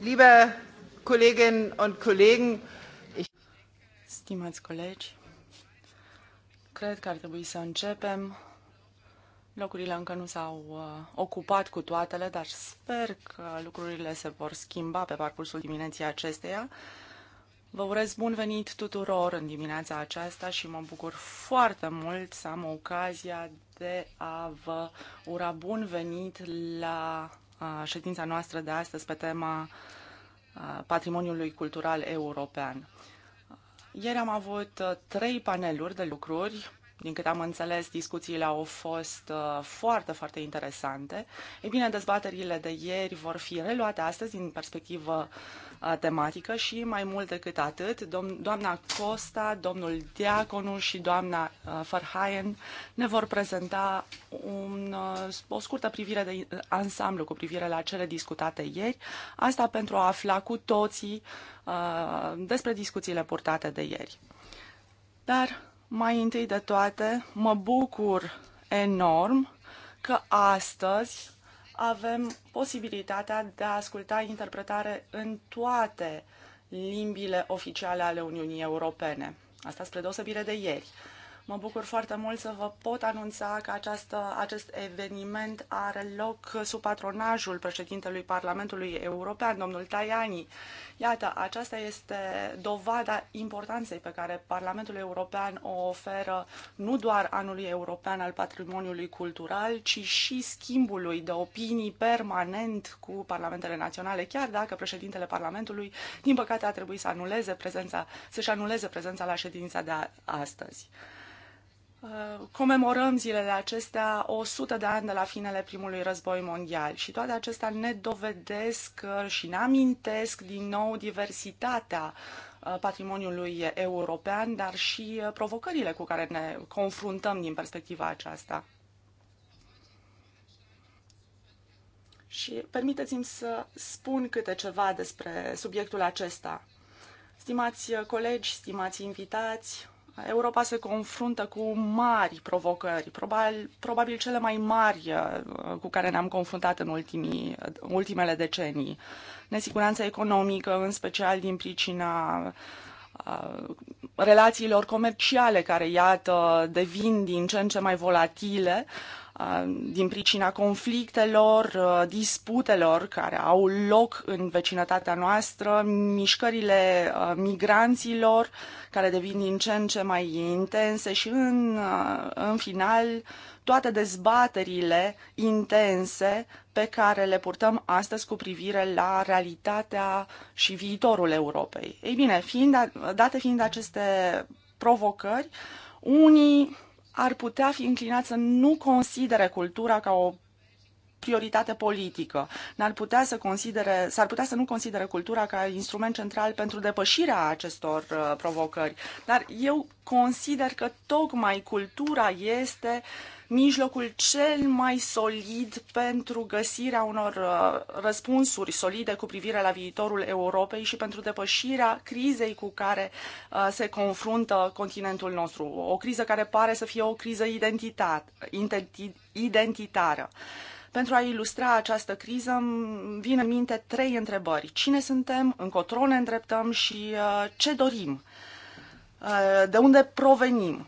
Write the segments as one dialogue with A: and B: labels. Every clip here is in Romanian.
A: Liebe Kolleginnen und Kollegen, ich...
B: Stimați colegi, cred că ar trebui să începem. Locurile încă nu s-au uh, ocupat cu toatele, dar sper că lucrurile se vor schimba pe parcursul dimineții acesteia. Vă urez bun venit tuturor în dimineața aceasta și mă bucur foarte mult să am ocazia de a vă ura bun venit la ședința noastră de astăzi pe tema patrimoniului cultural european. Ieri am avut trei paneluri de lucruri din câte am înțeles, discuțiile au fost uh, foarte, foarte interesante. Ei bine, dezbaterile de ieri vor fi reluate astăzi din perspectivă uh, tematică și mai mult decât atât, dom- doamna Costa, domnul Diaconu și doamna uh, Farhaien ne vor prezenta un, o scurtă privire de ansamblu cu privire la cele discutate ieri, asta pentru a afla cu toții uh, despre discuțiile purtate de ieri. Dar mai întâi de toate, mă bucur enorm că astăzi avem posibilitatea de a asculta interpretare în toate limbile oficiale ale Uniunii Europene. Asta spre deosebire de ieri. Mă bucur foarte mult să vă pot anunța că această, acest eveniment are loc sub patronajul președintelui Parlamentului European, domnul Tajani. Iată, aceasta este dovada importanței pe care Parlamentul European o oferă nu doar anului european al patrimoniului cultural, ci și schimbului de opinii permanent cu parlamentele naționale, chiar dacă președintele Parlamentului, din păcate, a trebuit să anuleze prezența, să-și anuleze prezența la ședința de astăzi. Uh, comemorăm zilele acestea 100 de ani de la finele primului război mondial și toate acestea ne dovedesc uh, și ne amintesc din nou diversitatea uh, patrimoniului european, dar și provocările cu care ne confruntăm din perspectiva aceasta. Și permiteți-mi să spun câte ceva despre subiectul acesta. Stimați colegi, stimați invitați, Europa se confruntă cu mari provocări, probabil, probabil cele mai mari uh, cu care ne-am confruntat în ultimii, uh, ultimele decenii. Nesiguranța economică, în special din pricina uh, relațiilor comerciale care, iată, devin din ce în ce mai volatile, din pricina conflictelor, disputelor care au loc în vecinătatea noastră, mișcările migranților care devin din ce în ce mai intense și în, în final toate dezbaterile intense pe care le purtăm astăzi cu privire la realitatea și viitorul Europei. Ei bine, fiind, date fiind aceste provocări, unii ar putea fi înclinat să nu considere cultura ca o prioritate politică. N-ar putea să considere, s-ar putea să nu considere cultura ca instrument central pentru depășirea acestor uh, provocări. Dar eu consider că tocmai cultura este mijlocul cel mai solid pentru găsirea unor uh, răspunsuri solide cu privire la viitorul Europei și pentru depășirea crizei cu care uh, se confruntă continentul nostru. O criză care pare să fie o criză identitar, identitară. Pentru a ilustra această criză, vin în minte trei întrebări. Cine suntem, încotro ne îndreptăm și uh, ce dorim? Uh, de unde provenim?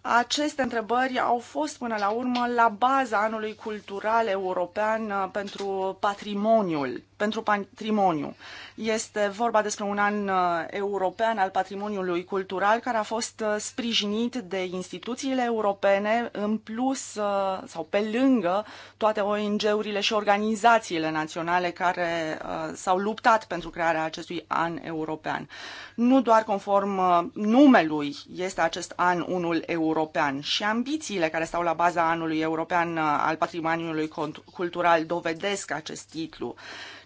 B: Aceste întrebări au fost până la urmă la baza anului cultural european uh, pentru patrimoniul pentru patrimoniu. Este vorba despre un an uh, european al patrimoniului cultural care a fost uh, sprijinit de instituțiile europene în plus uh, sau pe lângă toate ONG-urile și organizațiile naționale care s-au luptat pentru crearea acestui an european. Nu doar conform numelui este acest an unul european și ambițiile care stau la baza anului european al patrimoniului cultural dovedesc acest titlu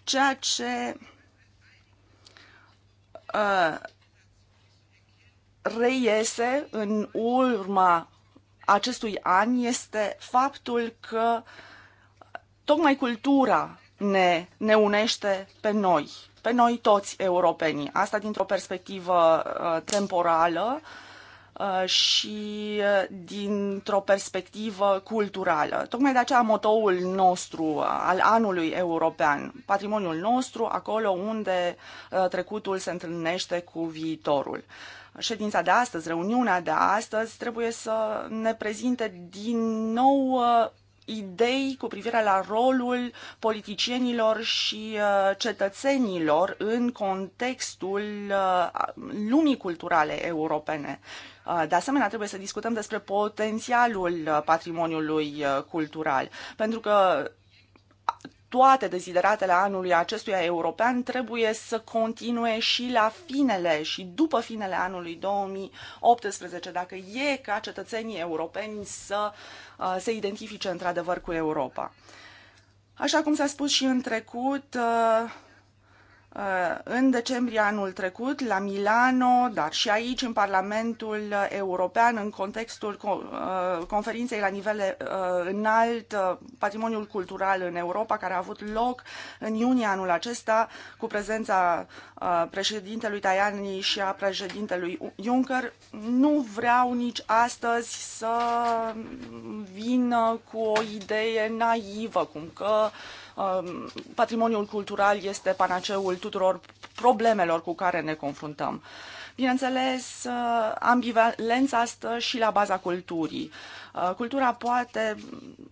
B: ceea ce uh, reiese în urma acestui an este faptul că tocmai cultura ne, ne unește pe noi, pe noi toți europenii. Asta dintr-o perspectivă uh, temporală, Uh, și uh, dintr-o perspectivă culturală. Tocmai de aceea motoul nostru uh, al anului european, patrimoniul nostru, acolo unde trecutul se întâlnește cu viitorul. Ședința de astăzi, reuniunea de astăzi, trebuie să ne prezinte din nou idei cu privire la rolul politicienilor și cetățenilor în contextul lumii culturale europene. Uh, de asemenea, trebuie să discutăm despre potențialul uh, patrimoniului uh, cultural, pentru că toate dezideratele anului acestuia european trebuie să continue și la finele și după finele anului 2018, dacă e ca cetățenii europeni să se identifice într-adevăr cu Europa. Așa cum s-a spus și în trecut, Uh, în decembrie anul trecut la Milano, dar și aici în Parlamentul European, în contextul uh, conferinței la nivel uh, înalt, patrimoniul cultural în Europa, care a avut loc în iunie anul acesta, cu prezența președintelui Tajani și a președintelui Juncker. Nu vreau nici astăzi să vin cu o idee naivă, cum că Um, patrimoniul cultural este panaceul tuturor problemelor cu care ne confruntăm. Bineînțeles, uh, ambivalența stă și la baza culturii. Uh, cultura poate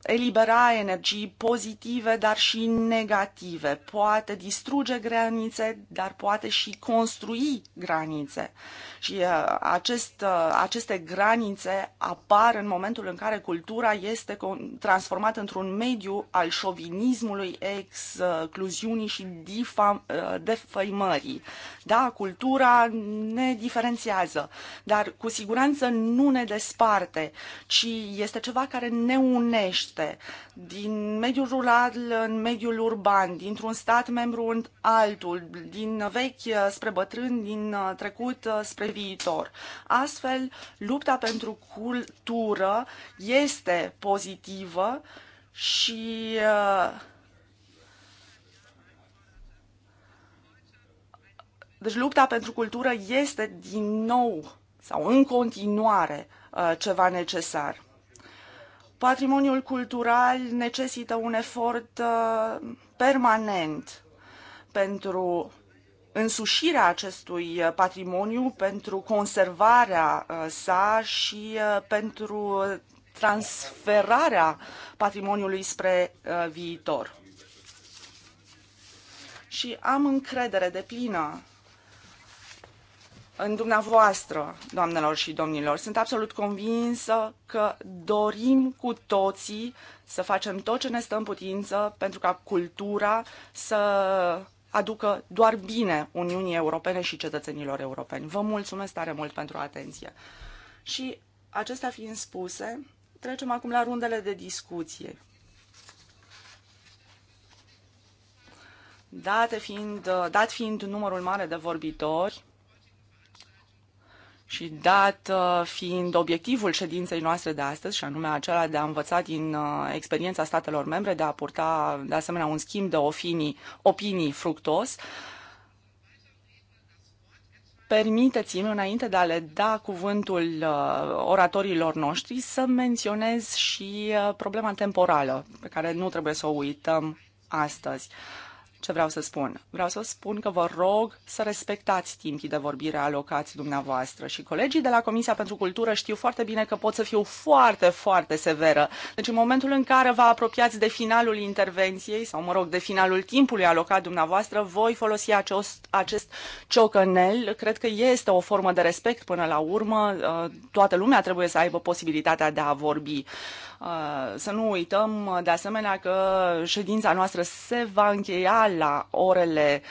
B: elibera energii pozitive, dar și negative. Poate distruge granițe, dar poate și construi granițe. Și uh, acest, uh, aceste granițe apar în momentul în care cultura este transformată într-un mediu al șovinismului, excluziunii și difam, defăimării. Da, cultura ne diferențiază, dar cu siguranță nu ne desparte, ci este ceva care ne unește din mediul rural în mediul urban, dintr-un stat membru în altul, din vechi spre bătrân, din trecut spre viitor. Astfel, lupta pentru cultură este pozitivă și uh, Deci lupta pentru cultură este din nou sau în continuare uh, ceva necesar. Patrimoniul cultural necesită un efort uh, permanent pentru însușirea acestui uh, patrimoniu, pentru conservarea uh, sa și pentru transferarea patrimoniului spre viitor. Și am încredere de plină în dumneavoastră, doamnelor și domnilor. Sunt absolut convinsă că dorim cu toții să facem tot ce ne stă în putință pentru ca cultura să aducă doar bine Uniunii Europene și cetățenilor europeni. Vă mulțumesc tare mult pentru atenție. Și acestea fiind spuse, trecem acum la rundele de discuție. Date fiind, dat fiind numărul mare de vorbitori, și dat uh, fiind obiectivul ședinței noastre de astăzi, și anume acela de a învăța din uh, experiența statelor membre, de a purta de asemenea un schimb de opinii, opinii fructos, permiteți-mi, înainte de a le da cuvântul uh, oratorilor noștri, să menționez și problema temporală, pe care nu trebuie să o uităm astăzi. Ce vreau să spun? Vreau să spun că vă rog să respectați timpii de vorbire alocați dumneavoastră și colegii de la Comisia pentru Cultură știu foarte bine că pot să fiu foarte, foarte severă. Deci în momentul în care vă apropiați de finalul intervenției sau, mă rog, de finalul timpului alocat dumneavoastră, voi folosi acest, acest ciocănel. Cred că este o formă de respect până la urmă. Toată lumea trebuie să aibă posibilitatea de a vorbi. Uh, să nu uităm, uh, de asemenea, că ședința noastră se va încheia la orele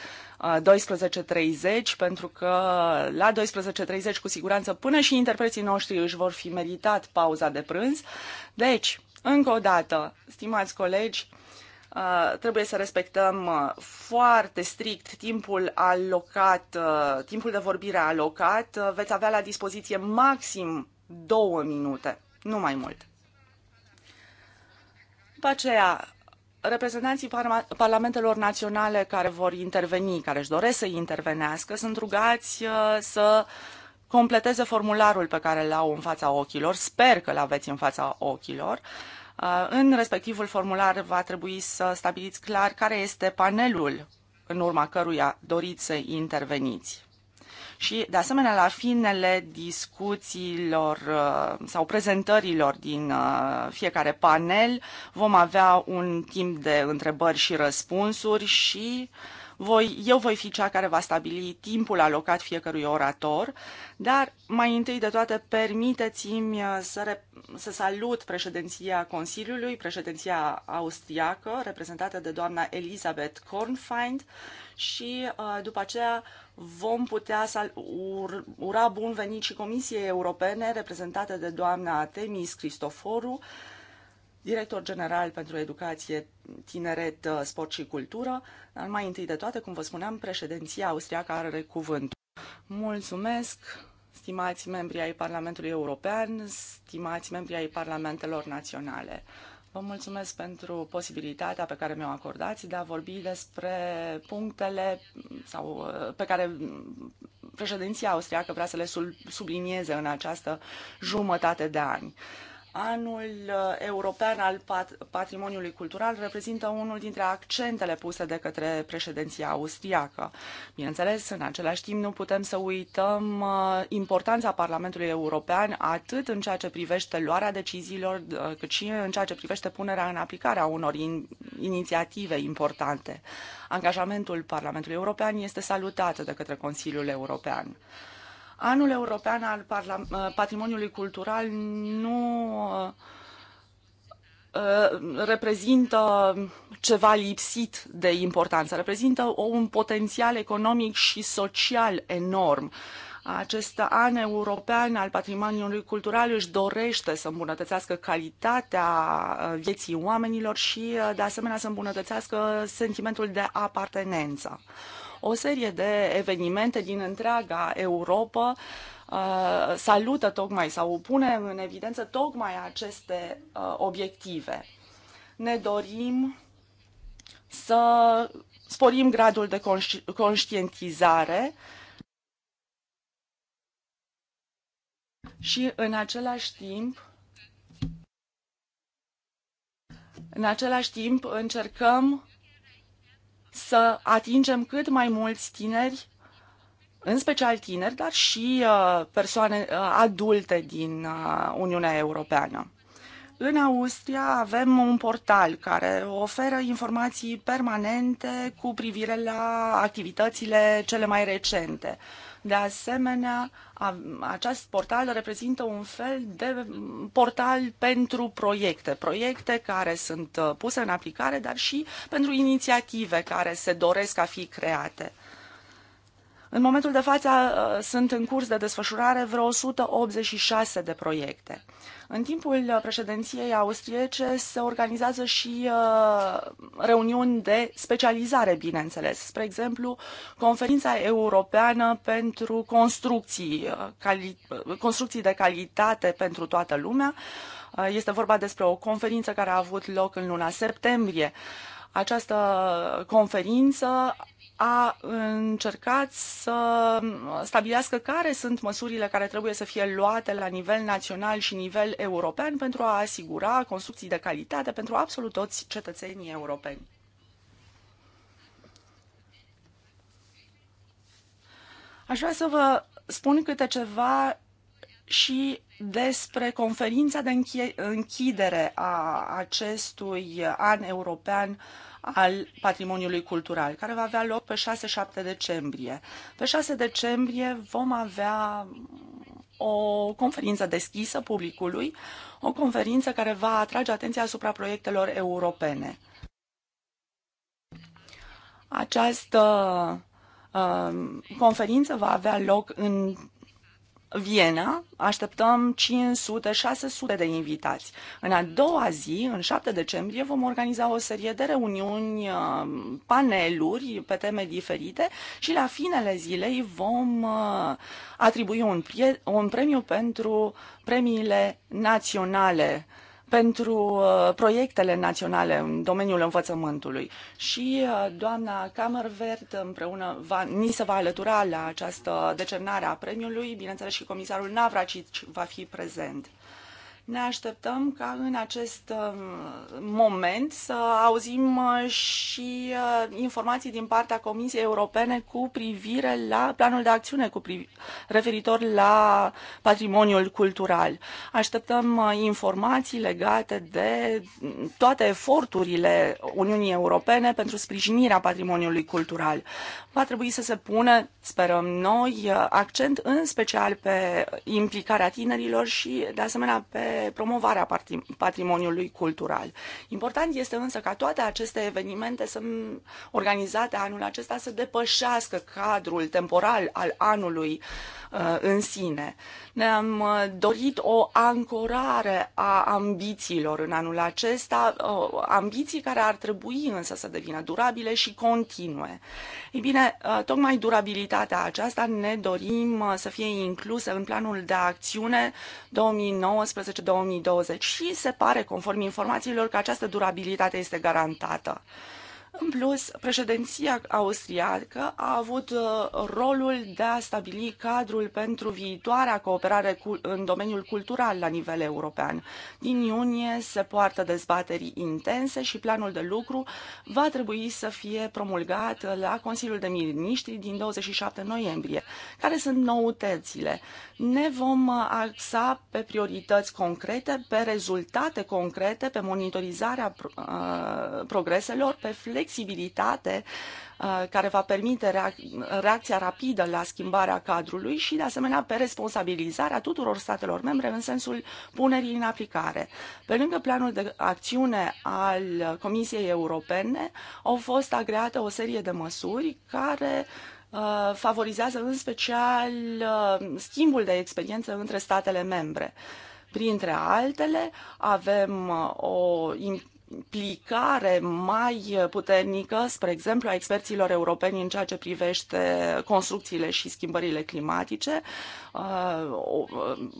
B: 12.30, uh, pentru că la 12.30 cu siguranță până și interpreții noștri își vor fi meritat pauza de prânz. Deci, încă o dată, stimați colegi, trebuie să respectăm foarte strict timpul alocat, timpul de vorbire alocat. Veți avea la dispoziție maxim două minute, nu mai mult. După aceea, reprezentanții parlamentelor naționale care vor interveni, care își doresc să intervenească, sunt rugați uh, să completeze formularul pe care l-au în fața ochilor. Sper că l-aveți în fața ochilor. Uh, în respectivul formular va trebui să stabiliți clar care este panelul în urma căruia doriți să interveniți. Și, de asemenea, la finele discuțiilor uh, sau prezentărilor din uh, fiecare panel vom avea un timp de întrebări și răspunsuri și uh, voi, eu voi fi cea care va stabili timpul alocat fiecărui orator, dar mai întâi de toate permiteți-mi uh, să, re, să salut președinția Consiliului, președinția austriacă, reprezentată de doamna Elisabeth Kornfeind și uh, după aceea vom putea să ur, ura bun venit și Comisiei Europene, reprezentată de doamna Temis Cristoforu, director general pentru educație, tineret, uh, sport și cultură, dar mai întâi de toate, cum vă spuneam, președinția austriacă are cuvântul. Mulțumesc, stimați membri ai Parlamentului European, stimați membri ai Parlamentelor Naționale. Vă mulțumesc pentru posibilitatea pe care mi-o acordați de a vorbi despre punctele sau uh, pe care președinția austriacă vrea să le sublinieze în această jumătate de ani. Anul uh, European al Pat- Patrimoniului Cultural reprezintă unul dintre accentele puse de către președinția austriacă. Bineînțeles, în același timp nu putem să uităm uh, importanța Parlamentului European atât în ceea ce privește luarea deciziilor, uh, cât și în ceea ce privește punerea în aplicare a unor in- inițiative importante. Angajamentul Parlamentului European este salutat de către Consiliul European. Anul European al uh, Patrimoniului Cultural nu uh, reprezintă ceva lipsit de importanță, reprezintă un potențial economic și social enorm. Acest an european al patrimoniului cultural își dorește să îmbunătățească calitatea uh, vieții oamenilor și, de asemenea, să îmbunătățească sentimentul de apartenență o serie de evenimente din întreaga Europa uh, salută tocmai sau pune în evidență tocmai aceste uh, obiective. Ne dorim să sporim gradul de conști conștientizare și în același timp în același timp încercăm să atingem cât mai mulți tineri, în special tineri, dar și uh, persoane uh, adulte din uh, Uniunea Europeană. În Austria avem un portal care oferă informații permanente cu privire la activitățile cele mai recente. De asemenea, acest portal reprezintă un fel de portal pentru proiecte, proiecte care sunt uh, puse în aplicare, dar și pentru inițiative care se doresc a fi create. În momentul de față uh, sunt în curs de desfășurare vreo 186 de proiecte. În timpul uh, președinției austriece se organizează și uh, reuniuni de specializare, bineînțeles. Spre exemplu, conferința europeană pentru construcții, construcții de calitate pentru toată lumea. Este vorba despre o conferință care a avut loc în luna septembrie. Această conferință a încercat să stabilească care sunt măsurile care trebuie să fie luate la nivel național și nivel european pentru a asigura construcții de calitate pentru absolut toți cetățenii europeni. Aș vrea să vă spun câte ceva și despre conferința de închidere a acestui an european uh, al patrimoniului cultural, care va avea loc pe 6-7 decembrie. Pe 6 decembrie vom avea o conferință deschisă publicului, o conferință care va atrage atenția asupra proiectelor europene. Această uh, conferință va avea loc în Viena, așteptăm 500-600 de invitați. În a doua zi, în 7 decembrie, vom organiza o serie de reuniuni, uh, paneluri pe teme diferite și la finele zilei vom uh, atribui un, un premiu pentru premiile naționale uh, pentru uh, proiectele naționale în domeniul învățământului. Și uh, doamna Camervert împreună va, ni se va alătura la această decernare a premiului, bineînțeles și comisarul Navracic va fi prezent ne așteptăm ca în acest um, moment să auzim uh, și uh, informații din partea Comisiei Europene cu privire la planul de acțiune cu referitor la patrimoniul cultural. Așteptăm uh, informații legate de toate eforturile Uniunii Europene pentru sprijinirea patrimoniului cultural. Va trebui să se pună, sperăm noi, accent în special pe implicarea tinerilor și, de asemenea, pe promovarea patrimoniului cultural. Important este însă ca toate aceste evenimente să organizate anul acesta să depășească cadrul temporal al anului uh, Uh, în sine. Ne-am uh, dorit o ancorare a ambițiilor în anul acesta, uh, ambiții care ar trebui însă să devină durabile și continue. Ei bine, tocmai durabilitatea aceasta ne dorim să fie inclusă în planul de acțiune 2019-2020 și se pare, conform informațiilor, că această durabilitate este garantată. În plus, președinția austriacă a avut uh, rolul de a stabili cadrul pentru viitoarea cooperare în domeniul cultural la nivel european. Din iunie se poartă dezbateri intense și planul de lucru va trebui să fie promulgat la Consiliul de Miniștri din 27 noiembrie. Care sunt noutățile? Ne vom uh, axa pe priorități concrete, pe rezultate concrete, pe monitorizarea uh, progreselor, pe flexibilitate flexibilitate uh, care va permite reacția rapidă la schimbarea cadrului și, de asemenea, pe responsabilizarea tuturor statelor membre în sensul punerii în aplicare. Pe lângă planul de acțiune al Comisiei Europene, au fost agreate o serie de măsuri care uh, favorizează în special uh, schimbul de experiență între statele membre. Printre altele, avem o implicare mai puternică, spre exemplu, a experților europeni în ceea ce privește construcțiile și schimbările climatice. Uh, uh,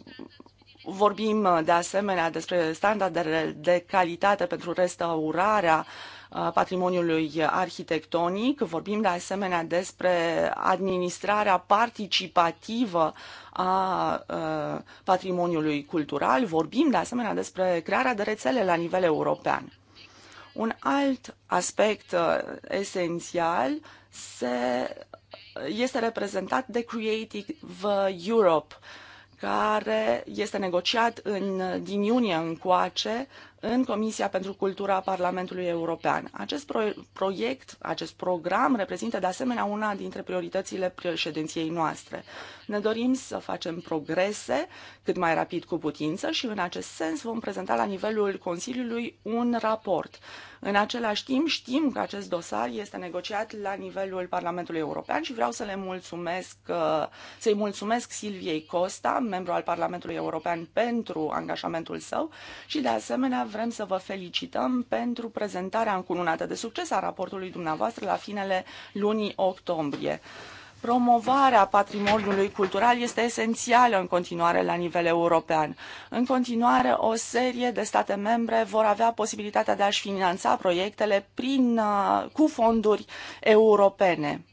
B: vorbim de asemenea despre standardele de calitate pentru restaurarea uh, patrimoniului arhitectonic, vorbim de asemenea despre administrarea participativă a patrimoniului cultural, vorbim de asemenea despre crearea de rețele la nivel european. Un alt aspect uh, esențial se, este reprezentat de Creative Europe, care este negociat în, din iunie încoace în Comisia pentru Cultura a Parlamentului European. Acest pro proiect, acest program reprezintă de asemenea una dintre prioritățile președinției noastre. Ne dorim să facem progrese cât mai rapid cu putință și în acest sens vom prezenta la nivelul Consiliului un raport. În același timp, știm că acest dosar este negociat la nivelul Parlamentului European și vreau să le mulțumesc, uh, să-i mulțumesc Silviei Costa, membru al Parlamentului European, pentru angajamentul său și, de asemenea, vrem să vă felicităm pentru prezentarea încununată de succes a raportului dumneavoastră la finele lunii octombrie. Promovarea patrimoniului cultural este esențială în continuare la nivel european. În continuare, o serie de state membre vor avea posibilitatea de a-și finanța proiectele prin, uh, cu fonduri europene.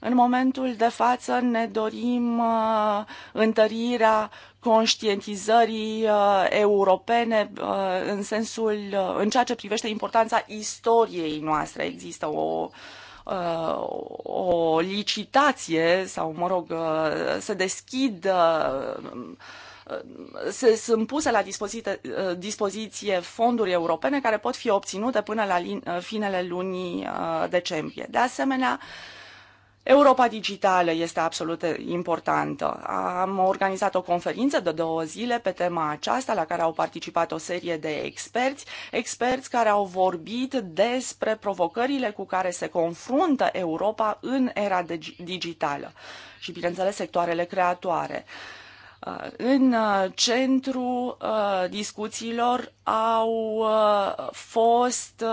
B: În momentul de față ne dorim uh, întărirea conștientizării uh, europene în sensul, în ceea ce privește importanța istoriei noastre. Există o Uh, o licitație sau, mă rog, uh, să deschidă uh, se, sunt puse la dispoziție, dispoziție fonduri europene care pot fi obținute până la lin, finele lunii decembrie. De asemenea, uh, Europa digitală este absolut importantă. Am organizat o conferință de două zile pe tema aceasta, la care au participat o serie de experți, experți care au vorbit despre provocările cu care se confruntă Europa în era digitală și, bineînțeles, sectoarele creatoare. Uh, în uh, centru uh, discuțiilor au fost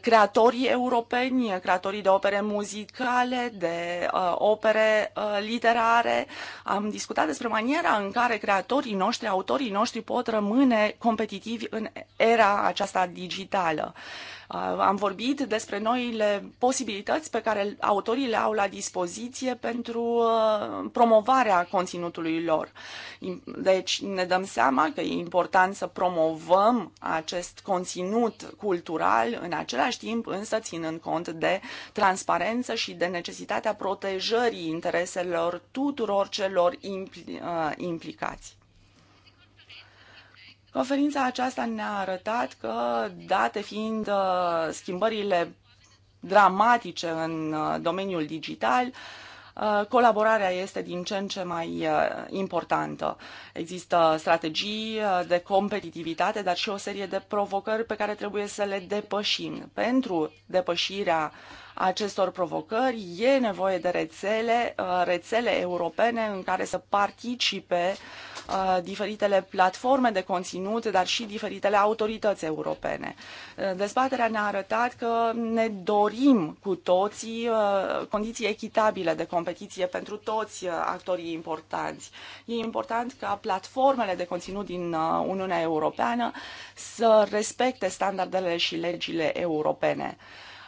B: creatorii europeni, creatorii de opere muzicale, de uh, opere uh, literare. Am discutat despre maniera în care creatorii noștri, autorii noștri pot rămâne competitivi în era aceasta digitală. Uh, Uh, am vorbit despre noile posibilități pe care autorii le au la dispoziție pentru uh, promovarea conținutului lor. Deci ne dăm seama că e important să promovăm acest conținut cultural, în același timp însă ținând cont de transparență și de necesitatea protejării intereselor tuturor celor impl- uh, implicați. Conferința aceasta ne-a arătat că, date fiind uh, schimbările dramatice în uh, domeniul digital, uh, colaborarea este din ce în ce mai importantă. Există strategii de competitivitate, dar și o serie de provocări pe care trebuie să le depășim. Pentru depășirea acestor provocări e nevoie de rețele, rețele europene în care să participe uh, Uh, diferitele platforme de conținut, dar și diferitele autorități europene. Uh, dezbaterea ne-a arătat că ne dorim cu toții uh, condiții echitabile de competiție pentru toți actorii importanți. E important ca platformele de conținut din Uniunea Europeană să respecte standardele și legile europene.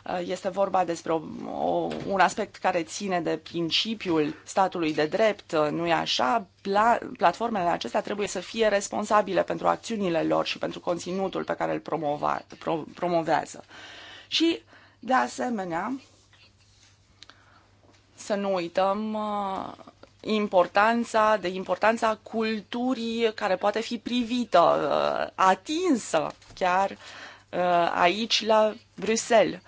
B: Uh, este vorba despre o, o, un aspect care ține de principiul statului de drept, uh, nu e așa? Pla, platformele acestea trebuie să fie responsabile pentru acțiunile lor și pentru conținutul pe care îl promova, pro, promovează. Și, de asemenea, să nu uităm uh, importanța, de importanța culturii care poate fi privită, atinsă chiar aici la Bruxelles.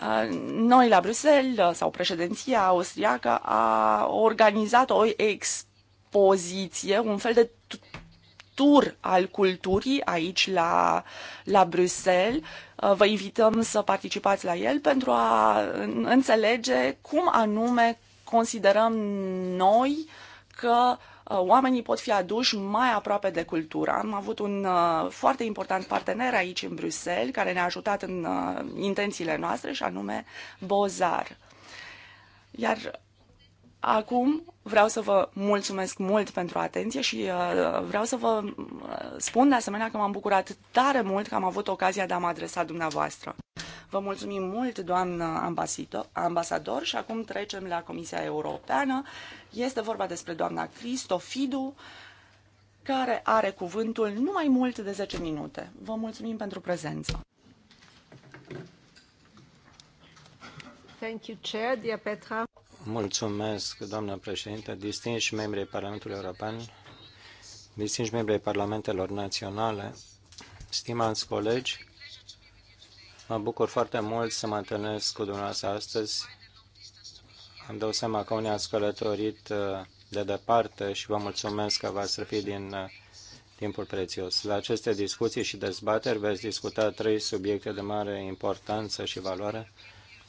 B: Uh, noi la Bruxelles uh, sau președinția austriacă a organizat o expoziție, un fel de tur al culturii aici la, la Bruxelles. Uh, vă invităm să participați la el pentru a înțelege cum anume considerăm noi că uh, Uh, oamenii pot fi aduși mai aproape de cultură. Am avut un uh, foarte important partener aici în Bruxelles care ne-a ajutat în uh, intențiile noastre și anume Bozar. Iar acum Vreau să vă mulțumesc mult pentru atenție și uh, vreau să vă uh, spun de asemenea că m-am bucurat tare mult că am avut ocazia de a mă adresa dumneavoastră. Vă mulțumim mult, doamnă ambasador, și acum trecem la Comisia Europeană. Este vorba despre doamna Cristofidu, care are cuvântul nu mai mult de 10 minute. Vă mulțumim pentru prezență. Thank you, Chair,
A: dear Petra.
C: Mulțumesc, doamnă președinte, distinși ai Parlamentului European, distinși ai Parlamentelor Naționale, stimați colegi, mă bucur foarte mult să mă întâlnesc cu dumneavoastră astăzi. Am dau seama că unii ați călătorit uh, de departe și vă mulțumesc că v-ați răfit din uh, timpul prețios. La aceste discuții și dezbateri veți discuta trei subiecte de mare importanță și valoare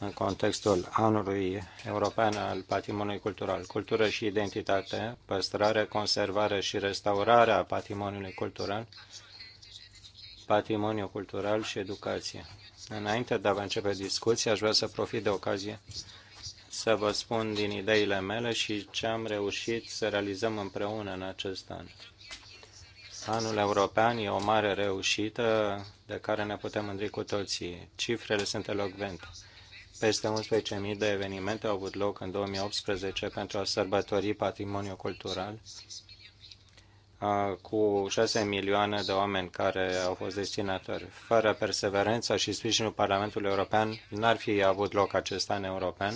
C: în contextul anului european al patrimoniului cultural. Cultură și identitate, păstrare, conservare și restaurare a patrimoniului cultural, patrimoniu cultural și educație. Înainte de a începe discuția, aș vrea să profit de ocazie să vă spun din ideile mele și ce am reușit să realizăm împreună în acest an. Anul european e o mare reușită de care ne putem mândri cu toții. Cifrele sunt elocvente. Peste 11.000 de evenimente au avut loc în 2018 pentru a sărbători patrimoniul cultural cu 6 milioane de oameni care au fost destinatori. Fără perseverența și sprijinul Parlamentului European, n-ar fi avut loc acest an european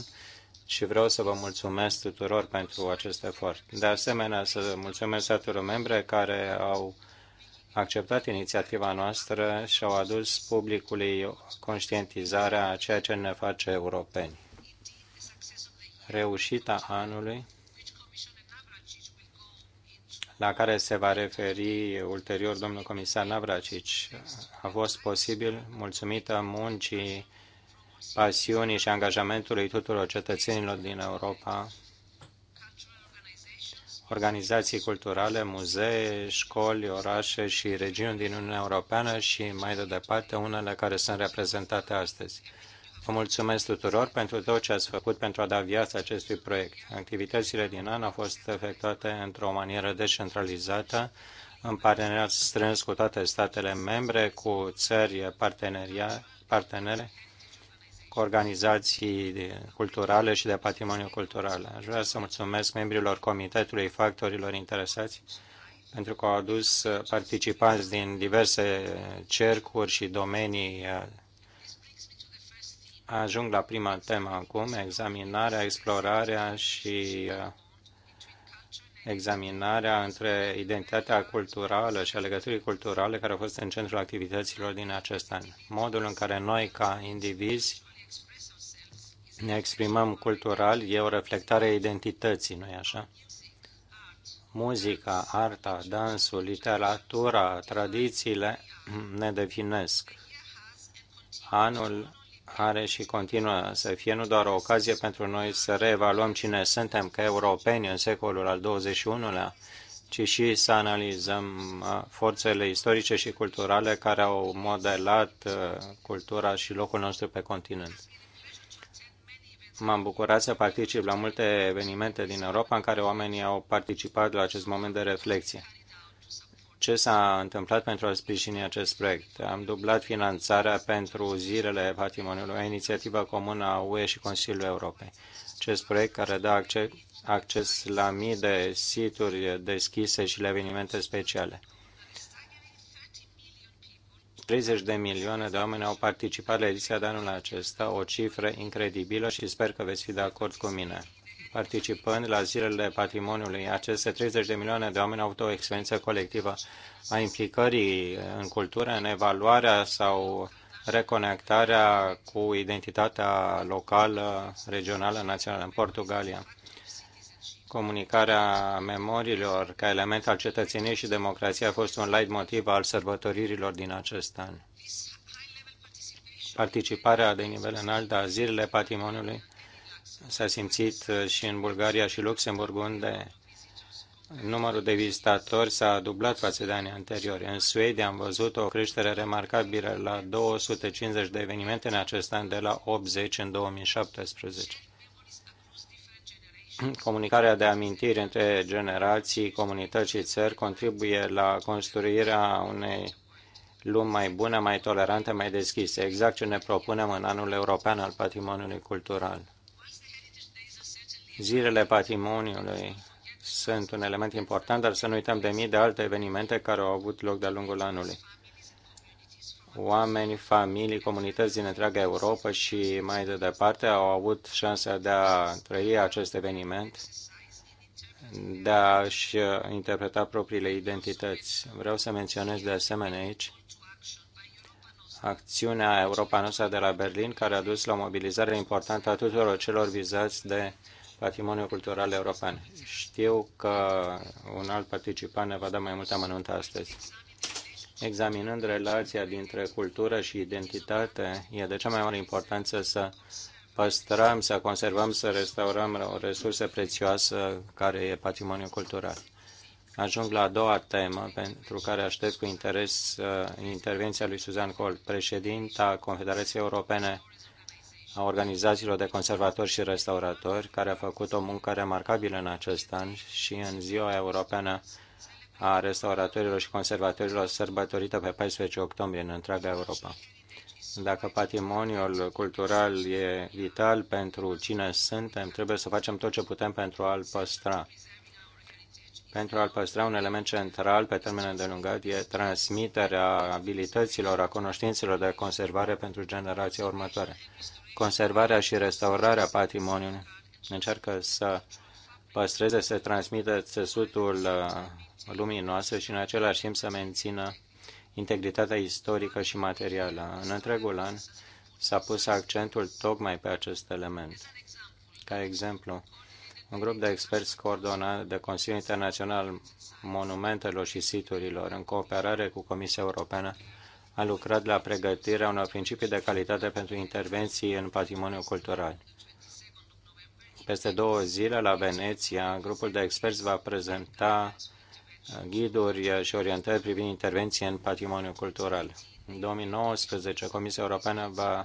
C: și vreau să vă mulțumesc tuturor pentru acest efort. De asemenea, să mulțumesc statelor membre care au acceptat inițiativa noastră și au adus publicului conștientizarea a ceea ce ne face europeni. Reușita anului, la care se va referi ulterior domnul comisar Navracici, a fost posibil mulțumită muncii pasiunii și angajamentului tuturor cetățenilor din Europa organizații culturale, muzee, școli, orașe și regiuni din Uniunea Europeană și mai de departe unele care sunt reprezentate astăzi. Vă mulțumesc tuturor pentru tot ce ați făcut pentru a da viață acestui proiect. Activitățile din an au fost efectuate într-o manieră descentralizată, în parteneriat strâns cu toate statele membre, cu țări parteneria, partenere, cu organizații culturale și de patrimoniu cultural. Aș vrea să mulțumesc membrilor Comitetului Factorilor Interesați pentru că au adus participanți din diverse cercuri și domenii. Ajung la prima temă acum, examinarea, explorarea și uh, examinarea între identitatea culturală și a legăturii culturale care au fost în centrul activităților din acest an. Modul în care noi, ca indivizi, ne exprimăm cultural e o reflectare a identității, nu-i așa? Muzica, arta, dansul, literatura, tradițiile ne definesc. Anul are și continuă să fie nu doar o ocazie pentru noi să reevaluăm cine suntem ca europeni în secolul al XXI-lea, ci și să analizăm uh, forțele istorice și culturale care au modelat uh, cultura și locul nostru pe continent. M-am bucurat să particip la multe evenimente din Europa în care oamenii au participat la acest moment de reflexie. Ce s-a întâmplat pentru a sprijini acest proiect? Am dublat finanțarea pentru zilele patrimoniului, o inițiativă comună a UE și Consiliul Europei. Acest proiect care dă acces, acces la mii de situri deschise și la evenimente speciale. 30 de milioane de oameni au participat la ediția de anul acesta, o cifră incredibilă și sper că veți fi de acord cu mine. Participând la zilele patrimoniului, aceste 30 de milioane de oameni au avut o experiență colectivă a implicării în cultură, în evaluarea sau reconectarea cu identitatea locală, regională, națională în Portugalia comunicarea memoriilor ca element al cetățeniei și democrației a fost un light motiv al sărbătoririlor din acest an. Participarea de nivel înalt a zilele patrimoniului s-a simțit și în Bulgaria și Luxemburg, unde numărul de vizitatori s-a dublat față de anii anteriori. În Suedia am văzut o creștere remarcabilă la 250 de evenimente în acest an, de la 80 în 2017 comunicarea de amintiri între generații, comunități și țări contribuie la construirea unei lumi mai bune, mai tolerante, mai deschise, exact ce ne propunem în anul european al patrimoniului cultural. Zilele patrimoniului sunt un element important, dar să nu uităm de mii de alte evenimente care au avut loc de-a lungul anului oameni, familii, comunități din întreaga Europa și mai de departe au avut șansa de a trăi acest eveniment, de a-și uh, interpreta propriile identități. Vreau să menționez de asemenea aici acțiunea Europa Noastră de la Berlin, care a dus la o mobilizare importantă a tuturor celor vizați de patrimoniul cultural european. Știu că un alt participant ne va da mai multe amănunte astăzi. Examinând relația dintre cultură și identitate, e de cea mai mare importanță să păstrăm, să conservăm, să restaurăm o resursă prețioasă care e patrimoniul cultural. Ajung la a doua temă pentru care aștept cu interes uh, intervenția lui Suzan Col, președinta Confederației Europene a organizațiilor de conservatori și restauratori, care a făcut o muncă remarcabilă în acest an și în Ziua Europeană a restauratorilor și conservatorilor sărbătorită pe 14 octombrie în întreaga Europa. Dacă patrimoniul cultural e vital pentru cine suntem, trebuie să facem tot ce putem pentru a-l păstra. Pentru a-l păstra, un element central pe termen îndelungat e transmiterea abilităților, a cunoștințelor de conservare pentru generația următoare. Conservarea și restaurarea patrimoniului încearcă să uh, păstreze, să transmită țesutul uh, luminoasă și în același timp să mențină integritatea istorică și materială. În întregul an s-a pus accentul tocmai pe acest element. Ca exemplu, un grup de experți coordonat de Consiliul Internațional Monumentelor și Siturilor, în cooperare cu Comisia Europeană, a lucrat la pregătirea unor principii de calitate pentru intervenții în patrimoniul cultural. Peste două zile, la Veneția, grupul de experți va prezenta ghiduri și orientări privind intervenție în patrimoniul cultural. În 2019, Comisia Europeană va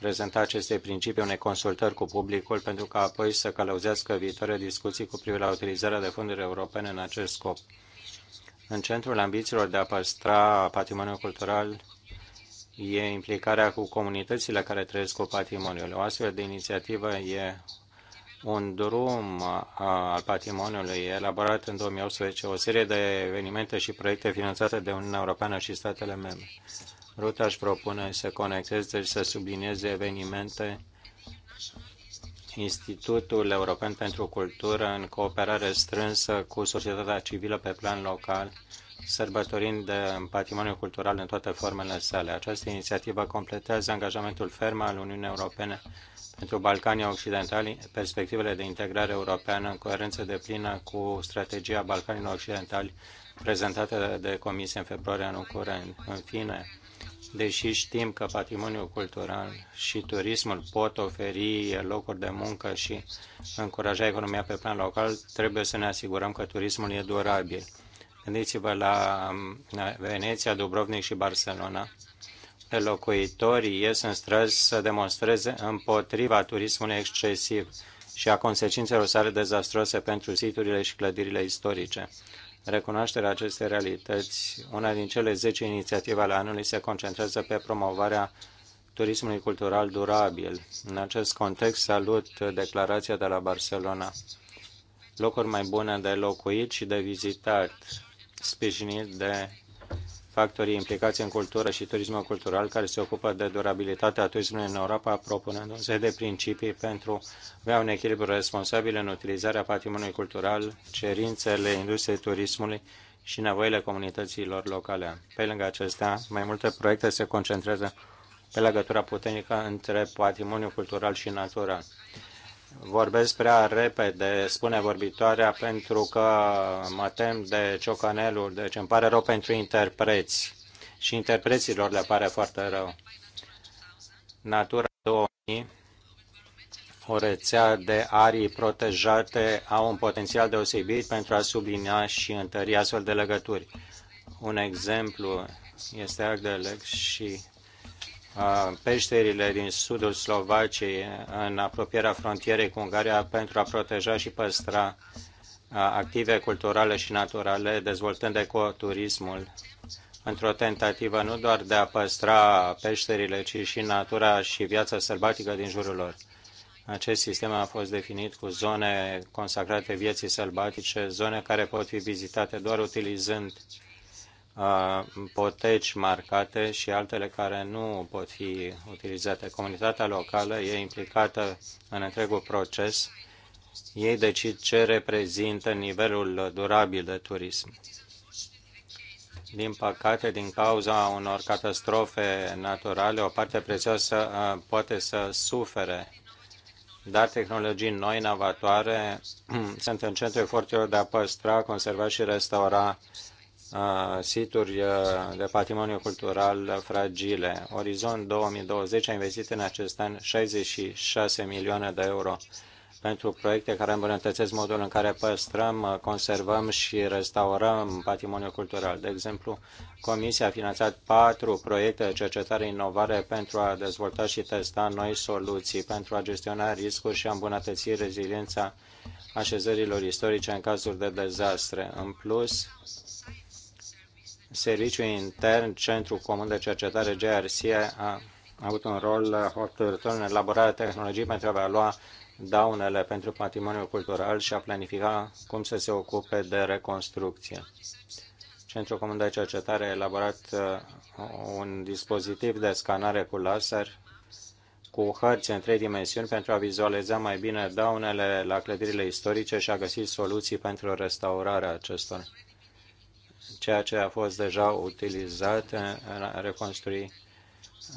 C: prezenta aceste principii unei consultări cu publicul pentru ca apoi să călăuzească viitoare discuții cu privire la utilizarea de fonduri europene în acest scop. În centrul ambițiilor de a păstra patrimoniul cultural e implicarea cu comunitățile care trăiesc cu patrimoniul. O astfel de inițiativă e un drum al patrimoniului elaborat în 2018, o serie de evenimente și proiecte finanțate de Uniunea Europeană și statele membre. Ruta își propune să conecteze și deci să sublinieze evenimente Institutul European pentru Cultură în cooperare strânsă cu societatea civilă pe plan local, sărbătorind uh, patrimoniul cultural în toate formele sale. Această inițiativă completează angajamentul ferm al Uniunii Europene pentru Balcanii Occidentali, perspectivele de integrare europeană în coerență de plină cu strategia Balcanilor Occidentali prezentată de Comisie în februarie anul curent. În fine, deși știm că patrimoniul cultural și turismul pot oferi locuri de muncă și încuraja economia pe plan local, trebuie să ne asigurăm că turismul e durabil. Gândiți-vă la mm, Veneția, Dubrovnik și Barcelona locuitorii ies în străzi să demonstreze împotriva turismului excesiv și a consecințelor sale dezastroase pentru siturile și clădirile istorice. Recunoașterea acestei realități, una din cele 10 inițiative ale anului se concentrează pe promovarea turismului cultural durabil. În acest context salut declarația de la Barcelona. Locuri mai bune de locuit și de vizitat, sprijinit de factorii implicați în cultură și turismul cultural care se ocupă de durabilitatea turismului în Europa, propunându-se de principii pentru a avea un echilibru responsabil în utilizarea patrimoniului cultural, cerințele industriei turismului și nevoile comunităților locale. Pe lângă acestea, mai multe proiecte se concentrează pe legătura puternică între patrimoniul cultural și natura vorbesc prea repede, spune vorbitoarea, pentru că mă tem de ciocanelul, deci îmi pare rău pentru interpreți. Și interpreților le pare foarte rău. Natura 2000, o rețea de arii protejate, au un potențial deosebit pentru a sublinia și întări astfel de legături. Un exemplu este Agdelec și peșterile din sudul Slovaciei în apropierea frontierei cu Ungaria pentru a proteja și păstra active culturale și naturale, dezvoltând ecoturismul într-o tentativă nu doar de a păstra peșterile, ci și natura și viața sălbatică din jurul lor. Acest sistem a fost definit cu zone consacrate vieții sălbatice, zone care pot fi vizitate doar utilizând Uh, poteci marcate și altele care nu pot fi utilizate. Comunitatea locală e implicată în întregul proces. Ei decid ce reprezintă nivelul durabil de turism. Din păcate, din cauza unor catastrofe naturale, o parte prețioasă uh, poate să sufere dar tehnologii noi, inovatoare, sunt în centrul eforturilor de a păstra, conserva și restaura situri de patrimoniu cultural fragile. Orizont 2020 a investit în acest an 66 milioane de euro pentru proiecte care îmbunătățesc modul în care păstrăm, conservăm și restaurăm patrimoniul cultural. De exemplu, Comisia a finanțat patru proiecte de cercetare inovare pentru a dezvolta și testa noi soluții pentru a gestiona riscuri și a îmbunătăți reziliența așezărilor istorice în cazuri de dezastre. În plus, Serviciul Intern, Centrul Comun de Cercetare GRC, a avut un rol hotărător în elaborarea tehnologiei pentru a evalua daunele pentru patrimoniul cultural și a planifica cum să se ocupe de reconstrucție. Centrul Comun de Cercetare a elaborat uh, un dispozitiv de scanare cu laser cu hărți în trei dimensiuni pentru a vizualiza mai bine daunele la clădirile istorice și a găsi soluții pentru restaurarea acestora ceea ce a fost deja utilizat în a reconstrui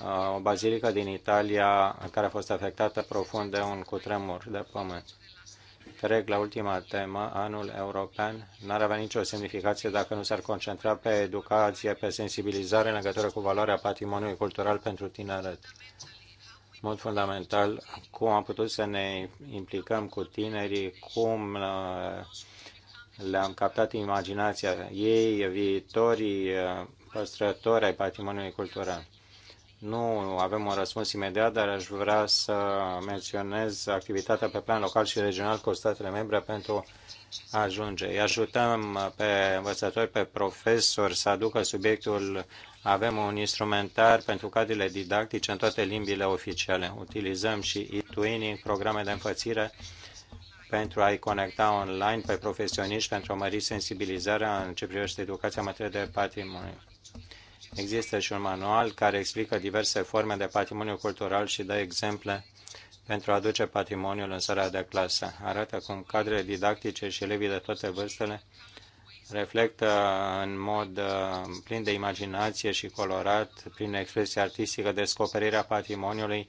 C: uh, o bazilică din Italia care a fost afectată profund de un cutremur de pământ. Trec la ultima temă, anul european n-ar avea nicio semnificație dacă nu s-ar concentra pe educație, pe sensibilizare în legătură cu valoarea patrimoniului cultural pentru tineret. În mod fundamental, cum am putut să ne implicăm cu tinerii, cum uh, le-am captat imaginația ei, viitorii uh, păstrători ai patrimoniului cultural. Nu avem un răspuns imediat, dar aș vrea să menționez activitatea pe plan local și regional cu statele membre pentru a ajunge. Îi ajutăm pe învățători, pe profesori să aducă subiectul. Avem un instrumentar pentru cadrele didactice în toate limbile oficiale. Utilizăm și e-twinning, programe de înfățire pentru a-i conecta online pe profesioniști pentru a mări sensibilizarea în ce privește educația în materie de patrimoniu. Există și un manual care explică diverse forme de patrimoniu cultural și dă exemple pentru a aduce patrimoniul în sala de clasă. Arată cum cadrele didactice și elevii de toate vârstele reflectă în mod uh, plin de imaginație și colorat, prin expresie artistică, descoperirea patrimoniului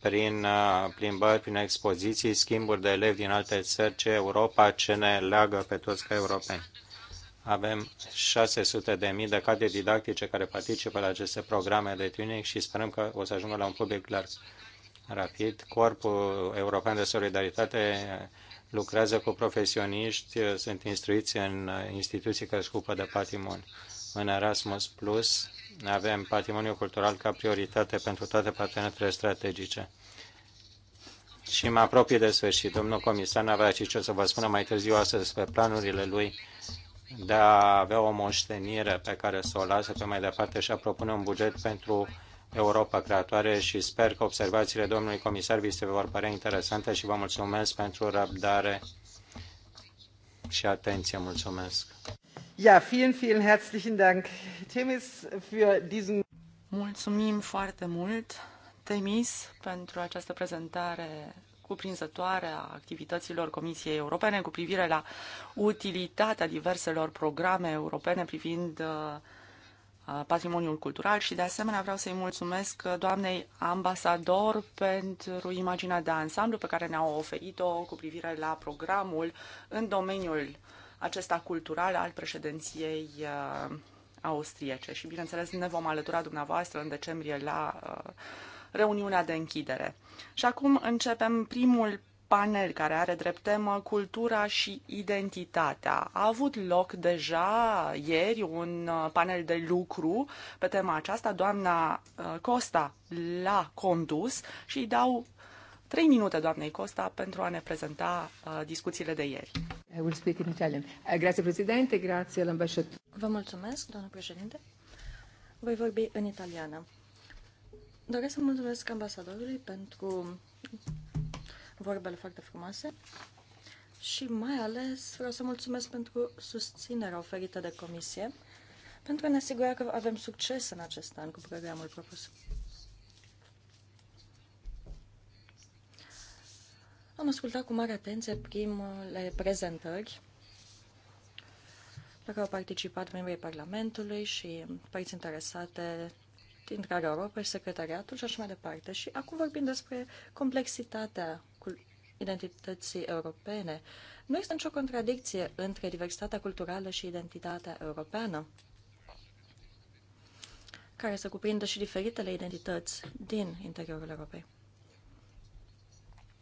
C: prin uh, plimbări, prin expoziții, schimburi de elevi din alte țări, ce Europa, ce ne leagă pe toți ca europeni. Avem 600 de mii de cadre didactice care participă la aceste programe de training și sperăm că o să ajungă la un public larg rapid. Corpul European de Solidaritate lucrează cu profesioniști, sunt instruiți în instituții care scupă de patrimoni. În Erasmus Plus avem patrimoniul cultural ca prioritate pentru toate partenerele strategice. Și mă apropie de sfârșit. Domnul comisar avea și ce să vă spună mai târziu astăzi despre planurile lui de a avea o moștenire pe care să o lasă pe mai departe și a propune un buget pentru Europa creatoare și sper că observațiile domnului comisar vi se vor părea interesante și vă mulțumesc pentru răbdare și atenție. Mulțumesc!
A: Ja,
B: vielen, vielen herzlichen Dank, Temis, für diesen. Mulțumim foarte mult, Temis, pentru această prezentare cuprinzătoare a activităților Comisiei Europene cu privire la utilitatea diverselor programe europene privind uh, uh, patrimoniul cultural și de asemenea vreau să-i mulțumesc doamnei ambasador pentru imaginea de ansamblu pe care ne au oferit-o cu privire la programul în domeniul acesta cultural al președinției uh, austriece. Și, bineînțeles, ne vom alătura dumneavoastră în decembrie la uh, reuniunea de închidere. Și acum începem primul panel care are drept temă cultura și identitatea. A avut loc deja ieri un uh, panel de lucru pe tema aceasta. Doamna Costa l-a condus și îi dau trei minute doamnei Costa pentru a ne
D: prezenta
B: discuțiile de ieri.
A: I will speak in Italian. Eh, grazie, grazie,
D: Vă mulțumesc, doamnă președinte. Voi vorbi în italiană. Doresc să mulțumesc ambasadorului pentru vorbele foarte frumoase și mai ales vreau să mulțumesc pentru susținerea oferită de comisie pentru a ne asigura că avem succes în acest an cu programul propus. Am ascultat cu mare atenție primele prezentări la care au participat membrii Parlamentului și părți interesate din care Europa și Secretariatul și așa mai departe. Și acum vorbim despre complexitatea identității europene. Nu este nicio contradicție între diversitatea culturală și identitatea europeană, care să cuprindă și diferitele identități din interiorul Europei.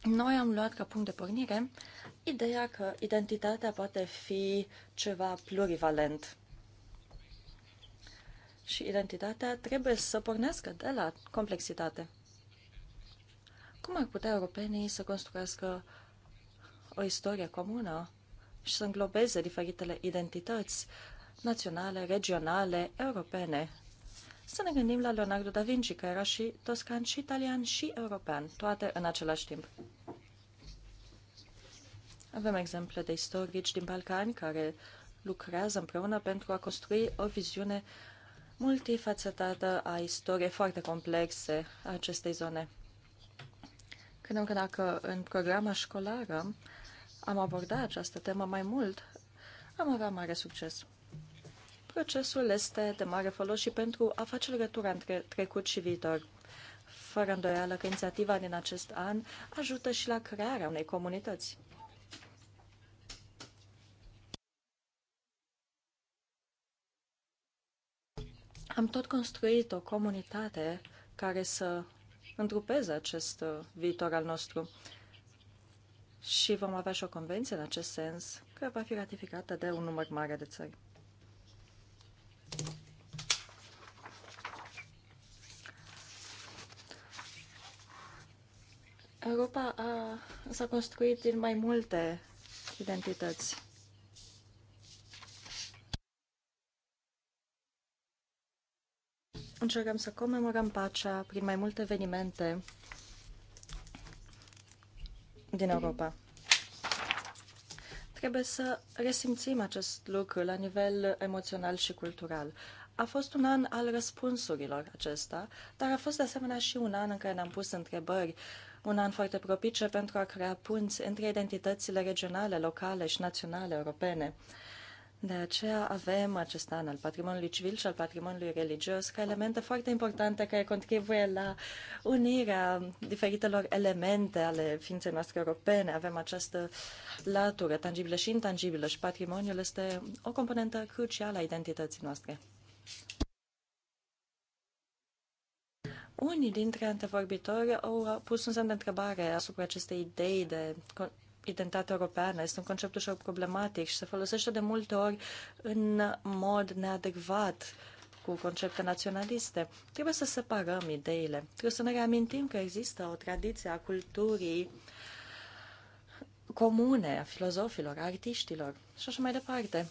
D: Noi am luat ca punct de pornire ideea că identitatea poate fi ceva plurivalent. Și identitatea trebuie să pornească de la complexitate. Cum ar putea europenii să construiască o istorie comună și să înglobeze diferitele identități naționale, regionale, europene să ne gândim la Leonardo da Vinci, care era și toscan, și italian, și european, toate în același timp. Avem exemple de istorici din Balcani care lucrează împreună pentru a construi o viziune multifacetată a istoriei foarte complexe a acestei zone. Credem că dacă în programa școlară am abordat această temă mai mult, am avea mare succes procesul este de mare folos și pentru a face legătura între trecut și viitor. Fără îndoială că inițiativa din acest an ajută și la crearea unei comunități. Am tot construit o comunitate care să întrupeze acest viitor al nostru. Și vom avea și o convenție în acest sens, că va fi ratificată de un număr mare de țări. Europa a, s-a construit din mai multe identități. Încercăm să comemorăm pacea prin mai multe evenimente din Europa. Trebuie să resimțim acest lucru la nivel emoțional și cultural. A fost un an al răspunsurilor acesta, dar a fost de asemenea și un an în care ne-am pus întrebări, un an foarte propice pentru a crea punți între identitățile regionale, locale și naționale europene. De aceea avem acest an al patrimoniului civil și al patrimoniului religios ca elemente foarte importante care contribuie la unirea diferitelor elemente ale ființei noastre europene. Avem această latură tangibilă și intangibilă și patrimoniul este o componentă crucială a identității noastre. Unii dintre antevorbitori au pus un semn de întrebare asupra acestei idei de identitate europeană. Este un concept ușor problematic și se folosește de multe ori în mod neadecvat cu concepte naționaliste. Trebuie să separăm ideile. Trebuie să ne reamintim că există o tradiție a culturii comune a filozofilor, a artiștilor și așa mai departe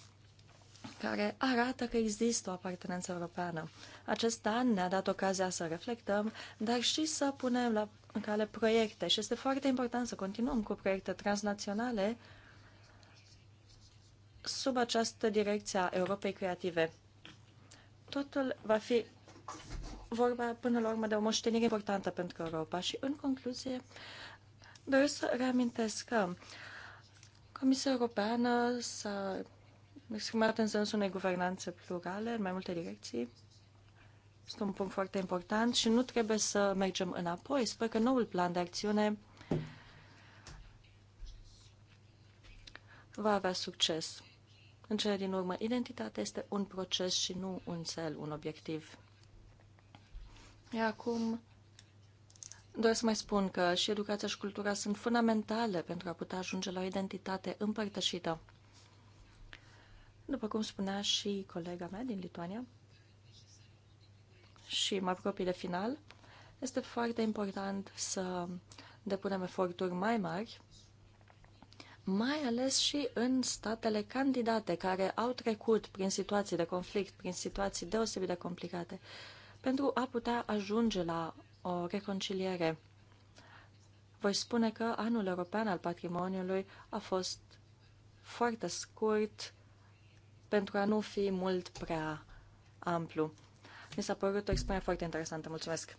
D: care arată că există o apartenență europeană. Acest an ne-a dat ocazia să reflectăm, dar și să punem la în cale proiecte și este foarte important să continuăm cu proiecte transnaționale sub această direcție a Europei Creative. Totul va fi vorba până la urmă de o moștenire importantă pentru Europa și în concluzie doresc să reamintesc că Comisia Europeană s-a exprimat în sensul unei guvernanțe plurale în mai multe direcții. Este un punct foarte important și nu trebuie să mergem înapoi. Sper că noul plan de acțiune va avea succes. În cele din urmă, identitatea este un proces și nu un cel, un obiectiv. Iar acum doresc să mai spun că și educația și cultura sunt fundamentale pentru a putea ajunge la o identitate împărtășită. După cum spunea și colega mea din Lituania, și mă apropii de final, este foarte important să depunem eforturi mai mari, mai ales și în statele candidate care au trecut prin situații de conflict, prin situații deosebit de complicate, pentru a putea ajunge la o reconciliere. Voi spune că anul european al patrimoniului a fost foarte scurt, pentru a nu fi mult prea amplu. Mi s-a părut o expunere foarte interesantă. Mulțumesc!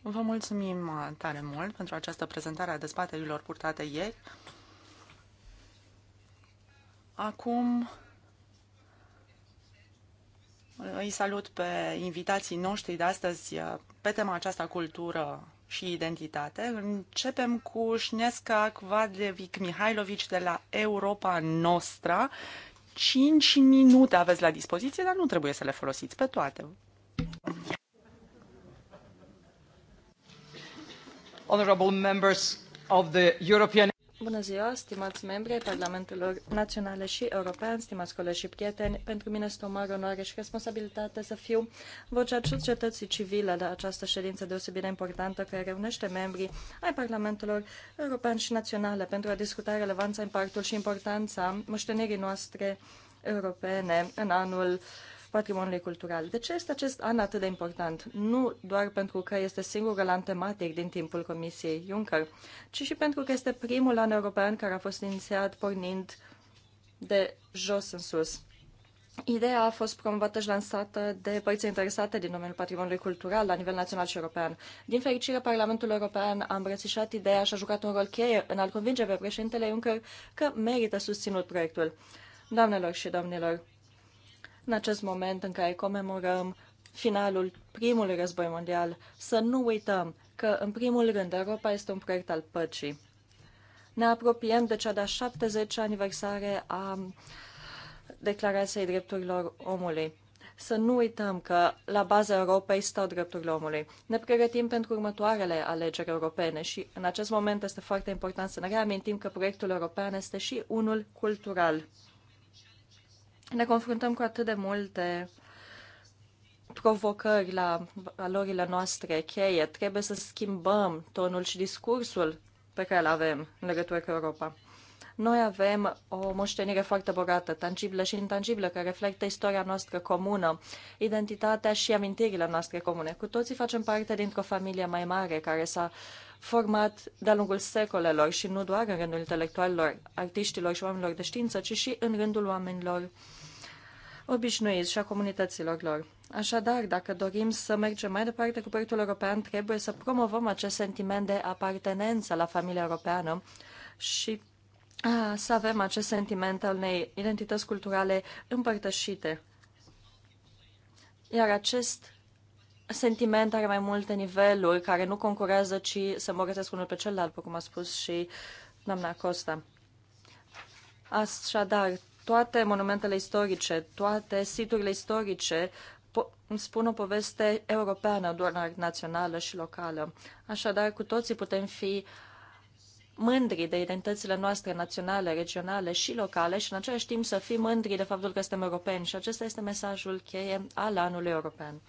D: Vă mulțumim tare mult pentru această prezentare a dezbaterilor
B: purtate ieri. Acum îi salut pe invitații noștri de astăzi pe tema aceasta cultură și identitate. Începem cu Șnesca Kvadlevic Mihailovici de la Europa Nostra. 5 minute aveți la dispoziție, dar nu trebuie să le folosiți pe toate. Honorable members of
A: the European
D: Bună ziua, stimați membri ai Parlamentelor Naționale și European, stimați colegi și prieteni. Pentru mine este o mare onoare și responsabilitate să fiu vocea societății civile la această ședință deosebit importantă care reunește membrii ai Parlamentelor European și Naționale pentru a discuta relevanța, impactul și importanța moștenirii noastre europene în anul uh, patrimoniului cultural. De ce este acest an atât de important? Nu doar pentru că este singurul an tematic din timpul Comisiei Juncker, ci și pentru că este primul an european care a fost inițiat pornind de jos în sus. Ideea a fost promovată și lansată de părți interesate din domeniul patrimoniului cultural la nivel național și european. Din fericire, Parlamentul European a îmbrățișat ideea și a jucat un rol cheie în a-l convinge pe președintele Juncker că merită susținut proiectul. Doamnelor și domnilor, în acest moment în care comemorăm finalul primului război mondial, să nu uităm că, în primul rând, Europa este un proiect al păcii. Ne apropiem de cea de-a 70 -a aniversare a Declarației Drepturilor Omului. Să nu uităm că la baza Europei stau drepturile omului. Ne pregătim pentru următoarele alegeri europene și în acest moment este foarte important să ne reamintim că proiectul european este și unul cultural ne confruntăm cu atât de multe provocări la valorile noastre cheie. Trebuie să schimbăm tonul și discursul pe care îl avem în legătură cu Europa. Noi avem o moștenire foarte bogată, tangibilă și intangibilă, care reflectă istoria noastră comună, identitatea și amintirile noastre comune. Cu toții facem parte dintr-o familie mai mare care s-a format de-a lungul secolelor și nu doar în rândul intelectualilor, artiștilor și oamenilor de știință, ci și în rândul oamenilor obișnuiți și a comunităților lor. Așadar, dacă dorim să mergem mai departe cu proiectul european, trebuie să promovăm acest sentiment de apartenență la familia europeană și să avem acest sentiment al unei identități culturale împărtășite. Iar acest sentiment are mai multe niveluri care nu concurează, ci se îmbogățesc unul pe celălalt, după cum a spus și doamna Costa. Așadar, toate monumentele istorice, toate siturile istorice îmi spun o poveste europeană, doar națională și locală. Așadar, cu toții putem fi mândri de identitățile noastre naționale, regionale și locale și în același timp să fim mândri de faptul că suntem europeni și acesta este mesajul cheie al anului european.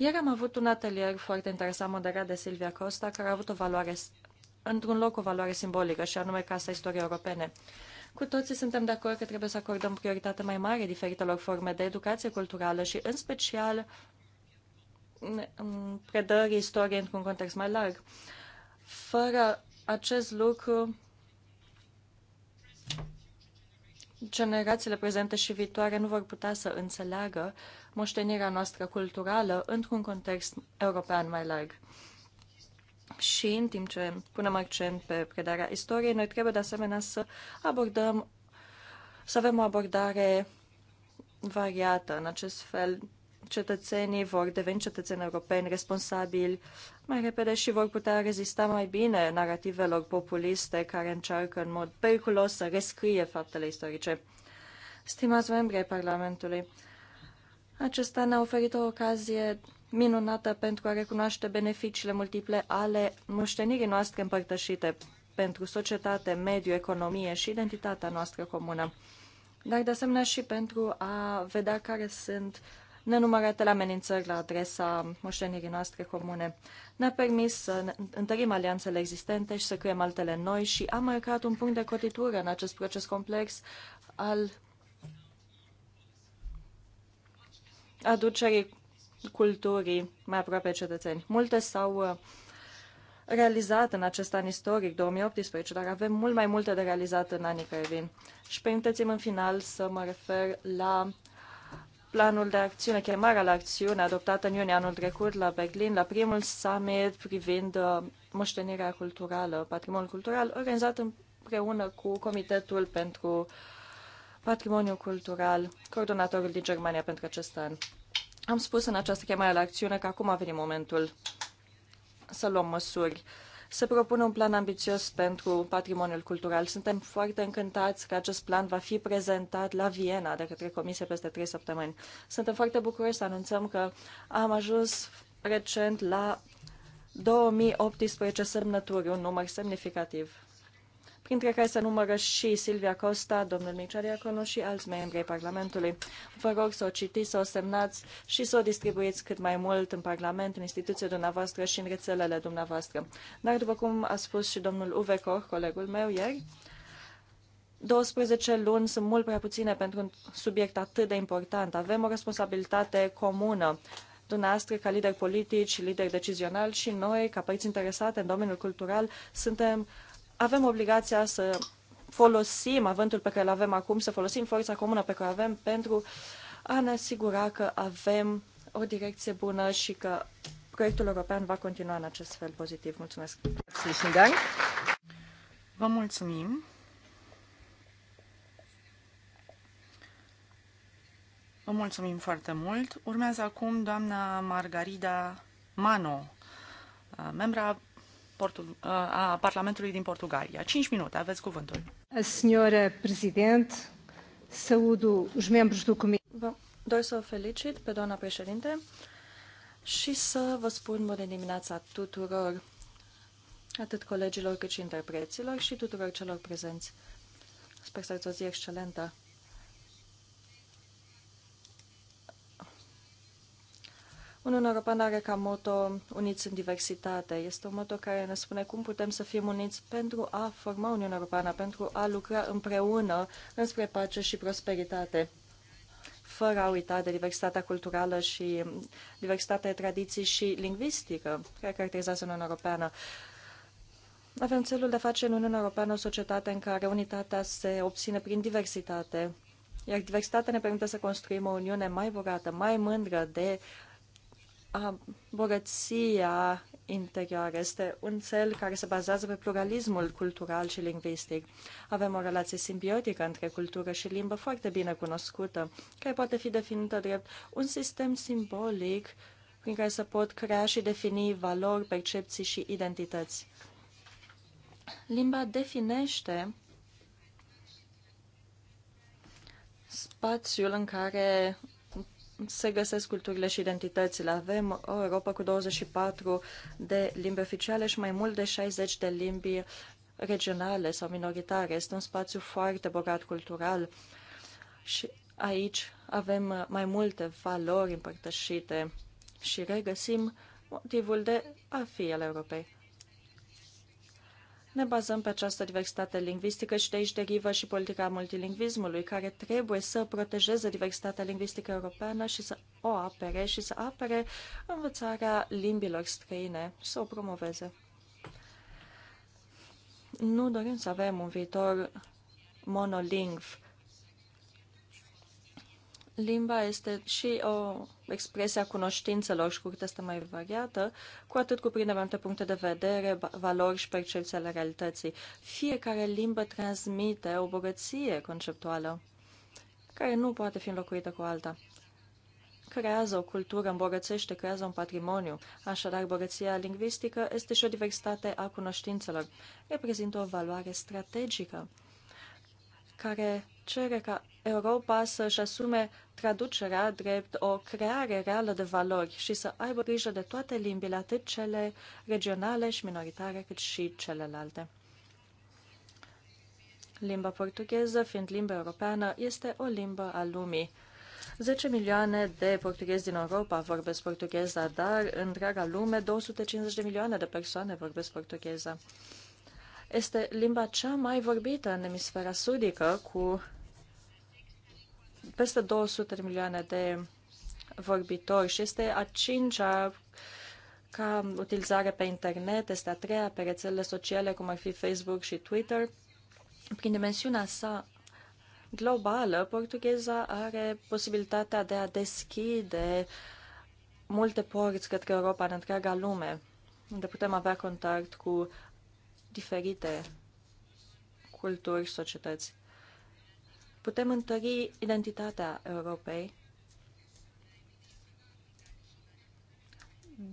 D: Ieri am avut un atelier foarte interesant moderat de Silvia Costa, care a avut o valoare, într-un loc o valoare simbolică, și anume Casa Istoriei Europene. Cu toții suntem de acord că trebuie să acordăm prioritate mai mare diferitelor forme de educație culturală și, în special, predării istoriei într-un context mai larg. Fără acest lucru, generațiile prezente și viitoare nu vor putea să înțeleagă moștenirea noastră culturală într-un context european mai larg. Și în timp ce punem accent pe predarea istoriei, noi trebuie de asemenea să abordăm, să avem o abordare variată. În acest fel, cetățenii vor deveni cetățeni europeni responsabili mai repede și vor putea rezista mai bine narativelor populiste care încearcă în mod periculos să rescrie faptele istorice. Stimați membri ai Parlamentului, acesta ne-a oferit o ocazie minunată pentru a recunoaște beneficiile multiple ale moștenirii noastre împărtășite pentru societate, mediu, economie și identitatea noastră comună, dar de asemenea și pentru a vedea care sunt nenumăratele amenințări la adresa moștenirii noastre comune. Ne-a permis să întărim alianțele existente și să creăm altele noi și a marcat un punct de cotitură în acest proces complex al aducerii culturii mai aproape cetățeni. Multe s-au uh, realizat în acest an istoric, 2018, dar avem mult mai multe de realizat în anii care vin. Și permiteți-mi în final să mă refer la planul de acțiune, chemarea la acțiune adoptată în iunie anul trecut la Berlin, la primul summit privind uh, moștenirea culturală, patrimoniul cultural, organizat împreună cu Comitetul pentru uh, patrimoniu cultural, coordonatorul din Germania pentru acest an. Am spus în această chemare la acțiune că acum a venit momentul să luăm măsuri se propune un plan ambițios pentru patrimoniul cultural. Suntem foarte încântați că acest plan va fi prezentat la Viena de către Comisie peste trei săptămâni. Suntem foarte bucuroși să anunțăm că am ajuns recent la 2018 semnături, un număr semnificativ printre care se numără și Silvia Costa, domnul Mircea Diaconu și alți membri ai Parlamentului. Vă rog să o citiți, să o semnați și să o distribuiți cât mai mult în Parlament, în instituția dumneavoastră și în rețelele dumneavoastră. Dar, după cum a spus și domnul Uwe Koch, colegul meu, ieri, 12 luni sunt mult prea puține pentru un subiect atât de important. Avem o responsabilitate comună dumneavoastră ca lideri politici, lideri decizionali și noi, ca părți interesate în domeniul cultural, suntem avem obligația să folosim avântul pe care îl avem acum, să folosim forța comună pe care o avem pentru a ne asigura că avem o direcție bună și că proiectul european va continua în acest fel pozitiv. Mulțumesc! Vă mulțumim!
B: Vă mulțumim foarte mult. Urmează acum doamna Margarida Mano, membra Portu- a Parlamentului din
D: Portugalia. 5 minute, aveți cuvântul. Senhora Presidente, saúdo os membros do comitê. Doi să o felicit pe doamna președinte și să vă spun bună dimineața tuturor, atât colegilor cât și interpreților și tuturor celor prezenți. Sper să ați o zi excelentă. Uniunea Europeană are ca moto Uniți în diversitate. Este un moto care ne spune cum putem să fim uniți pentru a forma Uniunea Europeană, pentru a lucra împreună înspre pace și prosperitate fără a uita de diversitatea culturală și diversitatea tradiției tradiții și lingvistică care caracterizează Uniunea Europeană. Avem celul de a face în Uniunea Europeană o societate în care unitatea se obține prin diversitate, iar diversitatea ne permite să construim o Uniune mai bogată, mai mândră de bogăția interioară este un cel care se bazează pe pluralismul cultural și lingvistic. Avem o relație simbiotică între cultură și limbă foarte bine cunoscută, care poate fi definită drept un sistem simbolic prin care se pot crea și defini valori, percepții și identități. Limba definește spațiul în care se găsesc culturile și identitățile. Avem o Europa cu 24 de limbi oficiale și mai mult de 60 de limbi regionale sau minoritare. Este un spațiu foarte bogat cultural și aici avem mai multe valori împărtășite și regăsim motivul de a fi al Europei. Ne bazăm pe această diversitate lingvistică și de aici derivă și politica multilingvismului, care trebuie să protejeze diversitatea lingvistică europeană și să o apere și să apere învățarea limbilor străine, să o promoveze. Nu dorim să avem un viitor monolingv limba este și o expresie a cunoștințelor și cu cât este mai variată, cu atât cuprinde mai multe puncte de vedere, valori și percepții ale realității. Fiecare limbă transmite o bogăție conceptuală care nu poate fi înlocuită cu alta. Creează o cultură, îmbogățește, creează un patrimoniu. Așadar, bogăția lingvistică este și o diversitate a cunoștințelor. Reprezintă o valoare strategică care cere ca Europa să-și asume traducerea drept o creare reală de valori și să aibă grijă de toate limbile, atât cele regionale și minoritare, cât și celelalte. Limba portugheză, fiind limba europeană, este o limbă a lumii. 10 milioane de portughezi din Europa vorbesc portugheza, dar în întreaga lume 250 de milioane de persoane vorbesc portugheza. Este limba cea mai vorbită în emisfera sudică, cu peste 200 de milioane de vorbitori și este a cincea ca utilizare pe internet, este a treia pe rețelele sociale, cum ar fi Facebook și Twitter. Prin dimensiunea sa globală, portugheza are posibilitatea de a deschide multe porți către Europa, în întreaga lume, unde putem avea contact cu diferite culturi și societăți. Putem întări identitatea Europei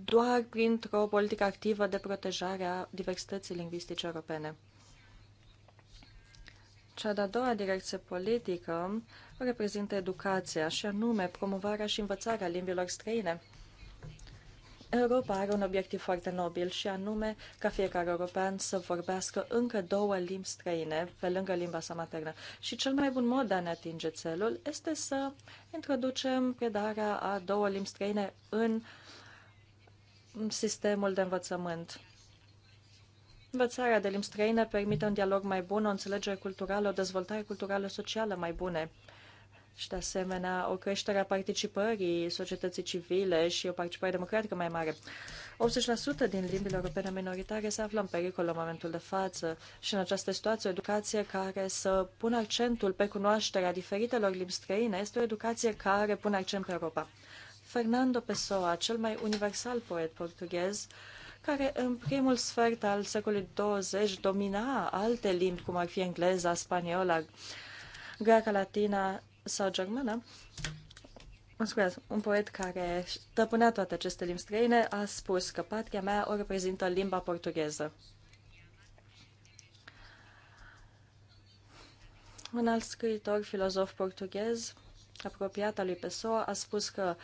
D: doar printr-o politică activă de protejare a diversității lingvistice europene. Cea de-a doua direcție politică reprezintă educația, și anume promovarea și învățarea limbilor străine. Europa are un obiectiv foarte nobil și anume ca fiecare european să vorbească încă două limbi străine pe lângă limba sa maternă. Și cel mai bun mod de a ne atinge țelul este să introducem predarea a două limbi străine în sistemul de învățământ. Învățarea de limbi străine permite un dialog mai bun, o înțelegere culturală, o dezvoltare culturală socială mai bune și, de asemenea, o creștere a participării societății civile și o participare democratică mai mare. 80% din limbile europene minoritare se află în pericol în momentul de față și, în această situație, o educație care să pună accentul pe cunoașterea diferitelor limbi străine este o educație care pune accent pe Europa. Fernando Pessoa, cel mai universal poet portughez, care în primul sfert al secolului 20 domina alte limbi, cum ar fi engleza, spaniola, greaca latina sau germană, mă scuzați, un poet care stăpânea toate aceste limbi străine a spus că patria mea o reprezintă limba portugheză. Un alt scriitor, filozof portughez, apropiat al lui Pessoa, a spus că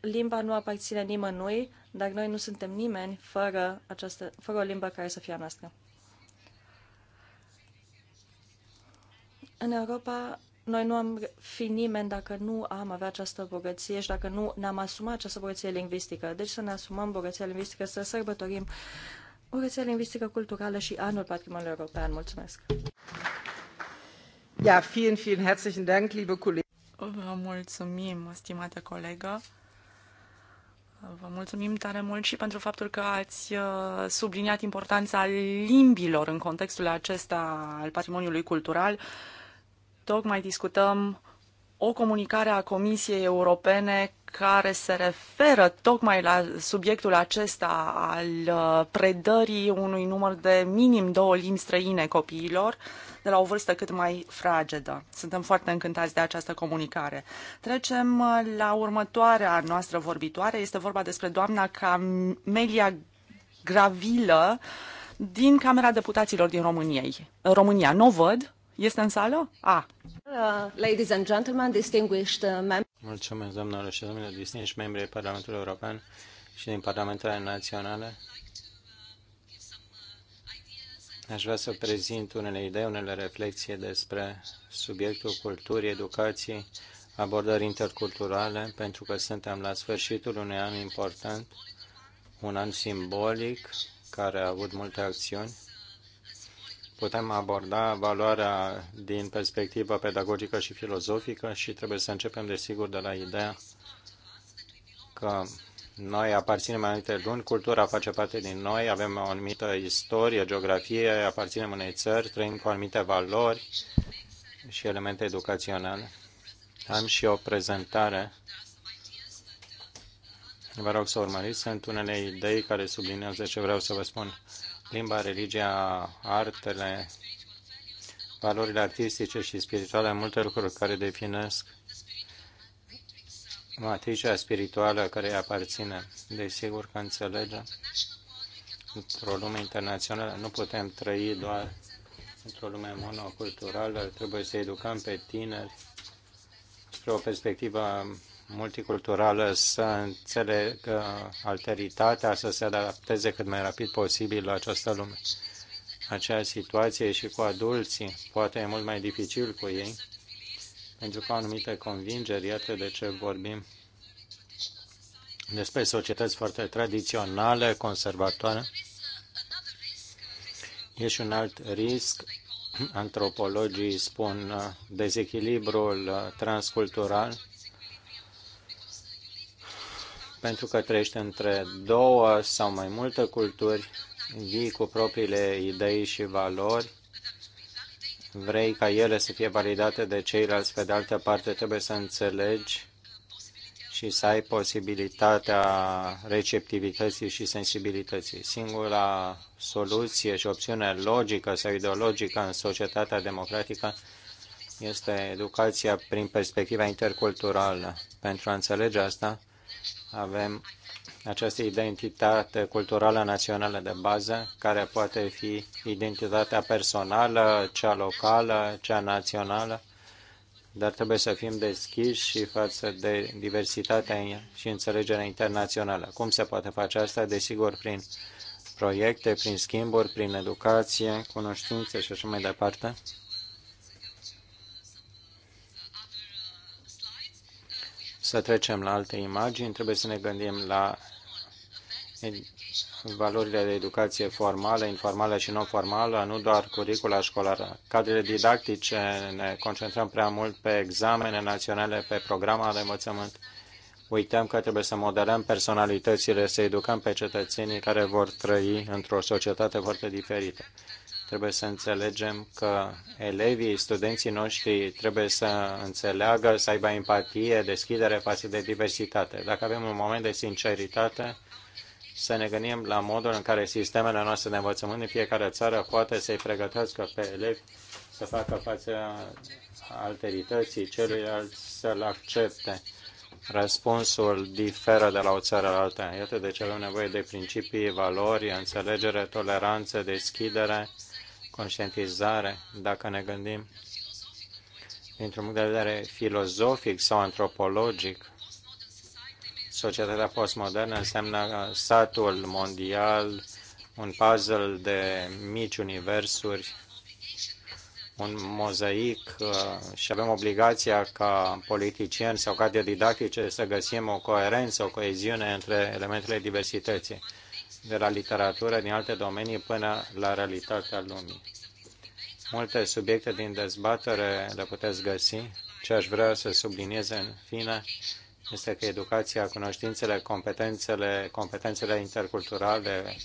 D: limba nu aparține nimănui, dar noi nu suntem nimeni fără, această, fără o limbă care să fie a noastră. În Europa noi nu am fi nimeni dacă nu am avea această bogăție și dacă nu ne-am asumat această bogăție lingvistică. Deci să ne asumăm bogăția lingvistică, să sărbătorim bogăția lingvistică culturală și anul patrimoniului european. Mulțumesc!
A: Ja, vielen, vielen herzlichen
B: Dank, liebe Vă mulțumim, stimate colegă. Vă mulțumim tare mult și pentru faptul că ați uh, subliniat importanța limbilor în contextul acesta al patrimoniului cultural. Tocmai discutăm o comunicare a Comisiei Europene care se referă tocmai la subiectul acesta al uh, predării unui număr de minim două limbi străine copiilor de la o vârstă cât mai fragedă. Suntem foarte încântați de această comunicare. Trecem uh, la următoarea noastră vorbitoare. Este vorba despre doamna Camelia Gravilă din Camera Deputaților din România. România. Nu o văd, este în sală?
C: A.
D: Uh, ladies and gentlemen, distinguished uh, members.
C: Mulțumesc, doamnelor și domnilor, distinși membri ai Parlamentului European și din Parlamentele Naționale. Aș vrea să prezint unele idei, unele reflexii despre subiectul culturii, educației, abordări interculturale, pentru că suntem la sfârșitul unui an important, un an simbolic care a avut multe acțiuni putem aborda valoarea din perspectivă pedagogică și filozofică și trebuie să începem, desigur, de la ideea că noi aparținem mai multe luni, cultura face parte din noi, avem o anumită istorie, geografie, aparținem unei țări, trăim cu anumite valori și elemente educaționale. Am și o prezentare. Vă rog să urmăriți. Sunt unele idei care sublinează ce vreau să vă spun limba, religia, artele, valorile artistice și spirituale, multe lucruri care definesc matricea spirituală care îi aparține. Desigur că înțelegem într-o lume internațională nu putem trăi doar într-o lume monoculturală, trebuie să educăm pe tineri spre o perspectivă multiculturală să înțeleagă alteritatea, să se adapteze cât mai rapid posibil la această lume. Acea situație și cu adulții poate e mult mai dificil cu ei, pentru că anumite convingeri, iată de ce vorbim despre societăți foarte tradiționale, conservatoare. E și un alt risc, antropologii spun, uh, dezechilibrul uh, transcultural, pentru că trăiește între două sau mai multe culturi, vii cu propriile idei și valori, vrei ca ele să fie validate de ceilalți, pe de altă parte trebuie să înțelegi și să ai posibilitatea receptivității și sensibilității. Singura soluție și opțiune logică sau ideologică în societatea democratică este educația prin perspectiva interculturală. Pentru a înțelege asta, avem această identitate culturală națională de bază, care poate fi identitatea personală, cea locală, cea națională, dar trebuie să fim deschiși și față de diversitatea și înțelegerea internațională. Cum se poate face asta? Desigur, prin proiecte, prin schimburi, prin educație, cunoștințe și așa mai departe. să trecem la alte imagini, trebuie să ne gândim la valorile de educație formală, informală și non-formală, nu doar curicula școlară. Cadrele didactice ne concentrăm prea mult pe examene naționale, pe programa de învățământ. Uităm că trebuie să modelăm personalitățile, să educăm pe cetățenii care vor trăi într-o societate foarte diferită. Trebuie să înțelegem că elevii, studenții noștri trebuie să înțeleagă, să aibă empatie, deschidere față de diversitate. Dacă avem un moment de sinceritate, să ne gândim la modul în care sistemele noastre de învățământ în fiecare țară poate să-i pregătească pe elevi să facă față alterității celuilalt, să-l accepte. Răspunsul diferă de la o țară la alta. Iată de ce avem nevoie de principii, valori, înțelegere, toleranță, deschidere conștientizare, dacă ne gândim dintr-un punct de vedere filozofic sau antropologic. Societatea postmodernă înseamnă satul mondial, un puzzle de mici universuri, un mozaic uh, și avem obligația ca politicieni sau ca didactice să găsim o coerență, o coeziune între elementele diversității de la literatură din alte domenii până la realitatea lumii. Multe subiecte din dezbatere le puteți găsi. Ce aș vrea să subliniez în fine este că educația, cunoștințele, competențele, competențele interculturale,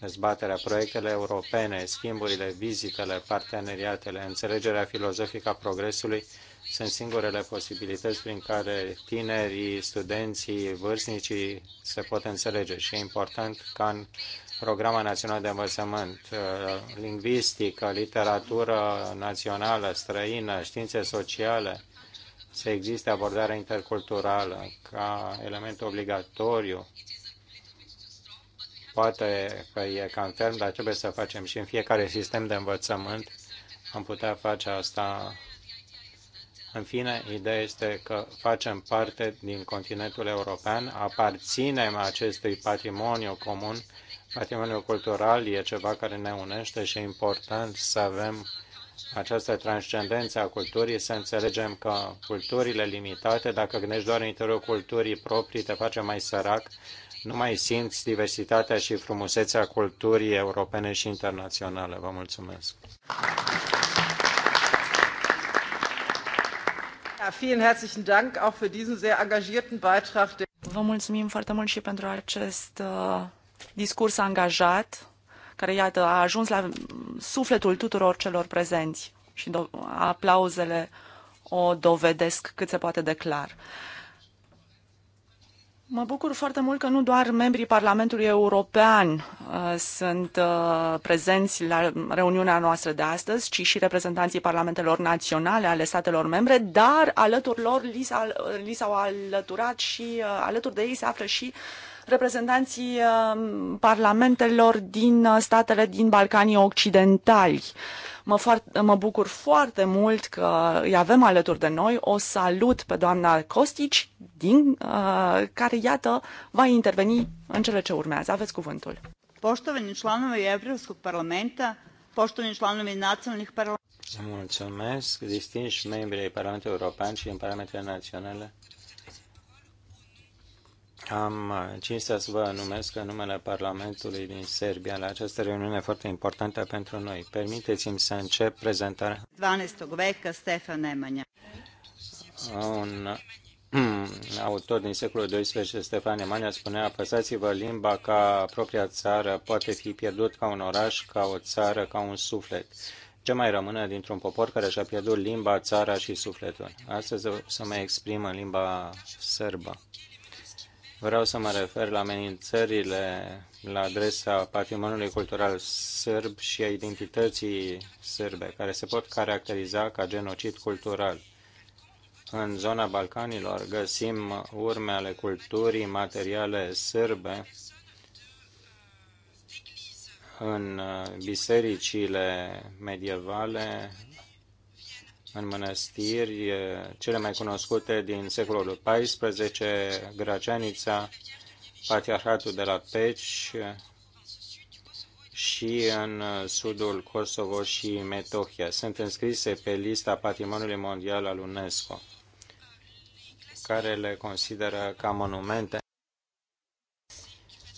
C: dezbaterea, proiectele europene, schimburile, vizitele, parteneriatele, înțelegerea filozofică a progresului, sunt singurele posibilități prin care tinerii, studenții, vârstnicii se pot înțelege și e important ca în Programa Națională de Învățământ, uh, lingvistică, literatură națională, străină, științe sociale, să existe abordarea interculturală ca element obligatoriu. Poate că e cam ferm, dar trebuie să facem și în fiecare sistem de învățământ am putea face asta în fine, ideea este că facem parte din continentul european, aparținem acestui patrimoniu comun, patrimoniu cultural e ceva care ne unește și e important să avem această transcendență a culturii, să înțelegem că culturile limitate, dacă gândești doar în interiorul culturii proprii, te face mai sărac, nu mai simți diversitatea și frumusețea culturii europene și internaționale. Vă mulțumesc!
B: Vă mulțumim foarte mult și pentru acest uh, discurs angajat, care, iată, a ajuns la sufletul tuturor celor prezenți și aplauzele o dovedesc cât se poate de clar. Mă bucur foarte mult că nu doar membrii Parlamentului European uh, sunt uh, prezenți la reuniunea noastră de astăzi, ci și reprezentanții parlamentelor naționale ale statelor membre, dar alături lor li, s-a, uh, li s-au alăturat și uh, alături de ei se află și reprezentanții uh, parlamentelor din uh, statele din Balcanii Occidentali. Uh, Mă, foarte, mă bucur foarte mult că îi avem alături de noi. O salut pe doamna Costici, din, uh, care, iată, va interveni în cele ce urmează. Aveți cuvântul. Poștoveni șlanului Evropskog parlamenta,
D: poștoveni șlanului nacionalnih parlamenta.
C: Mulțumesc, distinși membri ai Parlamentului European și în Parlamentele Naționale. Am uh, cinstea să vă numesc în numele Parlamentului din Serbia la această reuniune foarte importantă pentru noi. Permiteți-mi să încep prezentarea.
D: 12. veca Stefan Nemanja.
C: Un uh, autor din secolul XII, Stefan Nemanja, spunea Apăsați-vă limba ca propria țară, poate fi pierdut ca un oraș, ca o țară, ca un suflet. Ce mai rămâne dintr-un popor care și-a pierdut limba, țara și sufletul? Astăzi o să mă exprim în limba sârbă. Vreau să mă refer la amenințările la adresa patrimoniului cultural sârb și a identității sârbe, care se pot caracteriza ca genocid cultural. În zona Balcanilor găsim urme ale culturii materiale sârbe în bisericile medievale, în mănăstiri, cele mai cunoscute din secolul XIV, Graceanița, Patriarhatul de la Peci și în sudul Kosovo și Metohia. Sunt înscrise pe lista Patrimoniului Mondial al UNESCO, care le consideră ca monumente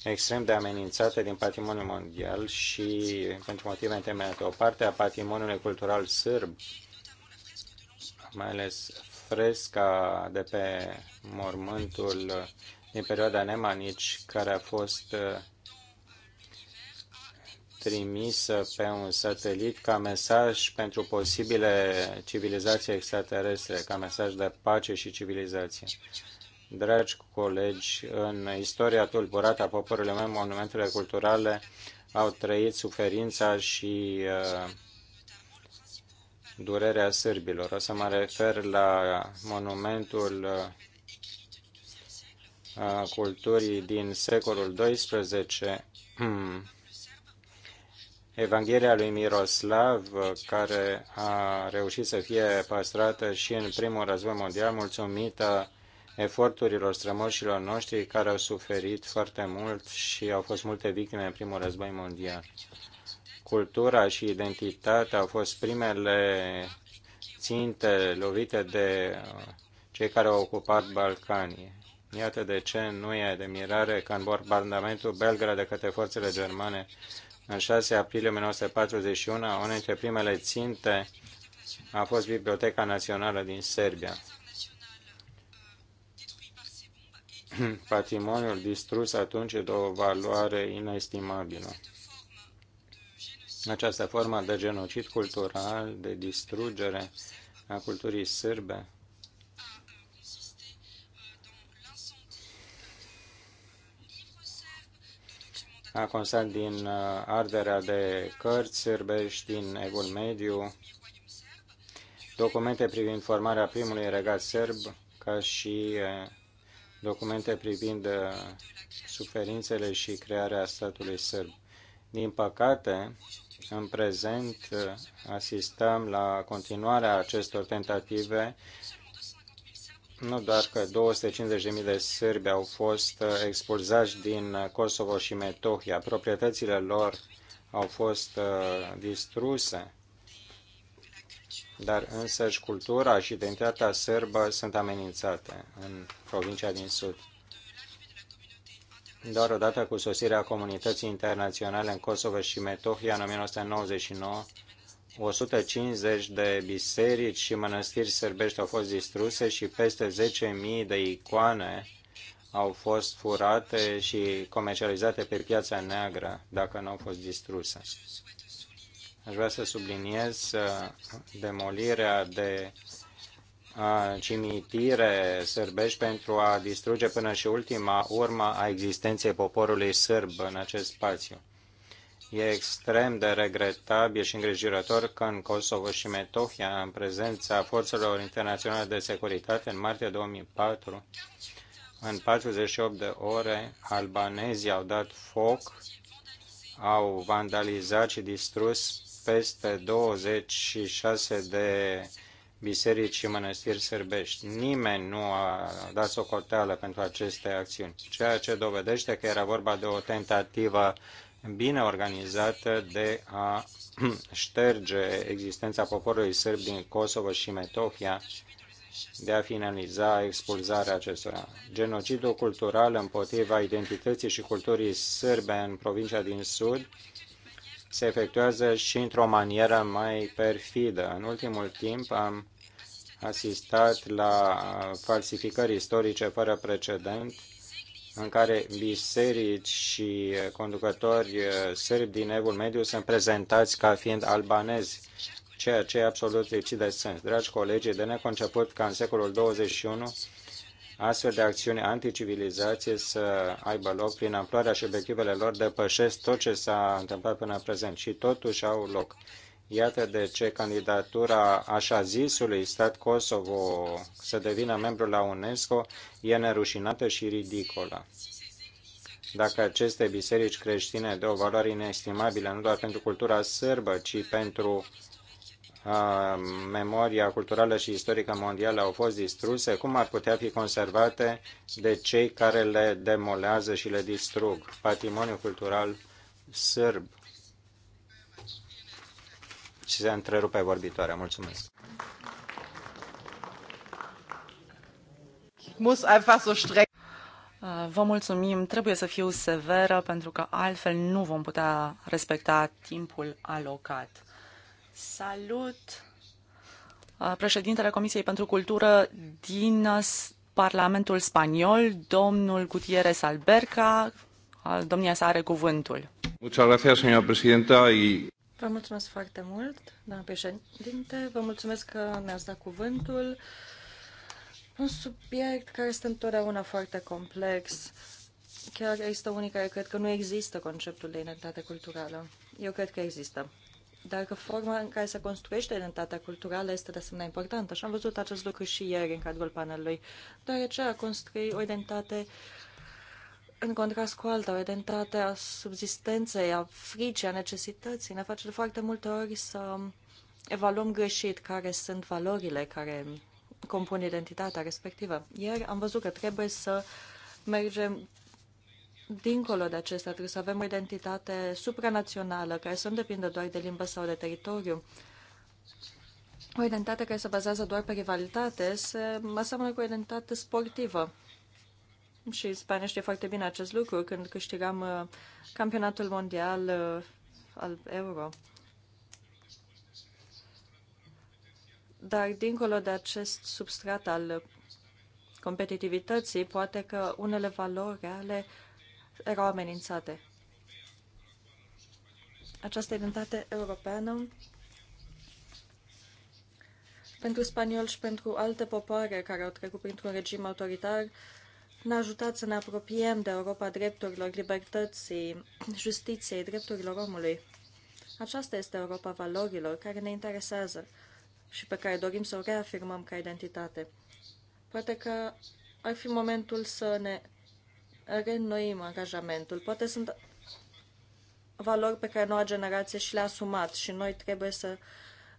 C: extrem de amenințate din patrimoniul mondial și pentru motive întemeiate. O parte a patrimoniului cultural sârb mai ales fresca de pe mormântul din perioada Nemanici, care a fost uh, trimisă pe un satelit ca mesaj pentru posibile civilizații extraterestre, ca mesaj de pace și civilizație. Dragi colegi, în istoria tulburată a poporului meu, monumentele culturale au trăit suferința și uh, durerea sârbilor. O să mă refer la monumentul uh, uh, culturii din secolul XII, hmm, Evanghelia lui Miroslav, uh, care a reușit să fie păstrată și în primul război mondial, mulțumită eforturilor strămoșilor noștri care au suferit foarte mult și au fost multe victime în primul război mondial. Cultura și identitatea au fost primele ținte lovite de cei care au ocupat Balcanii. Iată de ce nu e de mirare că în bombardamentul Belgrad de către forțele germane în 6 aprilie 1941, una dintre primele ținte a fost Biblioteca Națională din Serbia. Patrimoniul distrus atunci e de o valoare inestimabilă această formă de genocid cultural, de distrugere a culturii sârbe, a constat din uh, arderea de cărți sârbești din Evul Mediu, documente privind formarea primului regat sârb, ca și uh, documente privind uh, suferințele și crearea statului sârb. Din păcate, în prezent asistăm la continuarea acestor tentative. Nu doar că 250.000 de sârbi au fost uh, expulzați din uh, Kosovo și Metohia, proprietățile lor au fost uh, distruse, dar însăși cultura și identitatea sârbă sunt amenințate în provincia din sud. Doar odată cu sosirea comunității internaționale în Kosovo și Metohia în 1999, 150 de biserici și mănăstiri sărbești au fost distruse și peste 10.000 de icoane au fost furate și comercializate pe piața neagră, dacă nu au fost distruse. Aș vrea să subliniez uh, demolirea de cimitire sârbești pentru a distruge până și ultima urmă a existenței poporului sârb în acest spațiu. E extrem de regretabil și îngrijorător că în Kosovo și Metohia, în prezența forțelor internaționale de securitate, în martie 2004, în 48 de ore, albanezii au dat foc, au vandalizat și distrus peste 26 de biserici și mănăstiri sârbești. Nimeni nu a dat socoteală pentru aceste acțiuni, ceea ce dovedește că era vorba de o tentativă bine organizată de a șterge existența poporului sârb din Kosovo și Metohia de a finaliza expulzarea acestora. Genocidul cultural împotriva identității și culturii sârbe în provincia din Sud se efectuează și într-o manieră mai perfidă. În ultimul timp am asistat la falsificări istorice fără precedent în care biserici și conducători sârbi din Evul Mediu sunt prezentați ca fiind albanezi, ceea ce e absolut lipsit de sens. Dragi colegi, de neconceput ca în secolul 21 astfel de acțiuni anticivilizație să aibă loc prin amploarea și obiectivele lor depășesc tot ce s-a întâmplat până în prezent și totuși au loc. Iată de ce candidatura așa zisului stat Kosovo să devină membru la UNESCO e nerușinată și ridicolă. Dacă aceste biserici creștine de o valoare inestimabilă nu doar pentru cultura sârbă, ci pentru memoria culturală și istorică mondială au fost distruse, cum ar putea fi conservate de cei care le demolează și le distrug? Patrimoniul cultural sârb. Și se întrerupe vorbitoarea. Mulțumesc.
B: Vă mulțumim. Trebuie să fiu severă pentru că altfel nu vom putea respecta timpul alocat. Salut uh, președintele Comisiei pentru Cultură din uh, Parlamentul Spaniol, domnul Gutierrez Alberca. Uh, domnia sa are cuvântul.
D: Vă mulțumesc foarte mult, doamna președinte. Vă mulțumesc că mi-ați dat cuvântul. Un subiect care este întotdeauna foarte complex. Chiar există unii care cred că nu există conceptul de identitate culturală. Eu cred că există. Dacă forma în care se construiește identitatea culturală este de asemenea importantă și am văzut acest lucru și ieri în cadrul panelului, deoarece a construi o identitate în contrast cu alta, o identitate a subzistenței, a fricii, a necesității, ne face de foarte multe ori să evaluăm greșit care sunt valorile care compun identitatea respectivă. Ieri am văzut că trebuie să mergem dincolo de acestea, trebuie să avem o identitate supranațională, care să nu depindă doar de limbă sau de teritoriu. O identitate care se bazează doar pe rivalitate se aseamănă cu o identitate sportivă. Și Spania știe foarte bine acest lucru când câștigam uh, campionatul mondial uh, al Euro. Dar dincolo de acest substrat al competitivității, poate că unele valori reale erau amenințate. Această identitate europeană pentru spanioli și pentru alte popoare care au trecut printr-un regim autoritar ne-a ajutat să ne apropiem de Europa drepturilor, libertății, justiției, drepturilor omului. Aceasta este Europa valorilor care ne interesează și pe care dorim să o reafirmăm ca identitate. Poate că ar fi momentul să ne reînnoim angajamentul. Poate sunt valori pe care noua generație și le-a asumat și noi trebuie să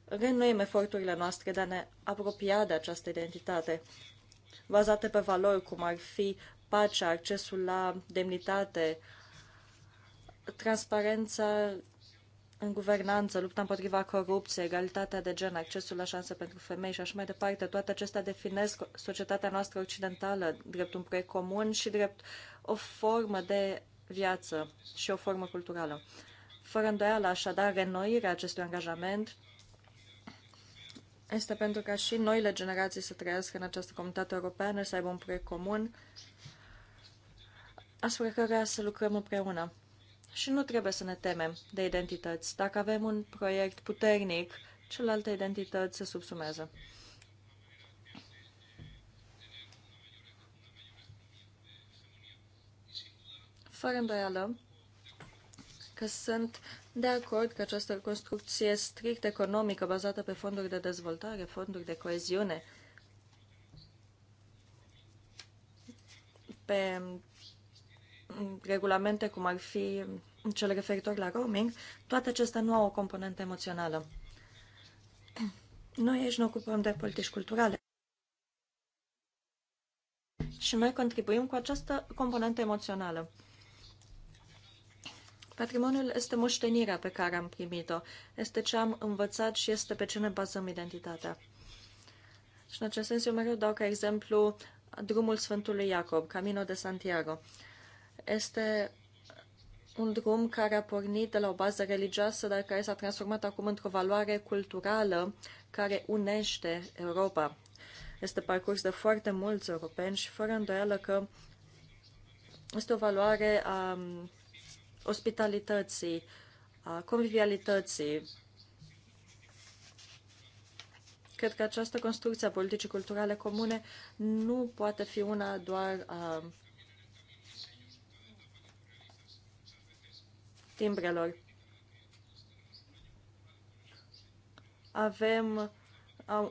D: reînnoim eforturile noastre de a ne apropia de această identitate, bazate pe valori cum ar fi pacea, accesul la demnitate, transparența în guvernanță, lupta împotriva corupției, egalitatea de gen, accesul la șanse pentru femei și așa mai departe, toate acestea definesc societatea noastră occidentală drept un proiect comun și drept o formă de viață și o formă culturală. Fără îndoială, așadar, renoirea acestui angajament este pentru ca și noile generații să trăiască în această comunitate europeană, să aibă un proiect comun, astfel căruia să lucrăm împreună și nu trebuie să ne temem de identități. Dacă avem un proiect puternic, celelalte identități se subsumează. Fără îndoială că sunt de acord că această construcție strict economică bazată pe fonduri de dezvoltare, fonduri de coeziune, pe regulamente, cum ar fi cele referitor la roaming, toate acestea nu au o componentă emoțională. Noi aici ne ocupăm de politici culturale. Și noi contribuim cu această componentă emoțională. Patrimoniul este moștenirea pe care am primit-o, este ce am învățat și este pe ce ne bazăm identitatea. Și în acest sens eu mereu dau ca exemplu drumul Sfântului Iacob, Camino de Santiago este un drum care a pornit de la o bază religioasă, dar care s-a transformat acum într-o valoare culturală care unește Europa. Este parcurs de foarte mulți europeni și fără îndoială că este o valoare a um, ospitalității, a convivialității. Cred că această construcție a politicii culturale comune nu poate fi una doar a timbrelor. Avem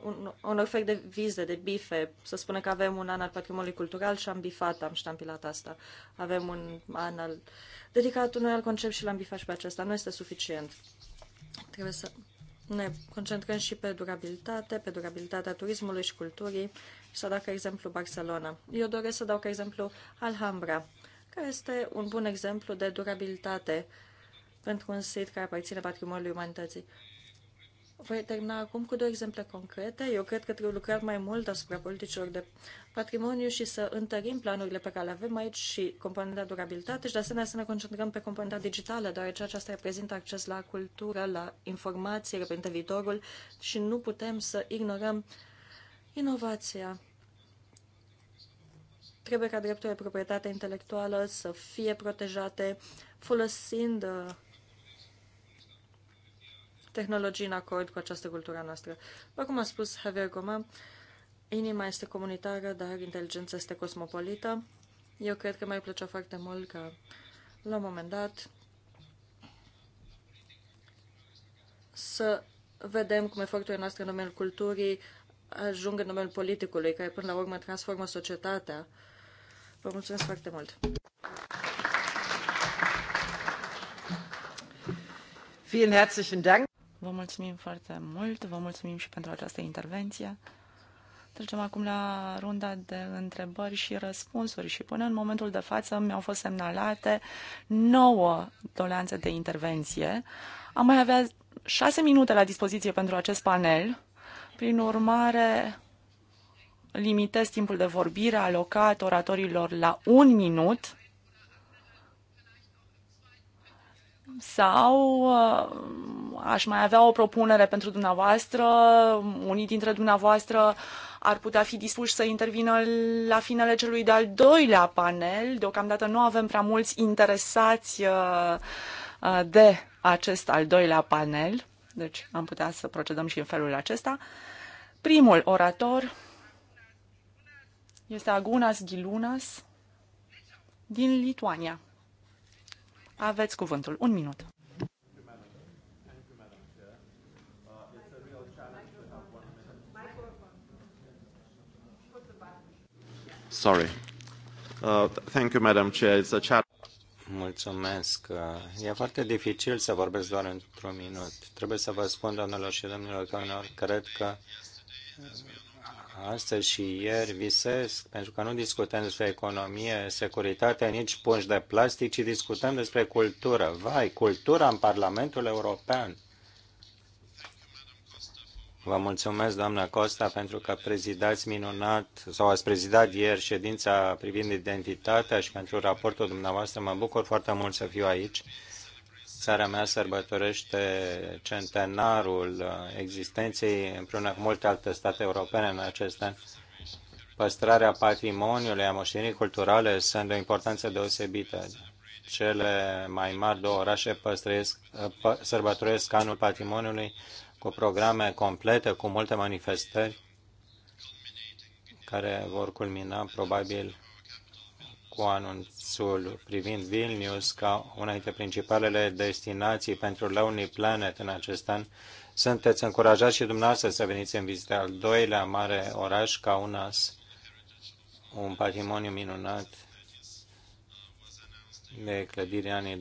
D: un, un ofer de vize, de bife, să spunem că avem un an al patrimoniului cultural și am bifat, am ștampilat asta. Avem un an al dedicat unui alt concept și l-am bifat și pe acesta. Nu este suficient. Trebuie să ne concentrăm și pe durabilitate, pe durabilitatea turismului și culturii să dau ca exemplu Barcelona. Eu doresc să dau ca exemplu Alhambra, care este un bun exemplu de durabilitate uh, pentru un sit care aparține patrimoniului umanității. Voi termina acum cu două exemple concrete. Eu cred că trebuie lucrat mai mult asupra politicilor de patrimoniu și să întărim planurile pe care le avem aici și componenta durabilitate și de asemenea să ne concentrăm pe componenta digitală, deoarece aceasta reprezintă acces la cultură, la informație, reprezintă viitorul și nu putem să ignorăm inovația. Trebuie ca drepturile de proprietate intelectuală să fie protejate folosind uh, tehnologii în acord cu această cultură noastră. După cum a spus Javier Goma, inima este comunitară, dar inteligența este cosmopolită. Eu cred că mi-ar plăcea foarte mult că la un moment dat să vedem cum eforturile noastre în domeniul culturii ajung în domeniul politicului, care până la urmă transformă societatea. Vă mulțumesc foarte mult!
B: Vielen herzlichen Dank! Vă mulțumim foarte mult, vă mulțumim și pentru această intervenție. Trecem acum la runda de întrebări și răspunsuri și până în momentul de față mi-au fost semnalate 9 doleanțe de intervenție. Am mai avea 6 minute la dispoziție pentru acest panel. Prin urmare, limitez timpul de vorbire alocat oratorilor la un minut sau uh, aș mai avea o propunere pentru dumneavoastră, unii dintre dumneavoastră ar putea fi dispuși să intervină la finele celui de-al doilea panel. Deocamdată nu avem prea mulți interesați uh, uh, de acest al doilea panel, deci am putea să procedăm și în felul acesta. Primul orator este Agunas Gilunas din Lituania. Aveți cuvântul. Un minut.
C: Sorry. Uh, thank you, Madam Chair. It's a challenge. Mulțumesc. E foarte dificil să vorbesc doar într-un minut. Trebuie să vă spun, doamnelor și domnilor, că cred că astăzi și ieri visesc, pentru că nu discutăm despre economie, securitate, nici pungi de plastic, ci discutăm despre cultură. Vai, cultura în Parlamentul European! Vă mulțumesc, doamna Costa, pentru că prezidați minunat sau ați prezidat ieri ședința privind identitatea și pentru raportul dumneavoastră. Mă bucur foarte mult să fiu aici Țara mea sărbătorește centenarul uh, existenței împreună cu multe alte state europene în acest an. Păstrarea patrimoniului, a moștenirii culturale sunt de o importanță deosebită. Cele mai mari două orașe uh, pă, sărbătoresc anul patrimoniului cu programe complete, cu multe manifestări care vor culmina probabil cu anunțul privind Vilnius ca una dintre principalele destinații pentru Lonely Planet în acest an, sunteți încurajați și dumneavoastră să veniți în vizită al doilea mare oraș, ca unas un patrimoniu minunat de clădiri anii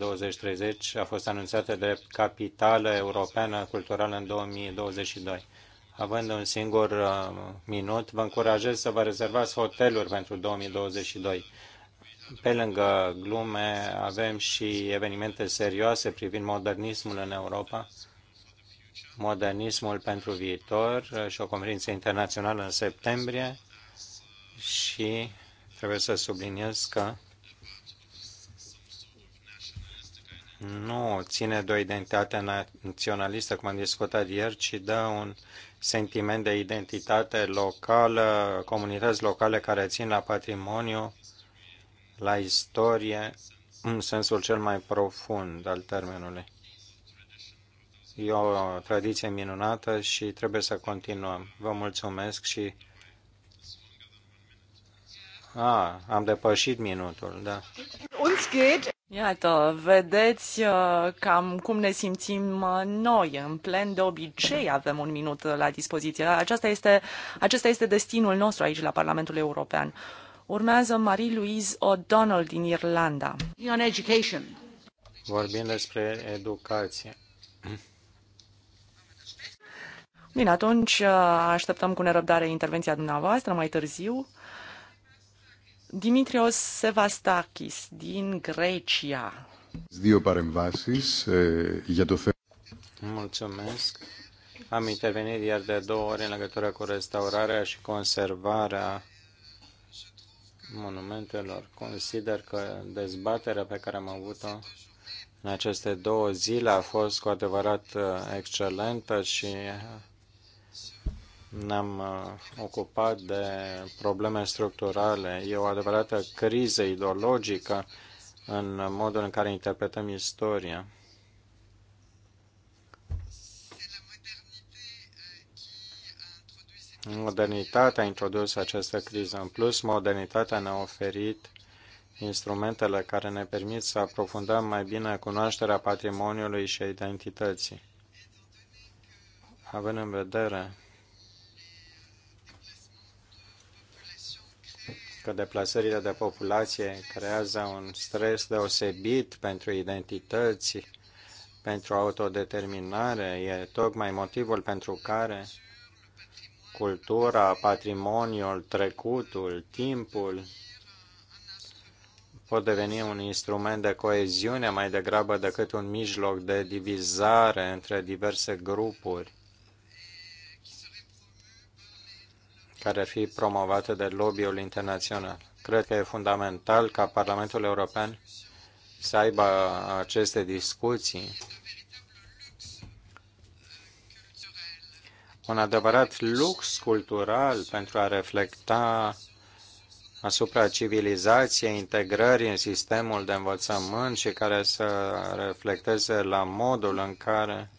C: 20-30, a fost anunțată drept capitală europeană culturală în 2022. Având un singur uh, minut, vă încurajez să vă rezervați hoteluri pentru 2022 pe lângă glume, avem și evenimente serioase privind modernismul în Europa, modernismul pentru viitor și o conferință internațională în septembrie și trebuie să subliniez că nu ține de o identitate naționalistă, cum am discutat ieri, ci dă un sentiment de identitate locală, comunități locale care țin la patrimoniu, la istorie în sensul cel mai profund al termenului. E o tradiție minunată și trebuie să continuăm. Vă mulțumesc și... A, am depășit minutul, da.
B: Iată, vedeți uh, cam cum ne simțim uh, noi. În plen de obicei avem un minut la dispoziție. Aceasta este, acesta este destinul nostru aici la Parlamentul European. Urmează Marie-Louise O'Donnell din Irlanda.
C: Vorbim despre educație.
B: Bine, atunci uh, așteptăm cu nerăbdare intervenția dumneavoastră mai târziu. Dimitrios Sevastakis din Grecia.
C: Mulțumesc. Am intervenit iar de două ori în legătură cu restaurarea și conservarea monumentelor. Consider că dezbaterea pe care am avut-o în aceste două zile a fost cu adevărat uh, excelentă și ne-am uh, ocupat de probleme structurale. E o adevărată criză ideologică în modul în care interpretăm istoria. Modernitatea a introdus această criză. În plus, modernitatea ne-a oferit instrumentele care ne permit să aprofundăm mai bine cunoașterea patrimoniului și a identității. Având în vedere că deplasările de populație creează un stres deosebit pentru identități, pentru autodeterminare, e tocmai motivul pentru care cultura, patrimoniul, trecutul, timpul pot deveni un instrument de coeziune mai degrabă decât un mijloc de divizare între diverse grupuri care ar fi promovate de lobby-ul internațional. Cred că e fundamental ca Parlamentul European să aibă aceste discuții un adevărat lux cultural pentru a reflecta asupra civilizației, integrării în sistemul de învățământ și care să reflecteze la modul în care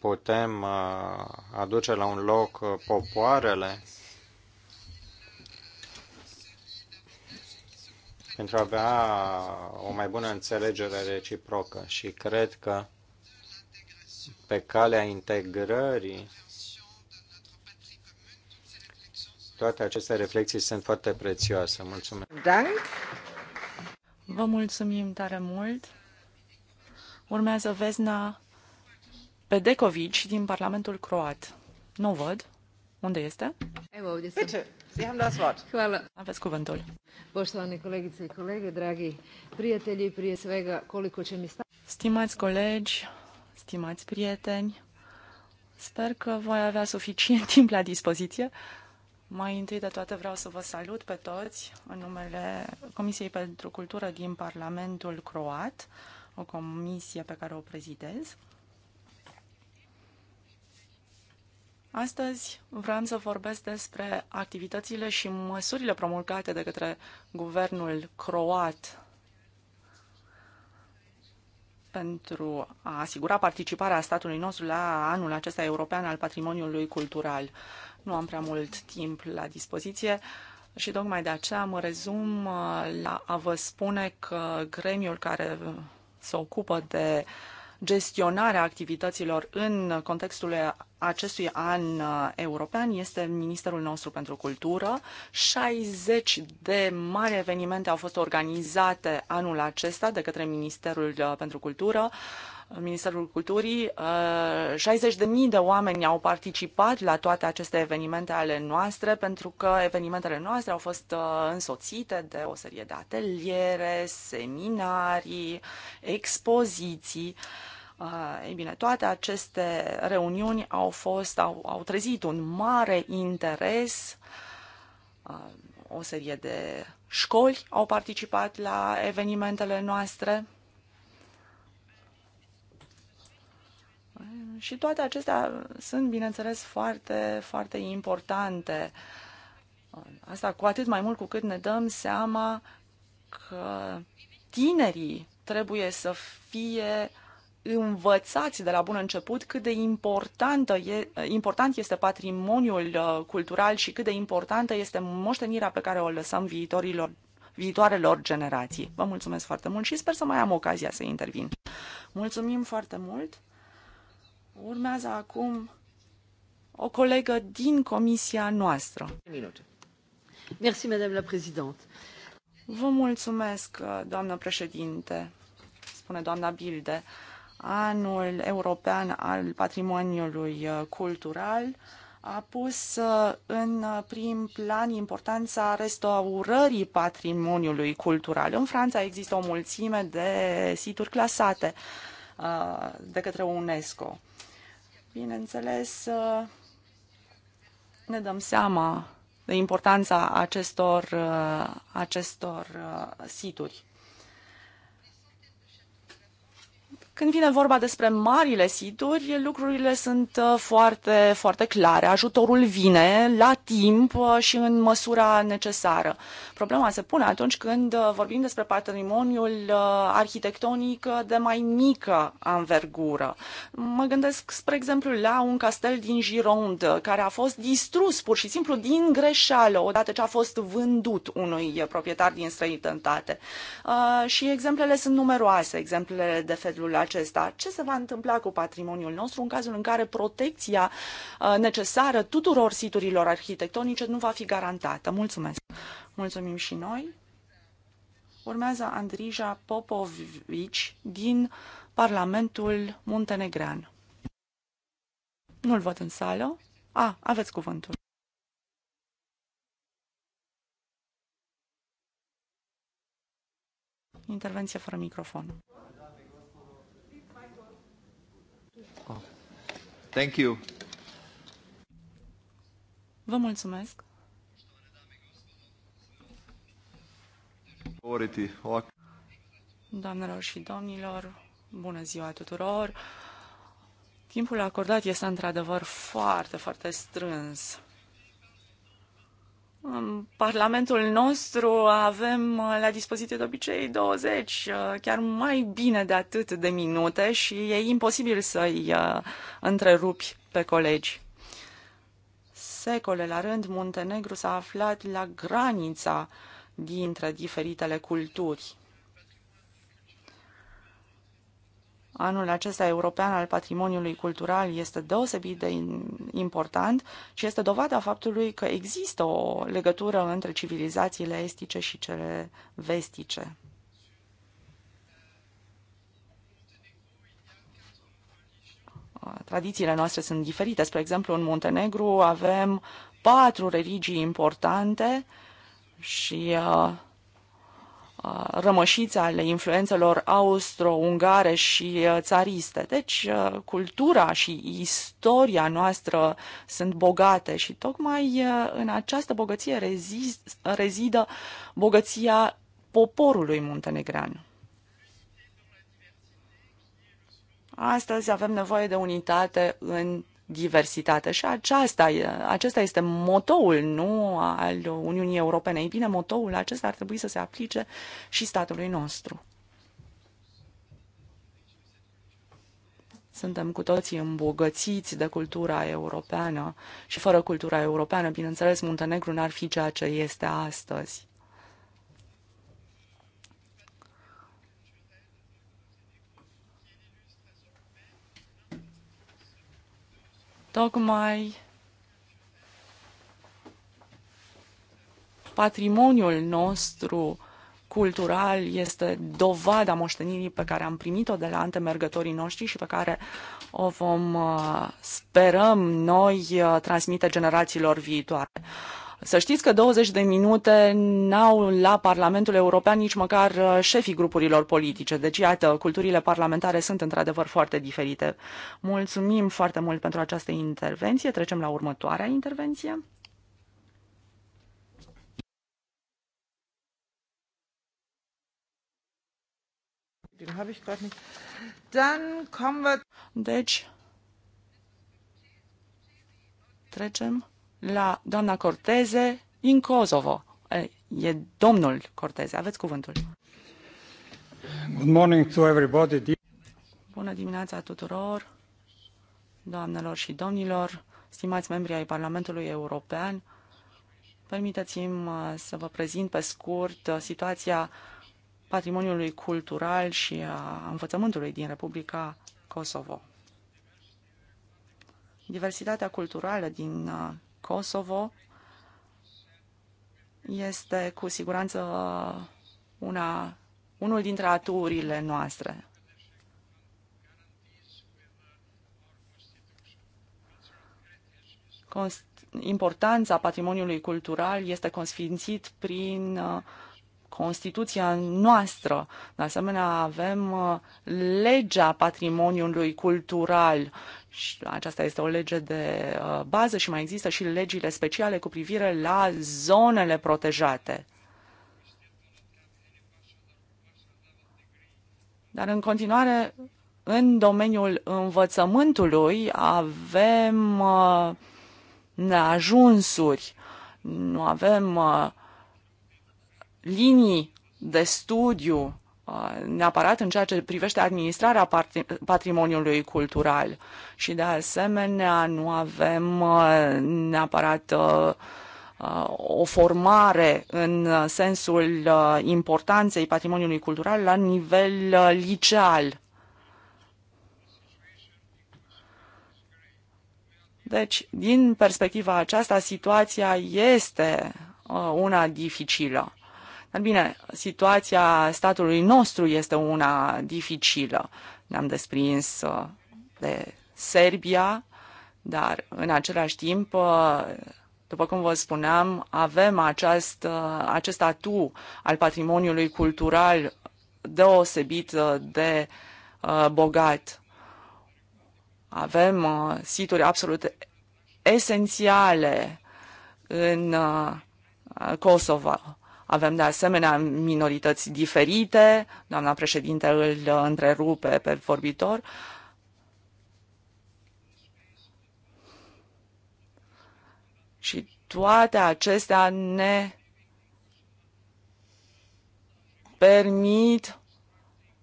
C: putem uh, aduce la un loc uh, popoarele pentru a avea o mai bună înțelegere reciprocă și cred că pe calea integrării. Toate aceste reflexii sunt foarte prețioase. Mulțumesc!
B: Dank. Vă mulțumim tare mult! Urmează Vesna Pedekovici din Parlamentul Croat. Nu văd. Unde este?
A: Evo, ovdje sam. Biće,
B: ja vam das Wort. Hvala. Aveți cuvântul.
A: Poštovane kolegice i kolege, dragi prieteni,
B: prije svega koliko će mi stati. Stimați colegi, stimați prieteni. Sper că voi avea suficient timp la dispoziție. Mai întâi de toate vreau să vă salut pe toți în numele Comisiei pentru Cultură din Parlamentul Croat, o comisie pe care o prezidez. Astăzi vreau să vorbesc despre activitățile și măsurile promulgate de către guvernul croat pentru a asigura participarea statului nostru la anul acesta european al patrimoniului cultural. Nu am prea mult timp la dispoziție și tocmai de aceea mă rezum uh, la a vă spune că gremiul care se ocupă de uh, gestionarea activităților în contextul acestui an uh, european este Ministerul nostru pentru Cultură. 60 de mari evenimente au fost organizate anul acesta de către Ministerul uh, pentru Cultură Ministerul Culturii. 60.000 uh, de oameni au participat la toate aceste evenimente ale noastre, pentru că evenimentele noastre au fost uh, însoțite de o serie de ateliere, seminarii, expoziții. Uh, ei bine, toate aceste reuniuni au fost, au, au trezit un mare interes. O serie de școli au participat la evenimentele noastre. Și toate acestea sunt, bineînțeles, foarte, foarte importante. Asta cu atât mai mult cu cât ne dăm seama că tinerii trebuie să fie învățați de la bun început cât de importantă e, important este patrimoniul uh, cultural și cât de importantă este moștenirea pe care o lăsăm viitorilor viitoarelor generații. Vă mulțumesc foarte mult și sper să mai am ocazia să intervin. Mulțumim foarte mult! Urmează acum o colegă din comisia noastră. la Vă mulțumesc, doamnă președinte, spune doamna Bilde. Anul European al Patrimoniului Cultural a pus uh, în prim plan importanța restaurării patrimoniului cultural. În Franța există o mulțime de situri clasate uh, de către UNESCO. Bineînțeles, ne dăm seama de importanța acestor, acestor uh, situri. Când vine vorba despre marile situri, lucrurile sunt uh, foarte, foarte clare. Ajutorul vine la timp uh, și în măsura necesară. Problema se pune atunci când uh, vorbim despre patrimoniul arhitectonic de mai mică anvergură. Mă gândesc, spre exemplu, la un castel din Gironde, care a fost distrus pur și simplu din greșeală, odată ce a fost vândut unui proprietar din străinătate. Și exemplele sunt numeroase, exemplele de felul acesta? Ce se va întâmpla cu patrimoniul nostru în cazul în care protecția uh, necesară tuturor siturilor arhitectonice nu va fi garantată? Mulțumesc! Mulțumim și noi! Urmează Andrija Popovici din Parlamentul Muntenegrean. Nu-l văd în sală. A, aveți cuvântul. Intervenție fără microfon. Vă mulțumesc. Doamnelor și domnilor, bună ziua tuturor. Timpul acordat este într-adevăr foarte, foarte strâns. În Parlamentul nostru avem uh, la dispoziție de obicei 20, uh, chiar mai bine de atât de minute și e imposibil să-i uh, întrerupi pe colegi. Secole la rând, Muntenegru s-a aflat la granița dintre diferitele culturi. Anul acesta european al patrimoniului cultural este deosebit de important și este dovada faptului că există o legătură între civilizațiile estice și cele vestice. Tradițiile noastre sunt diferite. Spre exemplu, în Muntenegru avem patru religii importante și uh, Uh, rămășițe ale influențelor austro-ungare și uh, țariste. Deci, uh, cultura și istoria noastră sunt bogate și tocmai în această bogăție rezidă bogăția poporului muntenegrean. Astăzi avem nevoie de unitate în diversitate. Și aceasta, acesta este motoul nu al Uniunii Europene. Ei bine, motoul acesta ar trebui să se aplice și statului nostru. Suntem cu toții îmbogățiți de cultura europeană și fără cultura europeană, bineînțeles, Muntenegru n-ar fi ceea ce este astăzi. Tocmai patrimoniul nostru cultural este dovada moștenirii pe care am primit-o de la antemergătorii noștri și pe care o vom, uh, sperăm noi, uh, transmite generațiilor viitoare. Să știți că 20 de minute n-au la Parlamentul European nici măcar uh, șefii grupurilor politice. Deci, iată, culturile parlamentare sunt într-adevăr foarte diferite. Mulțumim foarte mult pentru această intervenție. Trecem la următoarea intervenție. Deci, trecem la doamna Corteze din Kosovo. E domnul Corteze, aveți cuvântul.
C: Good morning to everybody.
B: Bună dimineața tuturor, doamnelor și domnilor, stimați membri ai Parlamentului European. Permiteți-mi uh, să vă prezint pe scurt uh, situația patrimoniului cultural și a învățământului din Republica Kosovo. Diversitatea culturală din uh, Kosovo este cu siguranță una, unul dintre aturile noastre. Const- importanța patrimoniului cultural este consfințit prin uh, Constituția noastră. De asemenea, avem uh, legea patrimoniului cultural. Și aceasta este o lege de uh, bază și mai există și legile speciale cu privire la zonele protejate. Dar în continuare, în domeniul învățământului avem uh, neajunsuri, nu avem linii de studiu uh, neapărat în ceea ce privește administrarea patrimoniului cultural și de asemenea nu avem uh, neapărat uh, o formare în sensul importanței patrimoniului cultural la nivel liceal. Deci, din perspectiva aceasta, situația este una dificilă. Dar bine, situația statului nostru este una dificilă. Ne-am desprins uh, de Serbia, dar în același timp, uh, după cum vă spuneam, avem acest, uh, acest atu al patrimoniului cultural deosebit de bogat. Avem situri absolut esențiale în Kosovo avem de asemenea minorități diferite, doamna președinte îl întrerupe pe vorbitor. Și toate acestea ne permit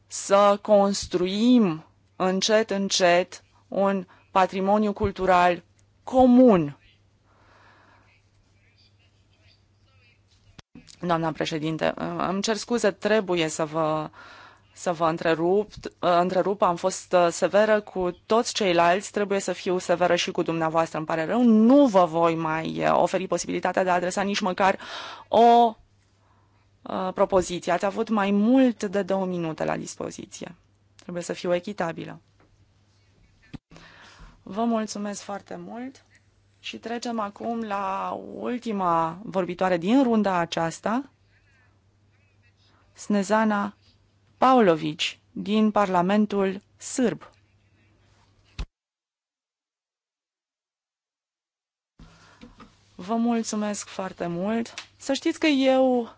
B: să construim încet, încet un patrimoniu cultural comun Doamna președinte, uh, îmi cer scuze, trebuie să vă să vă întrerup, uh, întrerup, am fost uh, severă cu toți ceilalți, trebuie să fiu severă și cu dumneavoastră, îmi pare rău, nu vă voi mai oferi posibilitatea de a adresa nici măcar o propoziție. Ați avut mai mult de două minute la dispoziție. Trebuie să fiu echitabilă. Vă mulțumesc foarte mult. Și trecem acum la ultima vorbitoare din runda aceasta, Snezana Paulovici, din Parlamentul Sârb. Vă mulțumesc foarte mult. Să știți că eu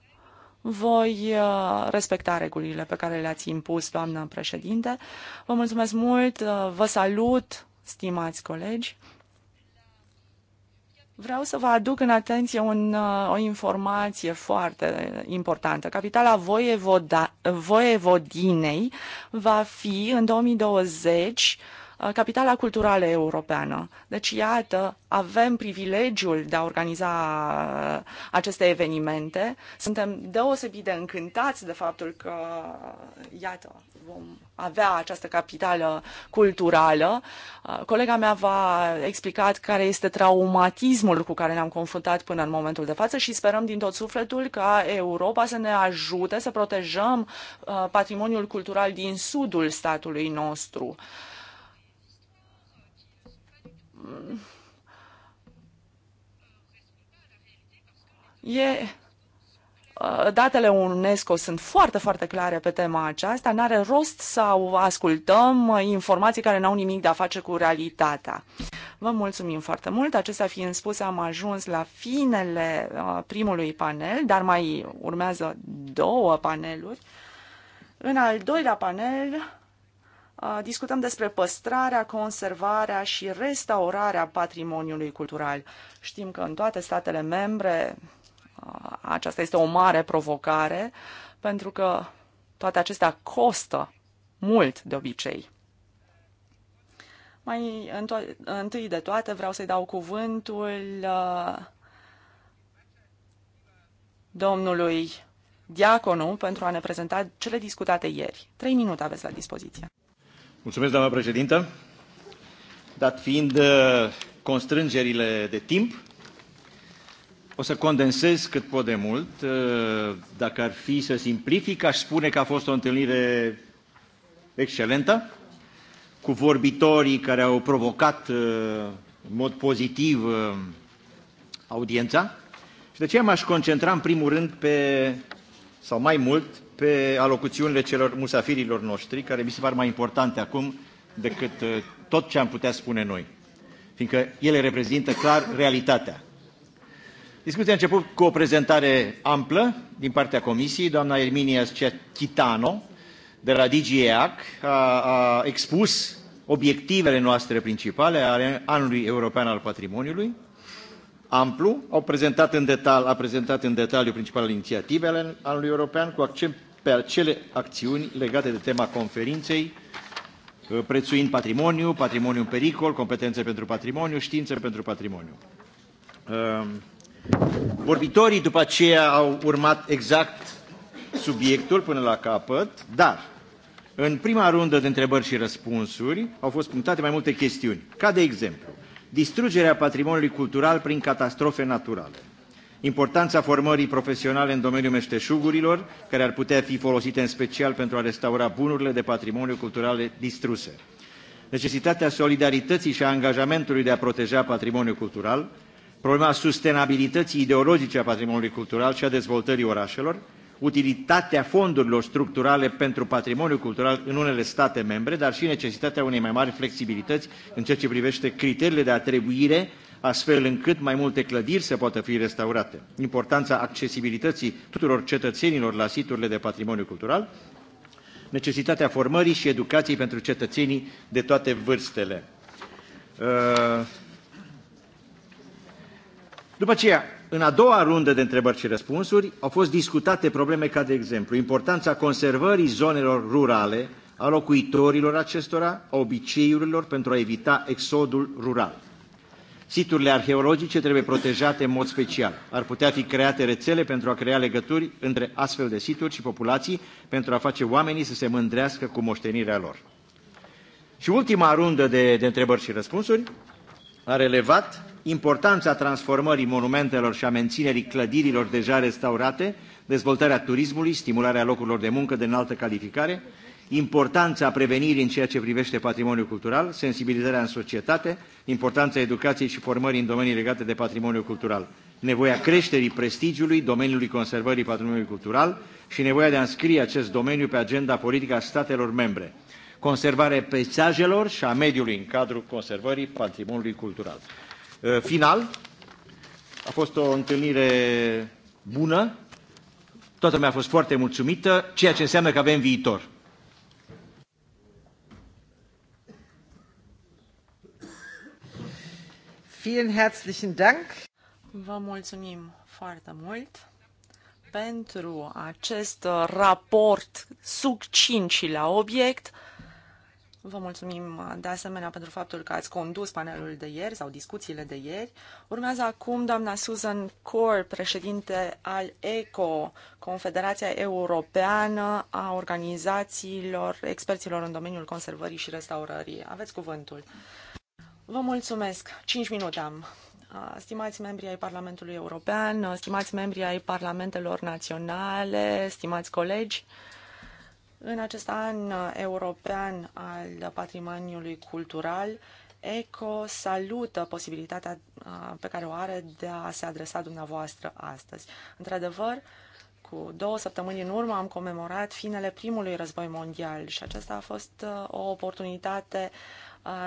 B: voi uh, respecta regulile pe care le-ați impus, doamnă președinte. Vă mulțumesc mult, uh, vă salut, stimați colegi. Vreau să vă aduc în atenție un, uh, o informație foarte importantă. Capitala Voievoda, Voievodinei va fi în 2020 uh, capitala culturală europeană. Deci, iată, avem privilegiul de a organiza uh, aceste evenimente. Suntem deosebit de încântați de faptul că, iată, vom avea această capitală culturală. Uh, colega mea v-a explicat care este traumatismul cu care ne-am confruntat până în momentul de față și sperăm din tot sufletul ca Europa să ne ajute să protejăm uh, patrimoniul cultural din sudul statului nostru mm. e Uh, datele UNESCO sunt foarte, foarte clare pe tema aceasta, n-are rost să ascultăm uh, informații care n-au nimic de a face cu realitatea. Vă mulțumim foarte mult. Acestea fiind spuse, am ajuns la finele uh, primului panel, dar mai urmează două paneluri. În al doilea panel discutăm despre păstrarea, conservarea și restaurarea patrimoniului cultural. Știm că în toate statele membre aceasta este o mare provocare, pentru că toate acestea costă mult de obicei. Mai întâi de toate vreau să-i dau cuvântul uh, domnului Diaconu pentru a ne prezenta cele discutate ieri. Trei minute aveți la dispoziție.
E: Mulțumesc, doamna președintă. Dat fiind uh, constrângerile de timp, o să condensez cât pot de mult. Uh, dacă ar fi să simplific, aș spune că a fost o întâlnire excelentă, cu vorbitorii care au provocat uh, în mod pozitiv uh, audiența. Și de aceea m-aș concentra în primul rând pe, sau mai mult, pe alocuțiunile celor musafirilor noștri, care mi se par mai importante acum decât tot ce am putea spune noi. Fiindcă ele reprezintă clar realitatea Discuția a început cu o prezentare amplă din partea Comisiei. Doamna Erminia Chitano, de la DGEAC, a, a expus obiectivele noastre principale ale anului european al patrimoniului, amplu, au prezentat în detal, a prezentat în detaliu principalele inițiative ale anului european, cu accent pe acele acțiuni legate de tema conferinței, uh, prețuind patrimoniu, patrimoniu în pericol, competențe pentru patrimoniu, științe pentru patrimoniu. Uh, Vorbitorii după aceea au urmat exact subiectul până la capăt, dar în prima rundă de întrebări și răspunsuri au fost punctate mai multe chestiuni, ca de exemplu, distrugerea patrimoniului cultural prin catastrofe naturale, importanța formării profesionale în domeniul meșteșugurilor, care ar putea fi folosite în special pentru a restaura bunurile de patrimoniu culturale distruse, necesitatea solidarității și a angajamentului de a proteja patrimoniul cultural, problema sustenabilității ideologice a patrimoniului cultural și a dezvoltării orașelor, utilitatea fondurilor structurale pentru patrimoniul cultural în unele state membre, dar și necesitatea unei mai mari flexibilități în ceea ce privește criteriile de atribuire, astfel încât mai multe clădiri să poată fi restaurate, importanța accesibilității tuturor cetățenilor la siturile de patrimoniu cultural, necesitatea formării și educației pentru cetățenii de toate vârstele. Uh... După aceea, în a doua rundă de întrebări și răspunsuri, au fost discutate probleme ca, de exemplu, importanța conservării zonelor rurale, a locuitorilor acestora, a obiceiurilor pentru a evita exodul rural. Siturile arheologice trebuie protejate în mod special. Ar putea fi create rețele pentru a crea legături între astfel de situri și populații pentru a face oamenii să se mândrească cu moștenirea lor. Și ultima rundă de, de întrebări și răspunsuri a relevat importanța transformării monumentelor și a menținerii clădirilor deja restaurate, dezvoltarea turismului, stimularea locurilor de muncă de înaltă calificare, importanța prevenirii în ceea ce privește patrimoniul cultural, sensibilizarea în societate, importanța educației și formării în domenii legate de patrimoniul cultural, nevoia creșterii prestigiului domeniului conservării patrimoniului cultural și nevoia de a înscrie acest domeniu pe agenda politică a statelor membre, conservarea peisajelor și a mediului în cadrul conservării patrimoniului cultural. Uh, final. A fost o întâlnire bună, toată lumea a fost foarte mulțumită, ceea ce înseamnă că avem viitor.
B: Vielen herzlichen Dank. Vă mulțumim foarte mult pentru acest raport succint și la obiect Vă mulțumim uh, de asemenea pentru faptul că ați condus panelul de ieri sau discuțiile de ieri. Urmează acum doamna Susan Core, președinte al ECO, Confederația Europeană a Organizațiilor Experților în domeniul conservării și restaurării. Aveți cuvântul. Vă mulțumesc. 5 minute am. Uh, stimați membri ai Parlamentului European, uh, stimați membri ai Parlamentelor Naționale, stimați colegi, în acest an european al patrimoniului cultural, ECO salută posibilitatea pe care o are de a se adresa dumneavoastră astăzi. Într-adevăr, cu două săptămâni în urmă am comemorat finele primului război mondial și aceasta a fost o oportunitate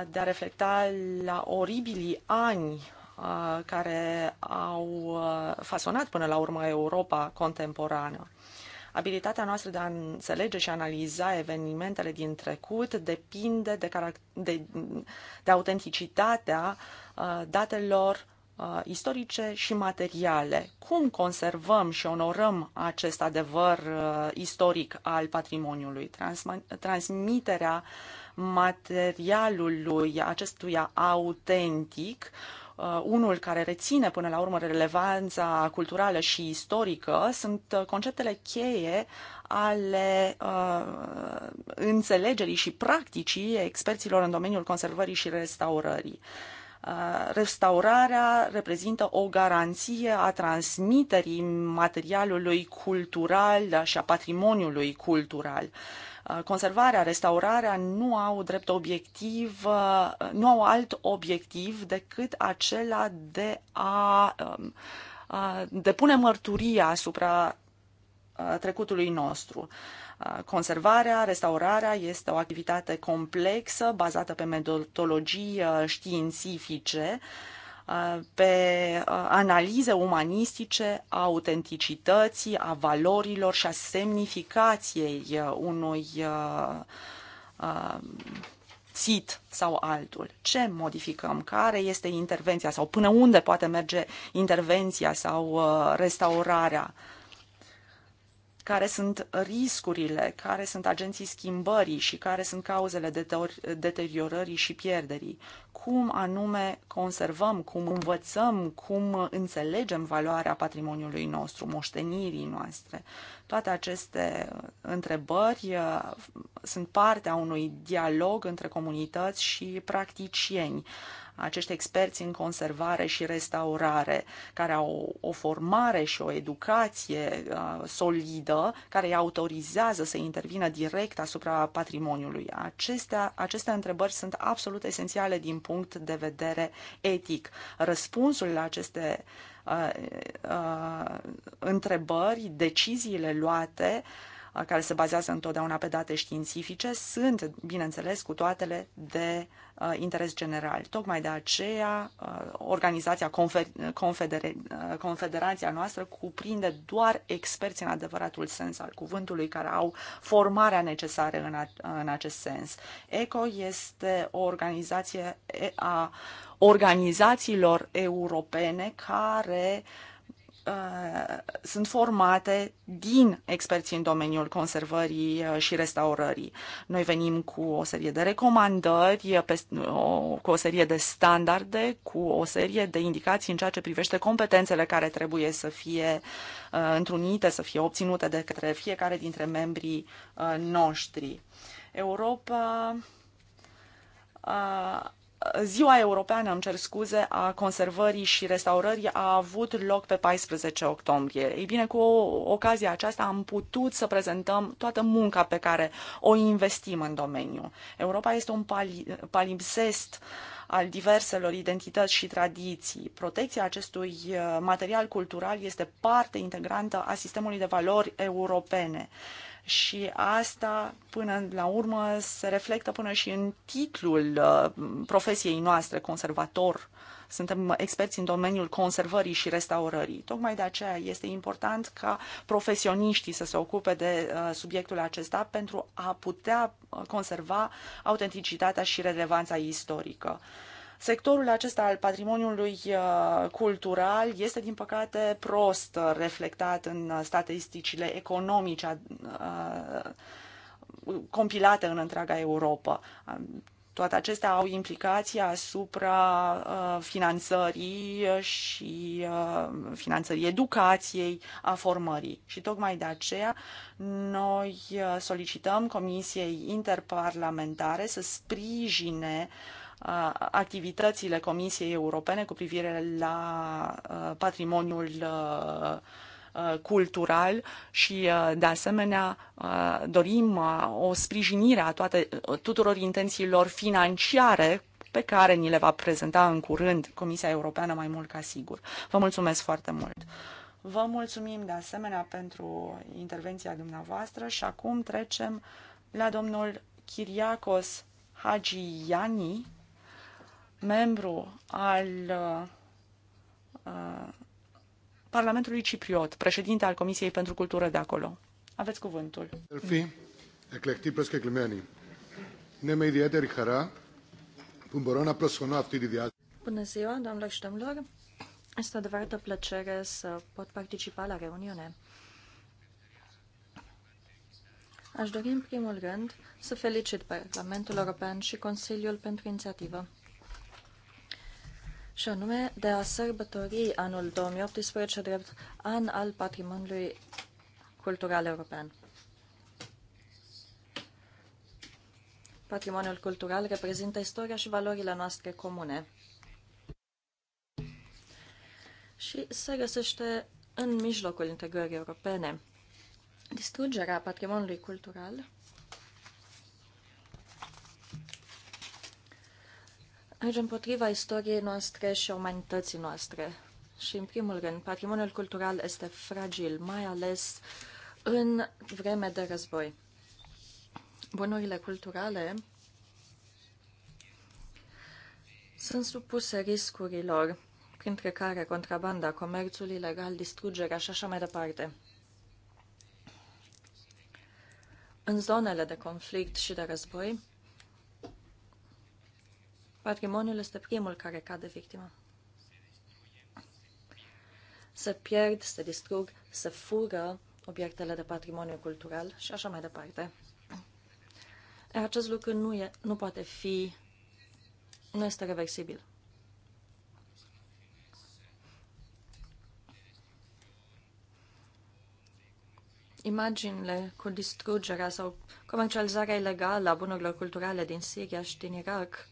B: de a reflecta la oribilii ani care au fasonat până la urmă Europa contemporană. Abilitatea noastră de a înțelege și analiza evenimentele din trecut depinde de, de, de autenticitatea uh, datelor uh, istorice și materiale. Cum conservăm și onorăm acest adevăr uh, istoric al patrimoniului? Transma transmiterea materialului acestuia autentic uh, Uh, unul care reține până la urmă relevanța culturală și istorică sunt uh, conceptele cheie ale uh, înțelegerii și practicii experților în domeniul conservării și restaurării. Uh, restaurarea reprezintă o garanție a transmiterii materialului cultural și a patrimoniului cultural. Uh, conservarea, restaurarea nu au drept obiectiv, uh, nu au alt obiectiv decât acela de a, um, depune mărturia asupra uh, trecutului nostru. Conservarea, restaurarea este o activitate complexă bazată pe metodologii științifice pe uh, analize umanistice a autenticității, a valorilor și a semnificației uh, unui uh, sit sau altul. Ce modificăm? Care este intervenția sau până unde poate merge intervenția sau restaurarea care sunt riscurile, care sunt agenții schimbării și care sunt cauzele deteriorării și pierderii, cum anume conservăm, cum învățăm, cum înțelegem valoarea patrimoniului nostru, moștenirii noastre. Toate aceste întrebări uh, sunt partea unui dialog între comunități și practicieni acești experți în conservare și restaurare, care au o formare și o educație uh, solidă, care îi autorizează să intervină direct asupra patrimoniului. Acestea, aceste întrebări sunt absolut esențiale din punct de vedere etic. Răspunsul la aceste uh, uh, întrebări, deciziile luate, uh, care se bazează întotdeauna pe date științifice, sunt, bineînțeles, cu toatele de uh, interes general. Tocmai de aceea, uh, organizația, confer- confedere- uh, confederația noastră cuprinde doar experți în adevăratul sens al cuvântului, care au formarea necesară în, a- în acest sens. ECO este o organizație a organizațiilor europene care uh, sunt formate din experții în domeniul conservării uh, și restaurării. Noi venim cu o serie de recomandări, uh, cu o serie de standarde, cu o serie de indicații în ceea ce privește competențele care trebuie să fie uh, întrunite, să fie obținute de către fiecare dintre membrii noștri. Europa Ziua Europeană, îmi cer scuze, a conservării și restaurării a avut loc pe 14 octombrie. Ei bine, cu ocazia aceasta am putut să prezentăm toată munca pe care o investim în domeniu. Europa este un pali- palimpsest uh, al diverselor identități și tradiții. Protecția acestui uh, material cultural este parte integrantă a sistemului de valori europene. Și asta, până la urmă, se reflectă până și în titlul uh, profesiei noastre, conservator suntem experți în domeniul conservării și restaurării. Tocmai de aceea este important ca profesioniștii să se ocupe de uh, subiectul acesta pentru a putea uh, conserva autenticitatea și relevanța istorică. Sectorul acesta al patrimoniului uh, cultural este, din păcate, prost reflectat în statisticile economice compilate în întreaga Europa. Toate acestea au implicații asupra uh, finanțării și uh, finanțării educației, a formării. Și tocmai de aceea noi uh, solicităm Comisiei Interparlamentare să sprijine activitățile Comisiei Europene cu privire la patrimoniul Uh, cultural și, uh, de asemenea, uh, dorim o sprijinire a toate, tuturor intențiilor financiare pe care ni le va prezenta în curând Comisia Europeană mai mult ca sigur. Vă mulțumesc foarte mult! Vă mulțumim de asemenea pentru intervenția dumneavoastră și acum trecem la domnul Kiriakos Hagiani, membru al uh, Parlamentului Cipriot, președinte al Comisiei pentru Cultură de acolo. Aveți cuvântul.
F: Ελφή, εκλεκτή προσκεκλημένη. Είναι με ιδιαίτερη χαρά που μπορώ να προσφωνώ αυτή de διάσταση.
D: Bună ziua, doamnelor și domnilor! Este o adevărată plăcere să pot participa la reuniune. Aș dori în primul rând să felicit Parlamentul European și Consiliul pentru inițiativă și anume de a sărbători anul 2018 drept an al patrimoniului cultural european. Patrimoniul cultural reprezintă istoria și valorile noastre comune și se găsește în mijlocul integrării europene. Distrugerea patrimoniului cultural merge împotriva istoriei noastre și a umanității noastre. Și, în primul rând, patrimoniul cultural este fragil, mai ales în vreme de război. Bunurile culturale sunt supuse riscurilor, printre care contrabanda, comerțul ilegal, distrugerea și așa mai departe. În zonele de conflict și de război, Patrimoniul este primul care cade victima. Se pierd, se distrug, se fură obiectele de patrimoniu cultural și așa mai departe. Acest lucru nu, e, nu poate fi, nu este reversibil. imaginile cu distrugerea sau comercializarea ilegală a bunurilor culturale din Siria și din Irak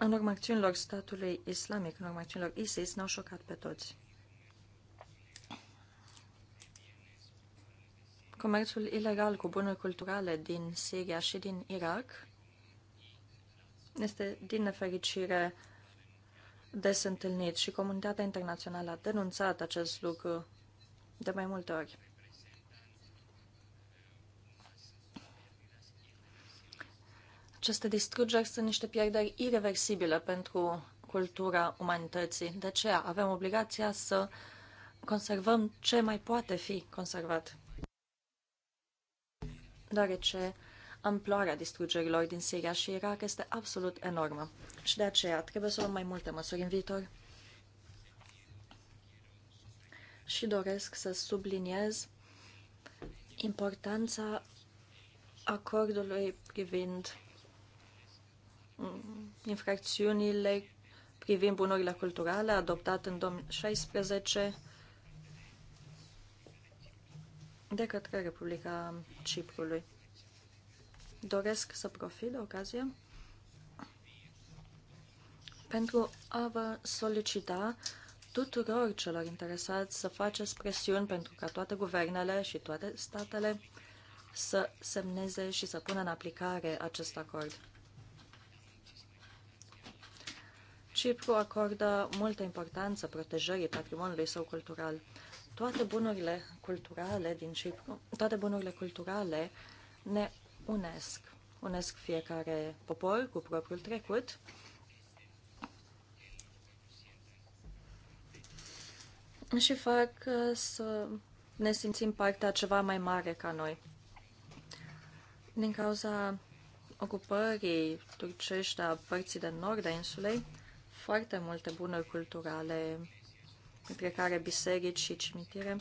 D: în urma acțiunilor statului islamic, în urma acțiunilor ISIS, ne-au șocat pe toți. Comerțul ilegal cu bunuri culturale din Siria și din Irak este, din nefericire, des întâlnit și comunitatea internațională a denunțat acest lucru de mai multe ori. Aceste distrugeri sunt niște pierderi irreversibile pentru cultura umanității. De aceea avem obligația să conservăm ce mai poate fi conservat. Deoarece amploarea distrugerilor din Siria și Irak este absolut enormă și de aceea trebuie să luăm mai multe măsuri în viitor. Și doresc să subliniez importanța acordului privind infracțiunile privind bunurile culturale, adoptat în 2016 de către Republica Ciprului. Doresc să profit de ocazie pentru a vă solicita tuturor celor interesați să faceți presiuni pentru ca toate guvernele și toate statele să semneze și să pună în aplicare acest acord. Cipru acordă multă importanță protejării patrimoniului său cultural. Toate bunurile culturale din Cipru, toate bunurile culturale ne unesc. Unesc fiecare popor cu propriul trecut. Și fac uh, să ne simțim partea ceva mai mare ca noi. Din cauza ocupării turcești a părții de nord a insulei, foarte multe bunuri culturale, între care biserici și cimitire,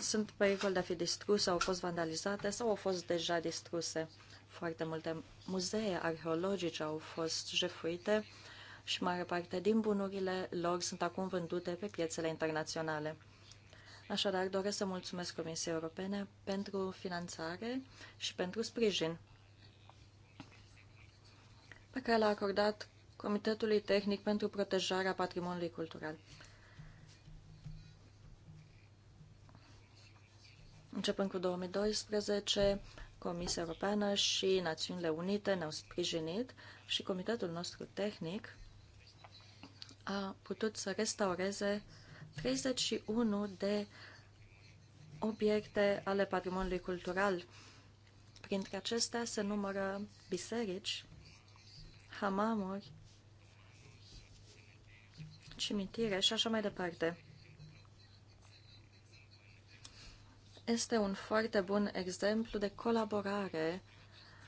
D: sunt pericol de a fi distruse, au fost vandalizate sau au fost deja distruse. Foarte multe muzee arheologice au fost jefuite și mare parte din bunurile lor sunt acum vândute pe piețele internaționale. Așadar, doresc să mulțumesc Comisiei Europene pentru finanțare și pentru sprijin pe care l-a acordat Comitetului Tehnic pentru Protejarea Patrimoniului Cultural. Începând cu 2012, Comisia Europeană și Națiunile Unite ne-au sprijinit și comitetul nostru tehnic a putut să restaureze 31 de obiecte ale patrimoniului cultural. Printre acestea se numără biserici, hamamuri, cimitire și așa mai departe. Este un foarte bun exemplu de colaborare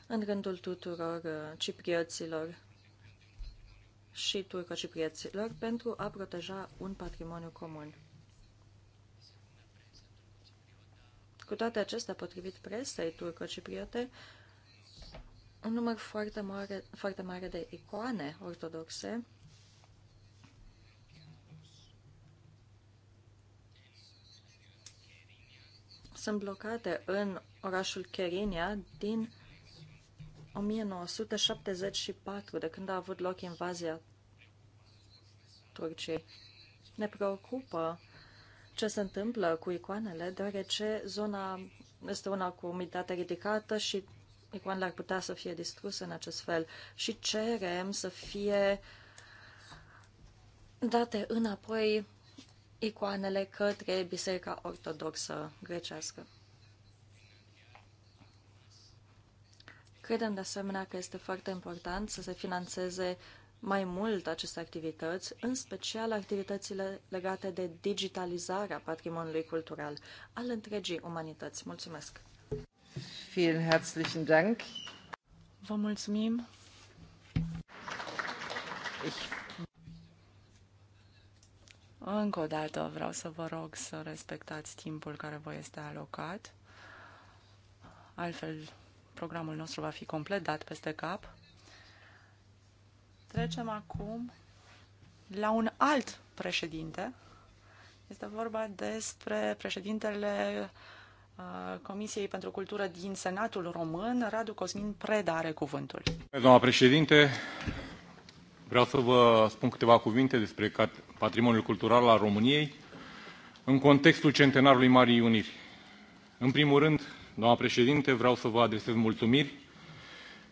D: în rândul tuturor uh, ciprioților și turcocipriaților pentru a proteja un patrimoniu comun. Cu toate acestea, potrivit presei turco-cipriote, un număr foarte mare, foarte mare de icoane ortodoxe sunt blocate în orașul Kerinia din 1974, de când a avut loc invazia Turciei. Ne preocupă ce se întâmplă cu icoanele, deoarece zona este una cu umiditate ridicată și icoanele ar putea să fie distruse în acest fel și cerem să fie date înapoi icoanele către Biserica Ortodoxă Grecească. Credem de asemenea că este foarte important să se financeze mai mult aceste activități, în special activitățile legate de digitalizarea patrimoniului cultural al întregii umanități. Mulțumesc!
A: Vielen herzlichen Dank! Vă mulțumim!
B: Ich încă o dată vreau să vă rog să respectați timpul care vă este alocat. Altfel, programul nostru va fi complet dat peste cap. Trecem acum la un alt președinte. Este vorba despre președintele uh, Comisiei pentru Cultură din Senatul Român, Radu Cosmin Preda are cuvântul.
F: Doamna președinte, Vreau să vă spun câteva cuvinte despre patrimoniul cultural al României în contextul centenarului Marii Uniri. În primul rând, doamna președinte, vreau să vă adresez mulțumiri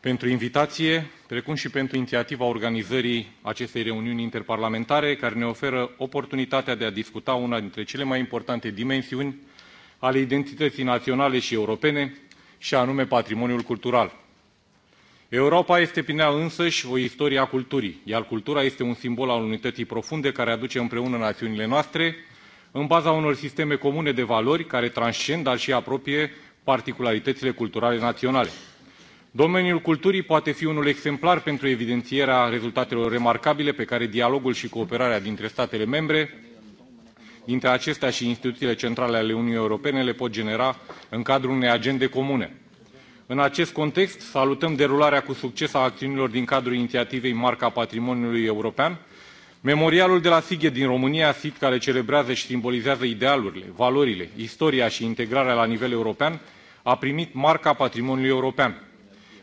F: pentru invitație, precum și pentru inițiativa organizării acestei reuniuni interparlamentare, care ne oferă oportunitatea de a discuta una dintre cele mai importante dimensiuni ale identității naționale și europene, și anume patrimoniul cultural. Europa este prin ea însăși o istorie a culturii, iar cultura este un simbol al unității profunde care aduce împreună națiunile noastre în baza unor sisteme comune de valori care transcend, dar și apropie particularitățile culturale naționale. Domeniul culturii poate fi unul exemplar pentru evidențierea rezultatelor remarcabile pe care dialogul și cooperarea dintre statele membre, dintre acestea și instituțiile centrale ale Uniunii Europene le pot genera în cadrul unei agende comune. În acest context, salutăm derularea cu succes a acțiunilor din cadrul inițiativei Marca Patrimoniului European, Memorialul de la Sighe din România, SIT, care celebrează și simbolizează idealurile, valorile, istoria și integrarea la nivel european, a primit marca patrimoniului european.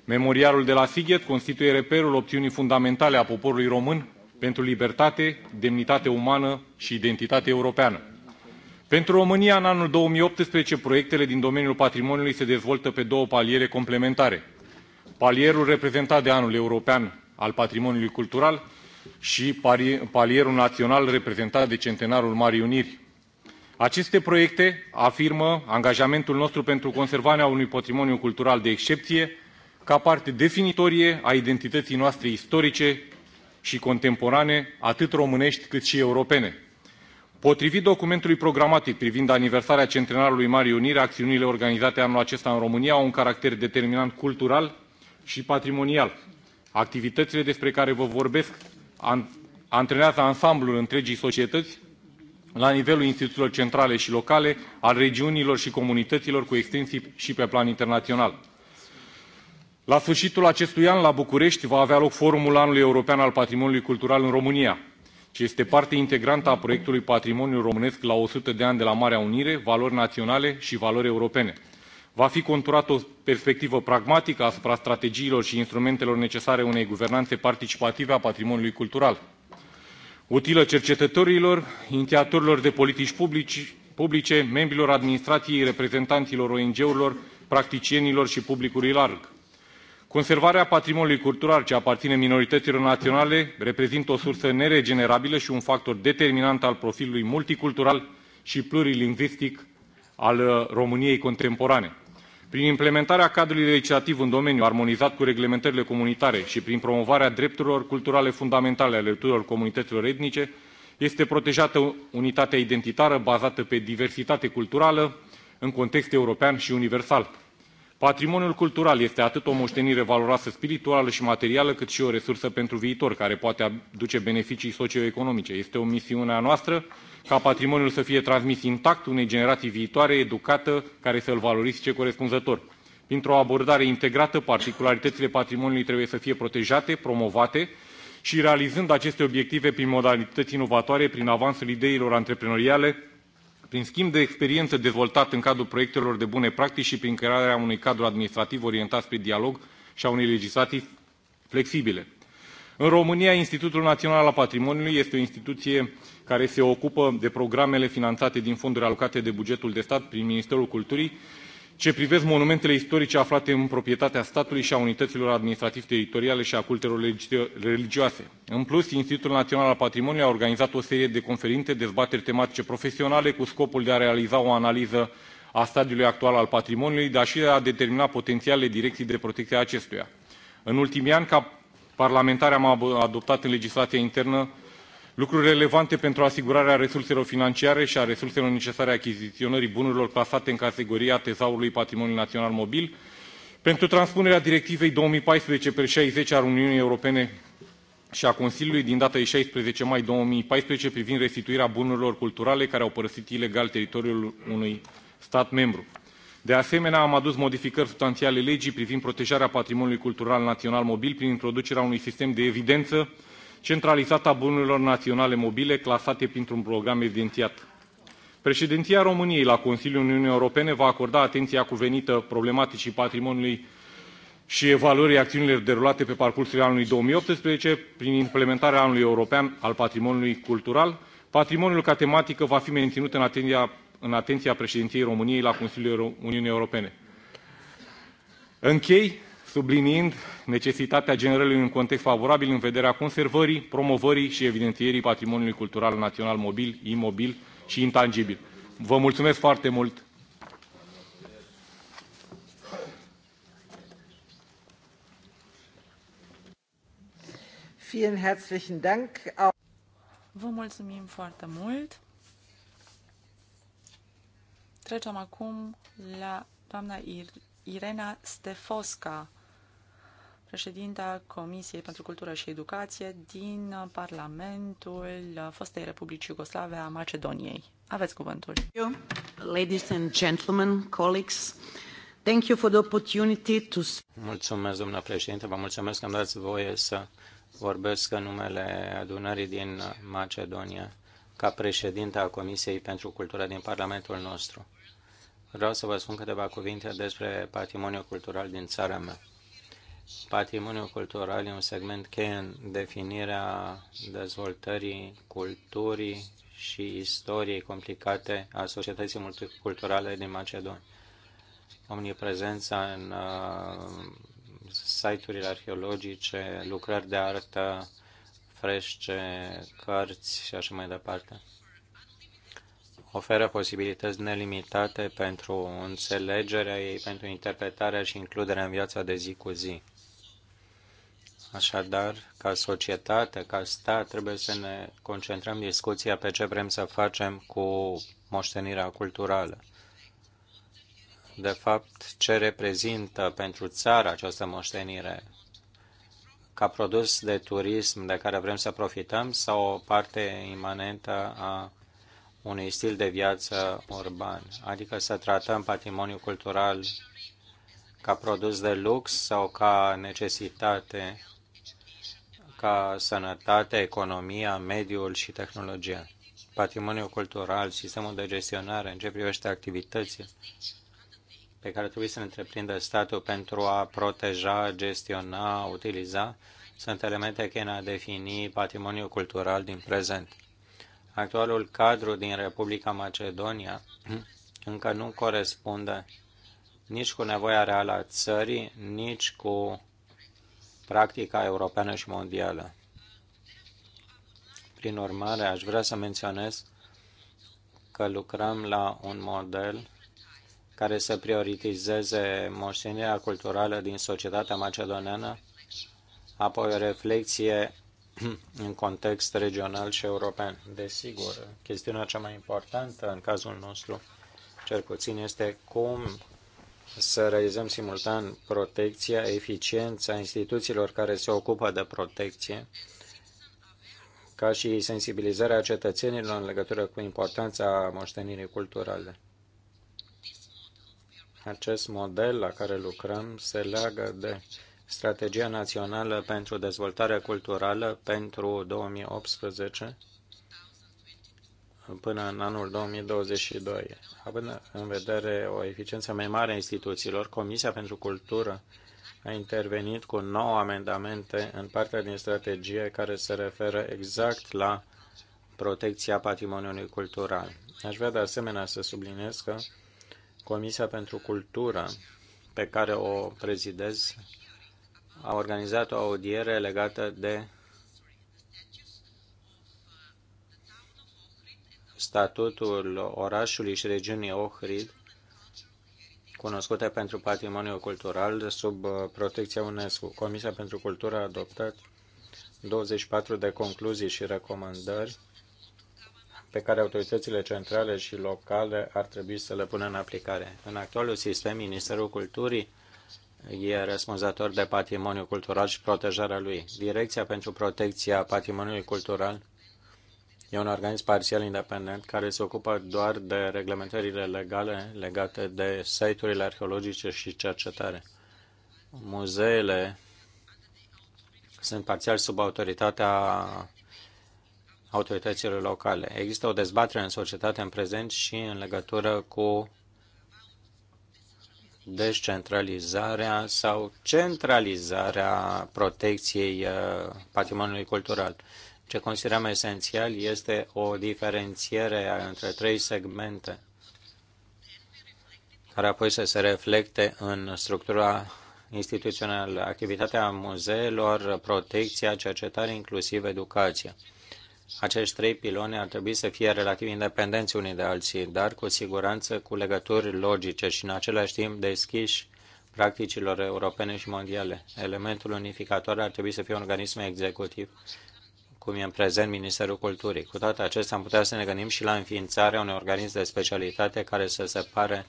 F: Memorialul de la Sighet constituie reperul opțiunii fundamentale a poporului român pentru libertate, demnitate umană și identitate europeană. Pentru România, în anul 2018, proiectele din domeniul patrimoniului se dezvoltă pe două paliere complementare. Palierul reprezentat de anul european al patrimoniului cultural și palierul național reprezentat de centenarul Marii Uniri. Aceste proiecte afirmă angajamentul nostru pentru conservarea unui patrimoniu cultural de excepție, ca parte definitorie a identității noastre istorice și contemporane, atât românești cât și europene potrivit documentului programatic privind aniversarea centenarului marii uniri acțiunile organizate anul acesta în românia au un caracter determinant cultural și patrimonial. activitățile despre care vă vorbesc antrenează ansamblul întregii societăți la nivelul instituțiilor centrale și locale al regiunilor și comunităților cu extensii și pe plan internațional. la sfârșitul acestui an la bucurești va avea loc forumul anului european al patrimoniului cultural în românia și este parte integrantă a proiectului Patrimoniul Românesc la 100 de ani de la Marea Unire, valori naționale și valori europene. Va fi conturată o perspectivă pragmatică asupra strategiilor și instrumentelor necesare unei guvernanțe participative a patrimoniului cultural, utilă cercetătorilor, inițiatorilor de politici publici, publice, membrilor administrației, reprezentanților ONG-urilor, practicienilor și publicului larg Conservarea patrimoniului cultural ce aparține minorităților naționale reprezintă o sursă neregenerabilă și un factor determinant al profilului multicultural și plurilingvistic al uh, României contemporane. Prin implementarea cadrului legislativ în domeniu armonizat cu reglementările comunitare și prin promovarea drepturilor culturale fundamentale ale tuturor comunităților etnice, este protejată unitatea identitară bazată pe diversitate culturală în context european și universal. Patrimoniul cultural este atât o moștenire valoroasă spirituală și materială, cât și o resursă pentru viitor, care poate aduce beneficii socioeconomice. Este o misiune a noastră ca patrimoniul să fie transmis intact unei generații viitoare educată care să l valorifice corespunzător. Printr-o abordare integrată, particularitățile patrimoniului trebuie să fie protejate, promovate și realizând aceste obiective prin modalități inovatoare, prin avansul ideilor antreprenoriale, prin schimb de experiență dezvoltat în cadrul proiectelor de bune practici și prin crearea unui cadru administrativ orientat spre dialog și a unei legislații flexibile. În România, Institutul Național al Patrimoniului este o instituție care se ocupă de programele finanțate din fonduri alocate de bugetul de stat prin Ministerul Culturii ce privesc monumentele istorice aflate în proprietatea statului și a unităților administrativ teritoriale și a cultelor religioase. În plus, Institutul Național al Patrimoniului a organizat o serie de conferințe, dezbateri tematice profesionale cu scopul de a realiza o analiză a stadiului actual al patrimoniului, dar și de a determina potențialele direcții de protecție a acestuia. În ultimii ani, ca parlamentar, am adoptat în legislația internă lucruri relevante pentru asigurarea resurselor financiare și a resurselor necesare achiziționării bunurilor plasate în categoria tezaurului patrimoniului național mobil, pentru transpunerea directivei 2014-60 a Uniunii Europene și a Consiliului din data de 16 mai 2014 privind restituirea bunurilor culturale care au părăsit ilegal teritoriul unui stat membru. De asemenea, am adus modificări substanțiale legii privind protejarea patrimoniului cultural național mobil prin introducerea unui sistem de evidență centralizată a bunurilor naționale mobile clasate printr-un program evidențiat. Președinția României la Consiliul Uniunii Europene va acorda atenția cuvenită problematicii patrimoniului și evaluării acțiunilor derulate pe parcursul anului 2018 prin implementarea anului european al patrimoniului cultural. Patrimoniul ca tematică va fi menținut în atenția, în atenția președinției României la Consiliul Uniunii Europene. Închei subliniind necesitatea generării un context favorabil în vederea conservării, promovării și evidențierii patrimoniului cultural național mobil, imobil și intangibil. Vă mulțumesc foarte mult!
B: Vă mulțumim foarte mult. Trecem acum la doamna Irena Stefosca președinta Comisiei pentru Cultură și Educație din Parlamentul fostei Republici Iugoslave a Macedoniei. Aveți cuvântul. Ladies and gentlemen, colleagues, thank you for the
C: opportunity to... Mulțumesc, domnule președinte, vă mulțumesc că îmi dați voie să vorbesc în numele adunării din Macedonia ca președinte a Comisiei pentru Cultură din Parlamentul nostru. Vreau să vă spun câteva cuvinte despre patrimoniul cultural din țara mea. Patrimoniul cultural e un segment cheie în definirea dezvoltării culturii și istoriei complicate a societății multiculturale din Macedonia. Omniprezența în uh, site-urile arheologice, lucrări de artă, frește, cărți și așa mai departe. Oferă posibilități nelimitate pentru înțelegerea ei, pentru interpretarea și includerea în viața de zi cu zi. Așadar, ca societate, ca stat, trebuie să ne concentrăm discuția pe ce vrem să facem cu moștenirea culturală. De fapt, ce reprezintă pentru țară această moștenire ca produs de turism de care vrem să profităm sau o parte imanentă a unui stil de viață urban, adică să tratăm patrimoniul cultural ca produs de lux sau ca necesitate ca sănătatea, economia, mediul și tehnologia, patrimoniul cultural, sistemul de gestionare în ce privește activitățile pe care trebuie să le întreprindă statul pentru a proteja, gestiona, utiliza, sunt elemente care ne a defini patrimoniul cultural din prezent. Actualul cadru din Republica Macedonia încă nu corespunde nici cu nevoia reală a țării, nici cu practica europeană și mondială. Prin urmare, aș vrea să menționez că lucrăm la un model care să prioritizeze moștenirea culturală din societatea macedoneană, apoi o reflexie în context regional și european. Desigur, chestiunea cea mai importantă în cazul nostru, cel puțin, este cum să realizăm simultan protecția, eficiența instituțiilor care se ocupă de protecție, ca și sensibilizarea cetățenilor în legătură cu importanța moștenirii culturale. Acest model la care lucrăm se leagă de Strategia Națională pentru Dezvoltare Culturală pentru 2018, până în anul 2022. Având în vedere o eficiență mai mare a instituțiilor, Comisia pentru Cultură a intervenit cu 9 amendamente în partea din strategie care se referă exact la protecția patrimoniului cultural. Aș vrea de asemenea să subliniez că Comisia pentru Cultură, pe care o prezidez, a organizat o audiere legată de statutul orașului și regiunii Ohrid, cunoscute pentru patrimoniul cultural, sub uh, protecția UNESCO. Comisia pentru Cultură a adoptat 24 de concluzii și recomandări pe care autoritățile centrale și locale ar trebui să le pună în aplicare. În actualul sistem, Ministerul Culturii e răspunzător de patrimoniul cultural și protejarea lui. Direcția pentru protecția patrimoniului cultural E un organism parțial independent care se ocupă doar de reglementările legale legate de site-urile arheologice și cercetare. Muzeele sunt parțial sub autoritatea autorităților locale. Există o dezbatere în societate în prezent și în legătură cu descentralizarea sau centralizarea protecției uh, patrimoniului cultural. Ce considerăm esențial este o diferențiere între trei segmente care apoi să se reflecte în structura instituțională, activitatea muzeelor, protecția, cercetare, inclusiv educația. Acești trei piloni ar trebui să fie relativ independenți unii de alții, dar cu siguranță cu legături logice și în același timp deschiși practicilor europene și mondiale. Elementul unificator ar trebui să fie un organism executiv cum e în prezent Ministerul Culturii. Cu toate acestea, am putea să ne gândim și la înființarea unui organism de specialitate care să separe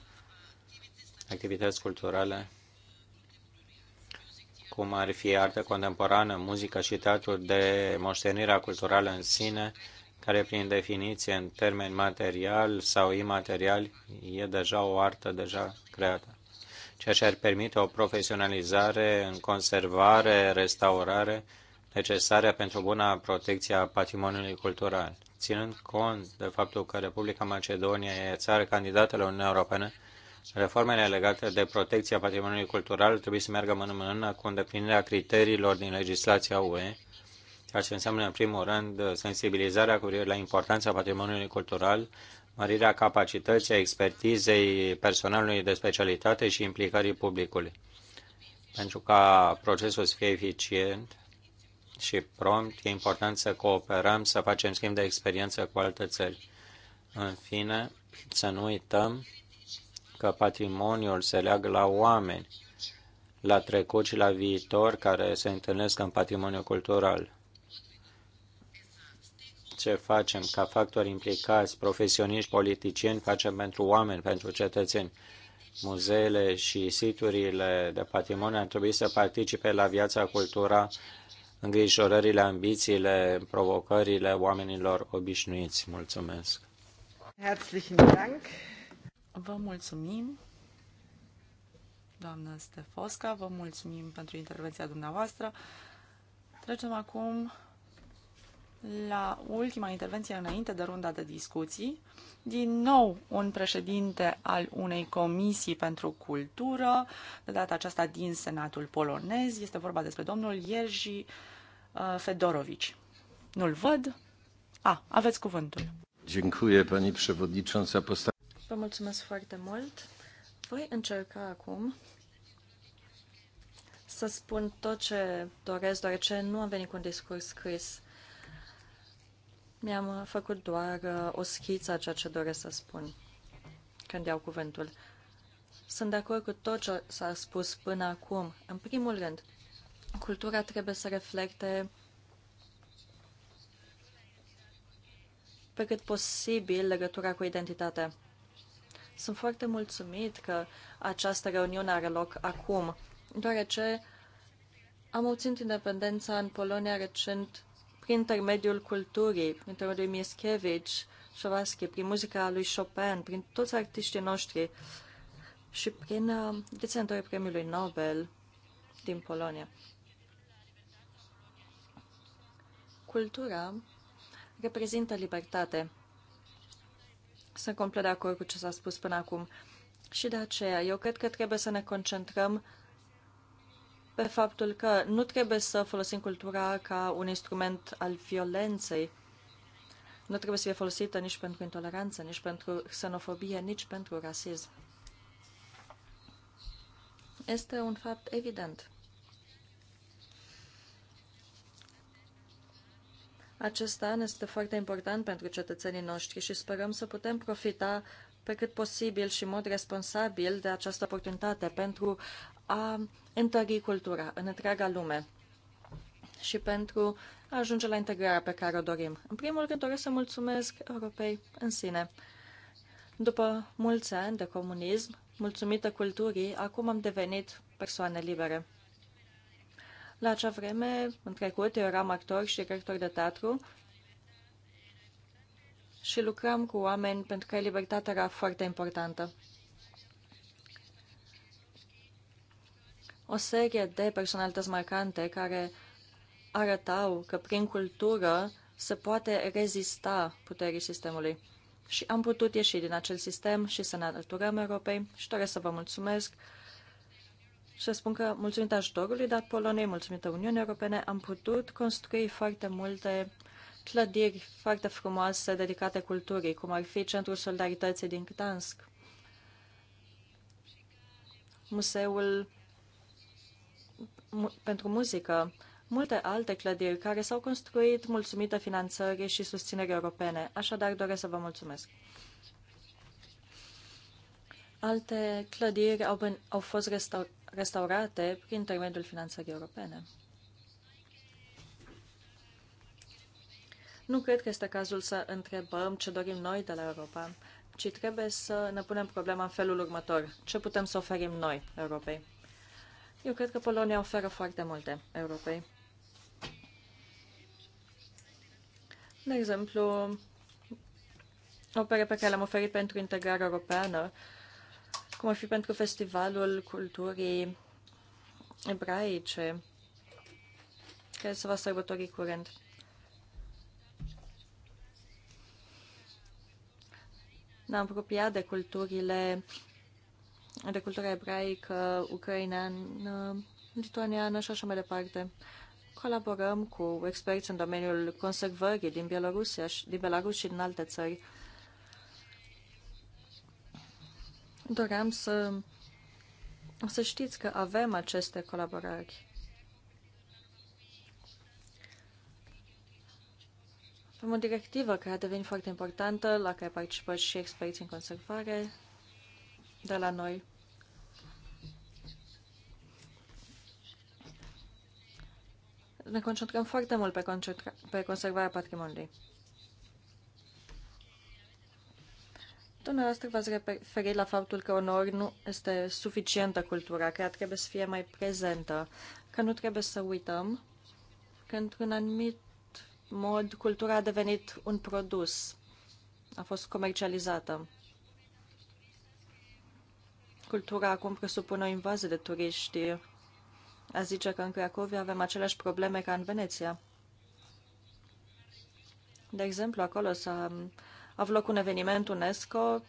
C: activități culturale, cum ar fi artă contemporană, muzică și teatru, de moștenirea culturală în sine, care prin definiție în termeni material sau imaterial e deja o artă deja creată, ceea ce ar permite o profesionalizare în conservare, restaurare necesare pentru buna protecție a patrimoniului cultural. Ținând cont de faptul că Republica Macedonia e țară candidată la Uniunea Europeană, reformele legate de protecția patrimoniului cultural trebuie să meargă mână în mână cu îndeplinirea criteriilor din legislația UE, ceea ce înseamnă, în primul rând, sensibilizarea cu la importanța patrimoniului cultural, mărirea capacității, expertizei personalului de specialitate și implicării publicului. Pentru ca procesul să fie eficient, și prompt. E important să cooperăm, să facem schimb de experiență cu alte țări. În fine, să nu uităm că patrimoniul se leagă la oameni, la trecut și la viitor care se întâlnesc în patrimoniul cultural. Ce facem ca factori implicați, profesioniști, politicieni, facem pentru oameni, pentru cetățeni. Muzeele și siturile de patrimoniu ar trebui să participe la viața cultura îngrijorările, ambițiile, provocările oamenilor obișnuiți. Mulțumesc!
B: Herzlichen Dank! Vă mulțumim, doamnă Stefosca, vă mulțumim pentru intervenția dumneavoastră. Trecem acum la ultima intervenție înainte de runda de discuții, din nou un președinte al unei comisii pentru cultură, de data aceasta din Senatul polonez. Este vorba despre domnul Ierji uh, Fedorovici.
D: Nu-l văd.
B: A, aveți cuvântul.
E: Dziękuję, pani przewodnicząca.
D: Vă mulțumesc foarte mult. Voi încerca acum să spun tot ce doresc, deoarece nu am venit cu un discurs scris. Mi-am uh, făcut doar uh, o schiță a ceea ce doresc să spun când iau cuvântul. Sunt de acord cu tot ce s-a spus până acum. În primul rând, cultura trebuie să reflecte pe cât posibil legătura cu identitatea. Sunt foarte mulțumit că această reuniune are loc acum, deoarece am obținut independența în Polonia recent prin intermediul culturii, prin intermediul Mieschevici, Șovaschi, prin muzica lui Chopin, prin toți artiștii noștri și prin uh, deținătorii premiului Nobel din Polonia. Cultura reprezintă libertate. Sunt complet de acord cu ce s-a spus până acum. Și de aceea, eu cred că trebuie să ne concentrăm pe faptul că nu trebuie să folosim cultura ca un instrument al violenței. Nu trebuie să fie folosită nici pentru intoleranță, nici pentru xenofobie, nici pentru rasism. Este un fapt evident. Acest an este foarte important pentru cetățenii noștri și sperăm să putem profita pe cât posibil și în mod responsabil de această oportunitate pentru a întări cultura în întreaga lume și pentru a ajunge la integrarea pe care o dorim. În primul rând doresc să mulțumesc europei în sine. După mulți ani de comunism, mulțumită culturii, acum am devenit persoane libere. La acea vreme, în trecut, eu eram actor și director de teatru și lucram cu oameni pentru că libertatea era foarte importantă. o serie de personalități marcante care arătau că prin cultură se poate rezista puterii sistemului. Și am putut ieși din acel sistem și să ne alăturăm Europei și doresc să vă mulțumesc și să spun că, mulțumită ajutorului dat Poloniei, mulțumită Uniunii Europene, am putut construi foarte multe clădiri foarte frumoase dedicate culturii, cum ar fi Centrul Solidarității din Gdansk, Museul pentru muzică, multe alte clădiri care s-au construit mulțumită finanțării și susținerii europene. Așadar, doresc să vă mulțumesc. Alte clădiri au, ben, au fost restaur, restaurate prin intermediul finanțării europene. Nu cred că este cazul să întrebăm ce dorim noi de la Europa, ci trebuie să ne punem problema în felul următor. Ce putem să oferim noi Europei? Eu cred că Polonia oferă foarte multe Europei. De exemplu, opere pe care le-am oferit pentru integrarea europeană, cum ar fi pentru Festivalul Culturii Ebraice, care se va sărbători curând. Ne-am apropiat de culturile de cultură ebraică, ucraineană, lituaniană și așa mai departe. Colaborăm cu experți în domeniul conservării din Bielorusia, din Belarus și din alte țări. Doream să, să știți că avem aceste colaborări. Avem o directivă care a devenit foarte importantă, la care participă și experții în conservare, de la noi. Ne concentrăm foarte mult pe, concentra- pe conservarea patrimoniului. Dumneavoastră v-ați referit la faptul că uneori nu este suficientă cultura, că ea trebuie să fie mai prezentă, că nu trebuie să uităm că într-un anumit mod cultura a devenit un produs, a fost comercializată. Cultura acum presupune o invazie de turiști. A zice că în Cracovia avem aceleași probleme ca în Veneția. De exemplu, acolo s-a avut loc un eveniment UNESCO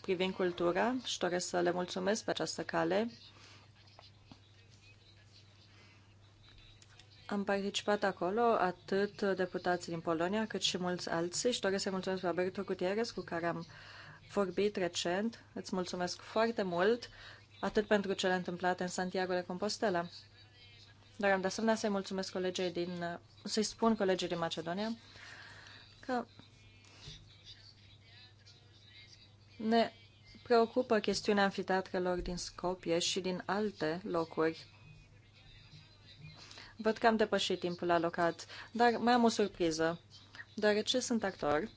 D: privind cultura și doresc să le mulțumesc pe această cale. Am participat acolo atât deputații din Polonia cât și mulți alții și doresc să mulțumesc Roberto Gutierrez cu care am uh, vorbit recent. Îți mulțumesc foarte mult, atât pentru cele întâmplate în Santiago de Compostela, dar am de asemenea să-i mulțumesc colegii din, să-i spun colegii din Macedonia că ne preocupă chestiunea anfiteatrelor din Scopie și din alte locuri. Văd că am depășit timpul alocat, dar mai am o surpriză. Deoarece sunt actor,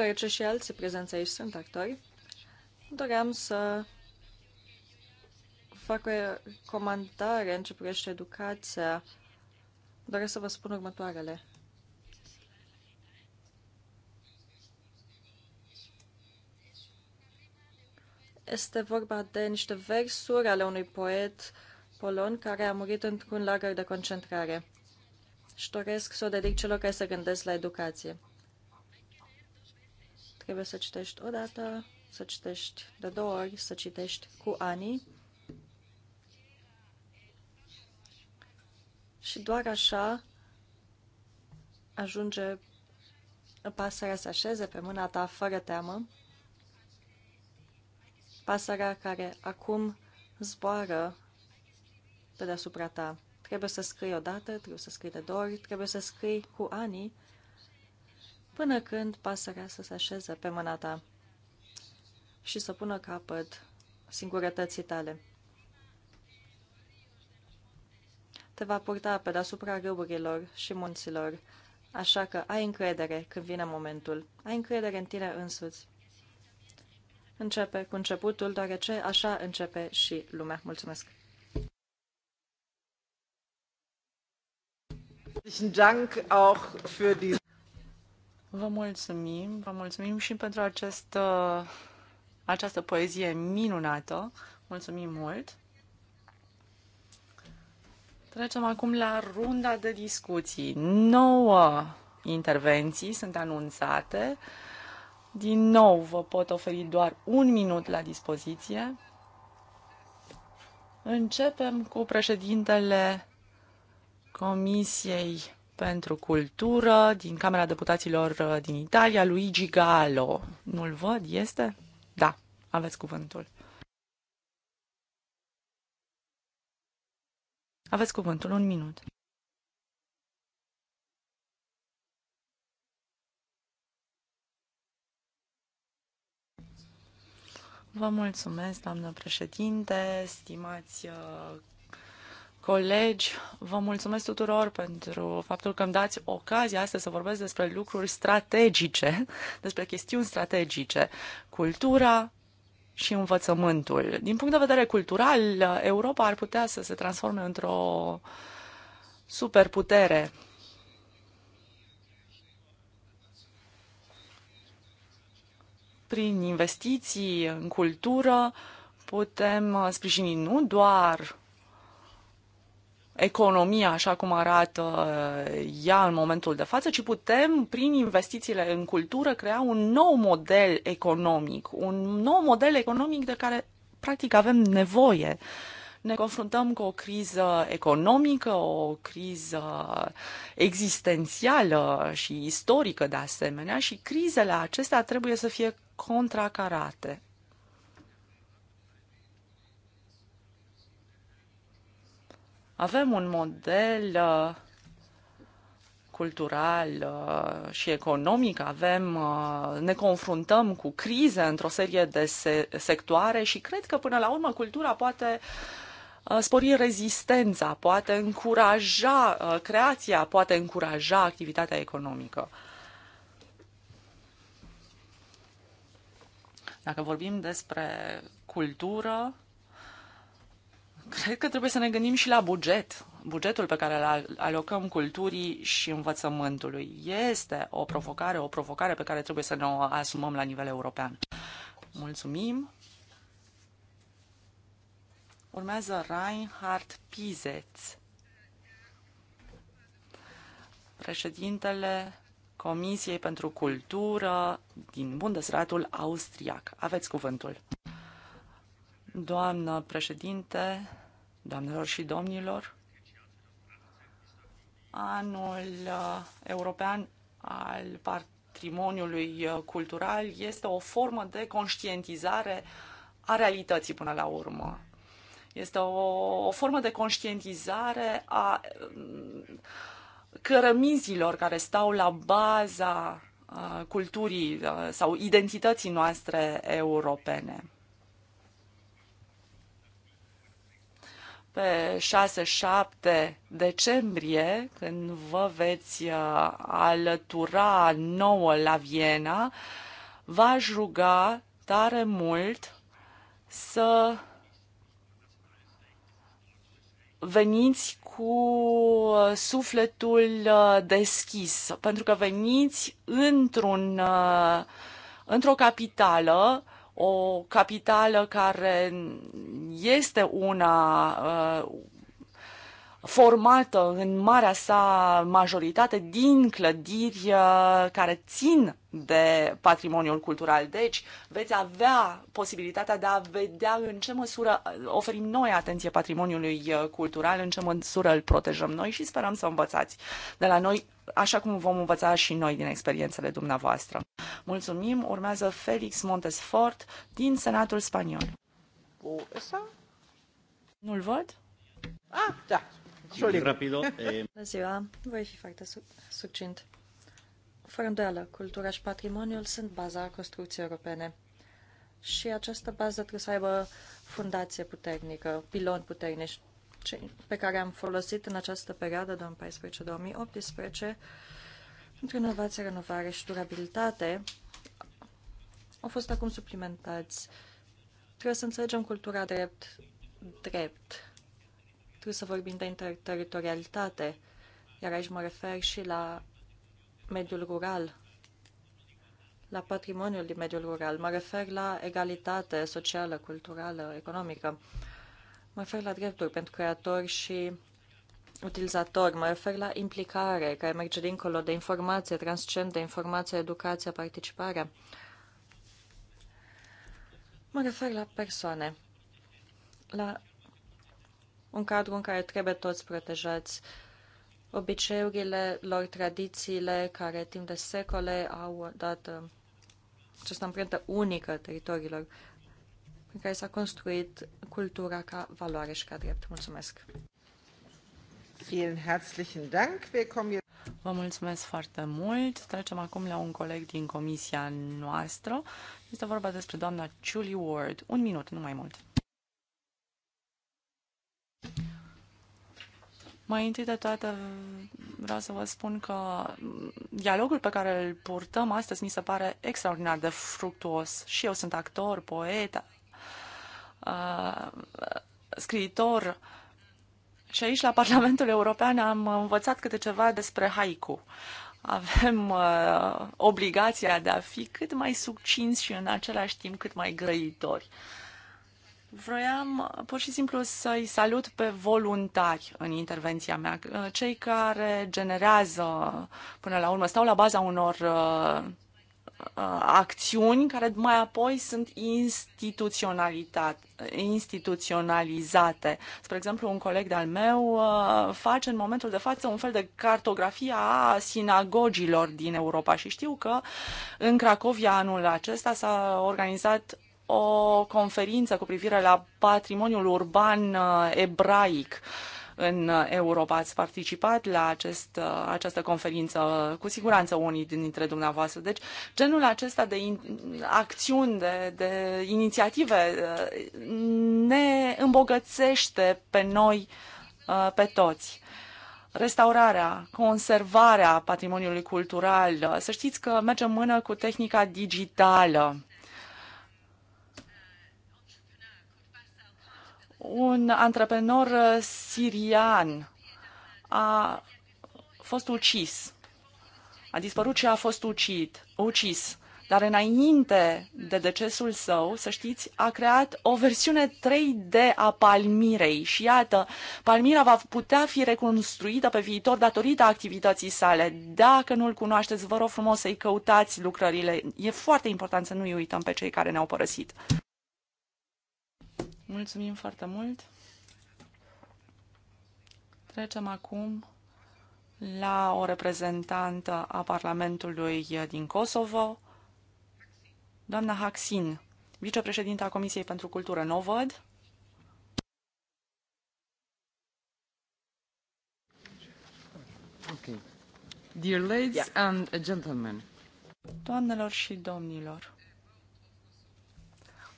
D: deoarece și alții prezenți aici sunt actori, doream să fac o comandare în ce privește educația. Doresc să vă spun următoarele. Este vorba de niște versuri ale unui poet polon care a murit într-un lagăr de concentrare. Și doresc să o dedic celor care se gândesc la educație. Trebuie să citești odată, să citești de două ori, să citești cu ani. Și doar așa ajunge pasărea să așeze pe mâna ta fără teamă. Pasărea care acum zboară pe deasupra ta. Trebuie să scrii odată, trebuie să scrii de două ori, trebuie să scrii cu ani până când pasărea să se așeze pe mâna ta și să pună capăt singurătății tale. Te va purta pe deasupra râurilor și munților, așa că ai încredere când vine momentul. Ai încredere în tine însuți. Începe cu începutul, deoarece așa începe și lumea. Mulțumesc!
A: Dank auch für die
D: Vă
B: mulțumim, vă mulțumim și pentru acest, uh, această poezie minunată. Mulțumim mult! Trecem acum la runda de discuții. Nouă intervenții sunt anunțate. Din nou vă pot oferi doar un minut la dispoziție. Începem cu președintele Comisiei pentru Cultură din Camera Deputaților uh, din Italia, Luigi Gallo. Nu-l văd, este? Da, aveți cuvântul. Aveți cuvântul, un minut. Vă mulțumesc, doamnă președinte, stimați uh, colegi, vă mulțumesc tuturor pentru faptul că îmi dați ocazia astăzi să vorbesc despre lucruri strategice, despre chestiuni strategice, cultura și învățământul. Din punct de vedere cultural, Europa ar putea să se transforme într-o superputere prin investiții în cultură putem sprijini nu doar economia așa cum arată uh, ea în momentul de față, ci putem, prin investițiile în cultură, crea un nou model economic, un nou model economic de care practic avem nevoie. Ne confruntăm cu o criză economică, o criză existențială și istorică de asemenea și crizele acestea trebuie să fie contracarate. Avem un model uh, cultural uh, și economic, avem, uh, ne confruntăm cu crize într-o serie de se- sectoare și cred că până la urmă cultura poate spori rezistența, poate încuraja creația, poate încuraja activitatea economică. Dacă vorbim despre cultură, Cred că trebuie să ne gândim și la buget. Bugetul pe care îl alocăm culturii și învățământului este o provocare, o provocare pe care trebuie să ne o asumăm la nivel european. Mulțumim! Urmează Reinhard Pizet, președintele Comisiei pentru Cultură din Bundesratul Austriac. Aveți cuvântul. Doamnă președinte, doamnelor și domnilor, anul uh, european al patrimoniului uh, cultural este o formă de conștientizare a realității până la urmă. Este o, o formă de conștientizare a mm, cărămizilor care stau la baza uh, culturii sau identității noastre europene. pe 6-7 decembrie, când vă veți uh, alătura nouă la Viena, v-aș ruga tare mult să veniți cu uh, sufletul uh, deschis, pentru că veniți într-un, într-o capitală o capitală care este una uh, formată în marea sa majoritate din clădiri uh, care țin de patrimoniul cultural. Deci veți avea posibilitatea de a vedea în ce măsură uh, oferim noi atenție patrimoniului uh, cultural, în ce măsură îl protejăm noi și sperăm să învățați de la noi, așa cum vom învăța și noi din experiențele dumneavoastră. Mulțumim, urmează Felix Montesfort din Senatul Spaniol. Nu-l văd?
D: Ah, da, rapid. Eh, Bună ziua, voi fi foarte succint. Fără îndoială, cultura și patrimoniul sunt baza construcției europene. Și această bază trebuie să aibă fundație puternică, pilon puternic, pe care am folosit în această perioadă 2014-2018 pentru inovație, renovare și durabilitate au fost acum suplimentați. Trebuie să înțelegem cultura drept, drept Trebuie să vorbim de interteritorialitate, iar aici mă refer și la mediul rural, la patrimoniul din mediul rural. Mă refer la egalitate socială, culturală, economică. Mă refer la drepturi pentru creatori și utilizatori. Mă refer la implicare, care merge dincolo de informație, transcende informație, educație, participare. Mă refer la persoane, la un cadru în care trebuie toți protejați obiceiurile lor, tradițiile care timp de secole au dat uh, această amprentă unică teritoriilor prin care s-a construit cultura ca valoare și ca drept. Mulțumesc!
B: Vă mulțumesc foarte mult. Trecem acum la un coleg din comisia noastră. Este vorba despre doamna Julie Ward. Un minut, nu mai mult. Mai întâi de toate vreau să vă spun că dialogul pe care îl purtăm astăzi mi se pare extraordinar de fructuos. Și eu sunt actor, poet, uh, scriitor și aici la Parlamentul European am învățat câte ceva despre haiku. Avem uh, obligația de a fi cât mai succinți și în același timp cât mai grăitori. Uh, Vroiam uh, pur și simplu să-i salut pe voluntari în intervenția mea, uh, cei care generează, până la urmă, stau la baza unor uh, acțiuni care mai apoi sunt instituționalizate. Spre exemplu, un coleg de-al meu face în momentul de față un fel de cartografie a sinagogilor din Europa și știu că în Cracovia anul acesta s-a organizat o conferință cu privire la patrimoniul urban uh, ebraic în uh, Europa. Ați participat la acest, uh, această conferință, cu siguranță unii dintre dumneavoastră. Deci, genul acesta de in, acțiuni, de, de inițiative ne îmbogățește pe noi, pe toți restaurarea, conservarea patrimoniului cultural. Să știți că mergem mână cu tehnica digitală. Un antreprenor uh, sirian a fost ucis. A dispărut și a fost ucit, ucis. Dar înainte de decesul său, să știți, a creat o versiune 3D a Palmirei și iată, Palmira va putea fi reconstruită pe viitor datorită activității sale. Dacă nu-l cunoașteți, vă rog frumos să-i căutați lucrările. E foarte important să nu-i uităm pe cei care ne-au părăsit. Mulțumim foarte mult. Trecem acum la o reprezentantă a Parlamentului din Kosovo, doamna Haxin, vicepreședinta Comisiei pentru Cultură. Nu văd. Okay. Dear ladies yeah. and gentlemen. Doamnelor și domnilor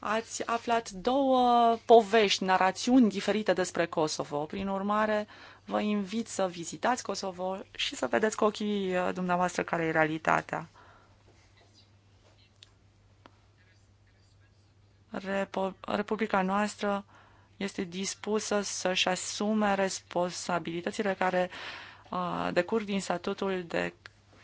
B: ați aflat două povești, narațiuni diferite despre Kosovo. Prin urmare, vă invit să vizitați Kosovo și să vedeți cu ochii uh, dumneavoastră care e realitatea. Republica noastră este dispusă să-și asume responsabilitățile care uh, decurg din statutul de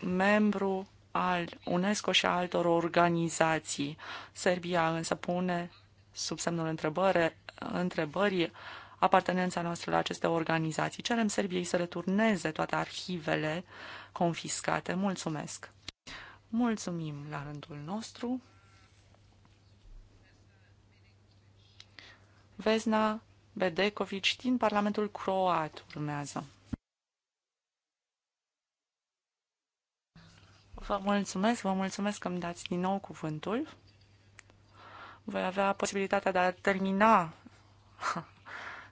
B: membru al UNESCO și a altor organizații. Serbia însă pune sub semnul întrebării, întrebării apartenența noastră la aceste organizații. Cerem Serbiei să returneze toate arhivele confiscate. Mulțumesc! Mulțumim la rândul nostru. Vesna Bedekovic din Parlamentul Croat urmează. Vă mulțumesc, vă mulțumesc că îmi dați din nou cuvântul. Voi avea posibilitatea de a termina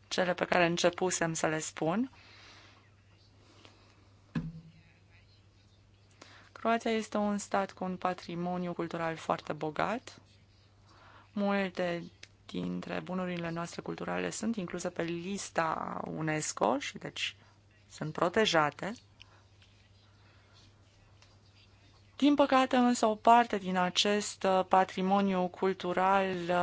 B: cele pe care începusem să le spun. Croația este un stat cu un patrimoniu cultural foarte bogat. Multe dintre bunurile noastre culturale sunt incluse pe lista UNESCO și deci sunt protejate. Din păcate, însă, o parte din acest uh, patrimoniu cultural uh,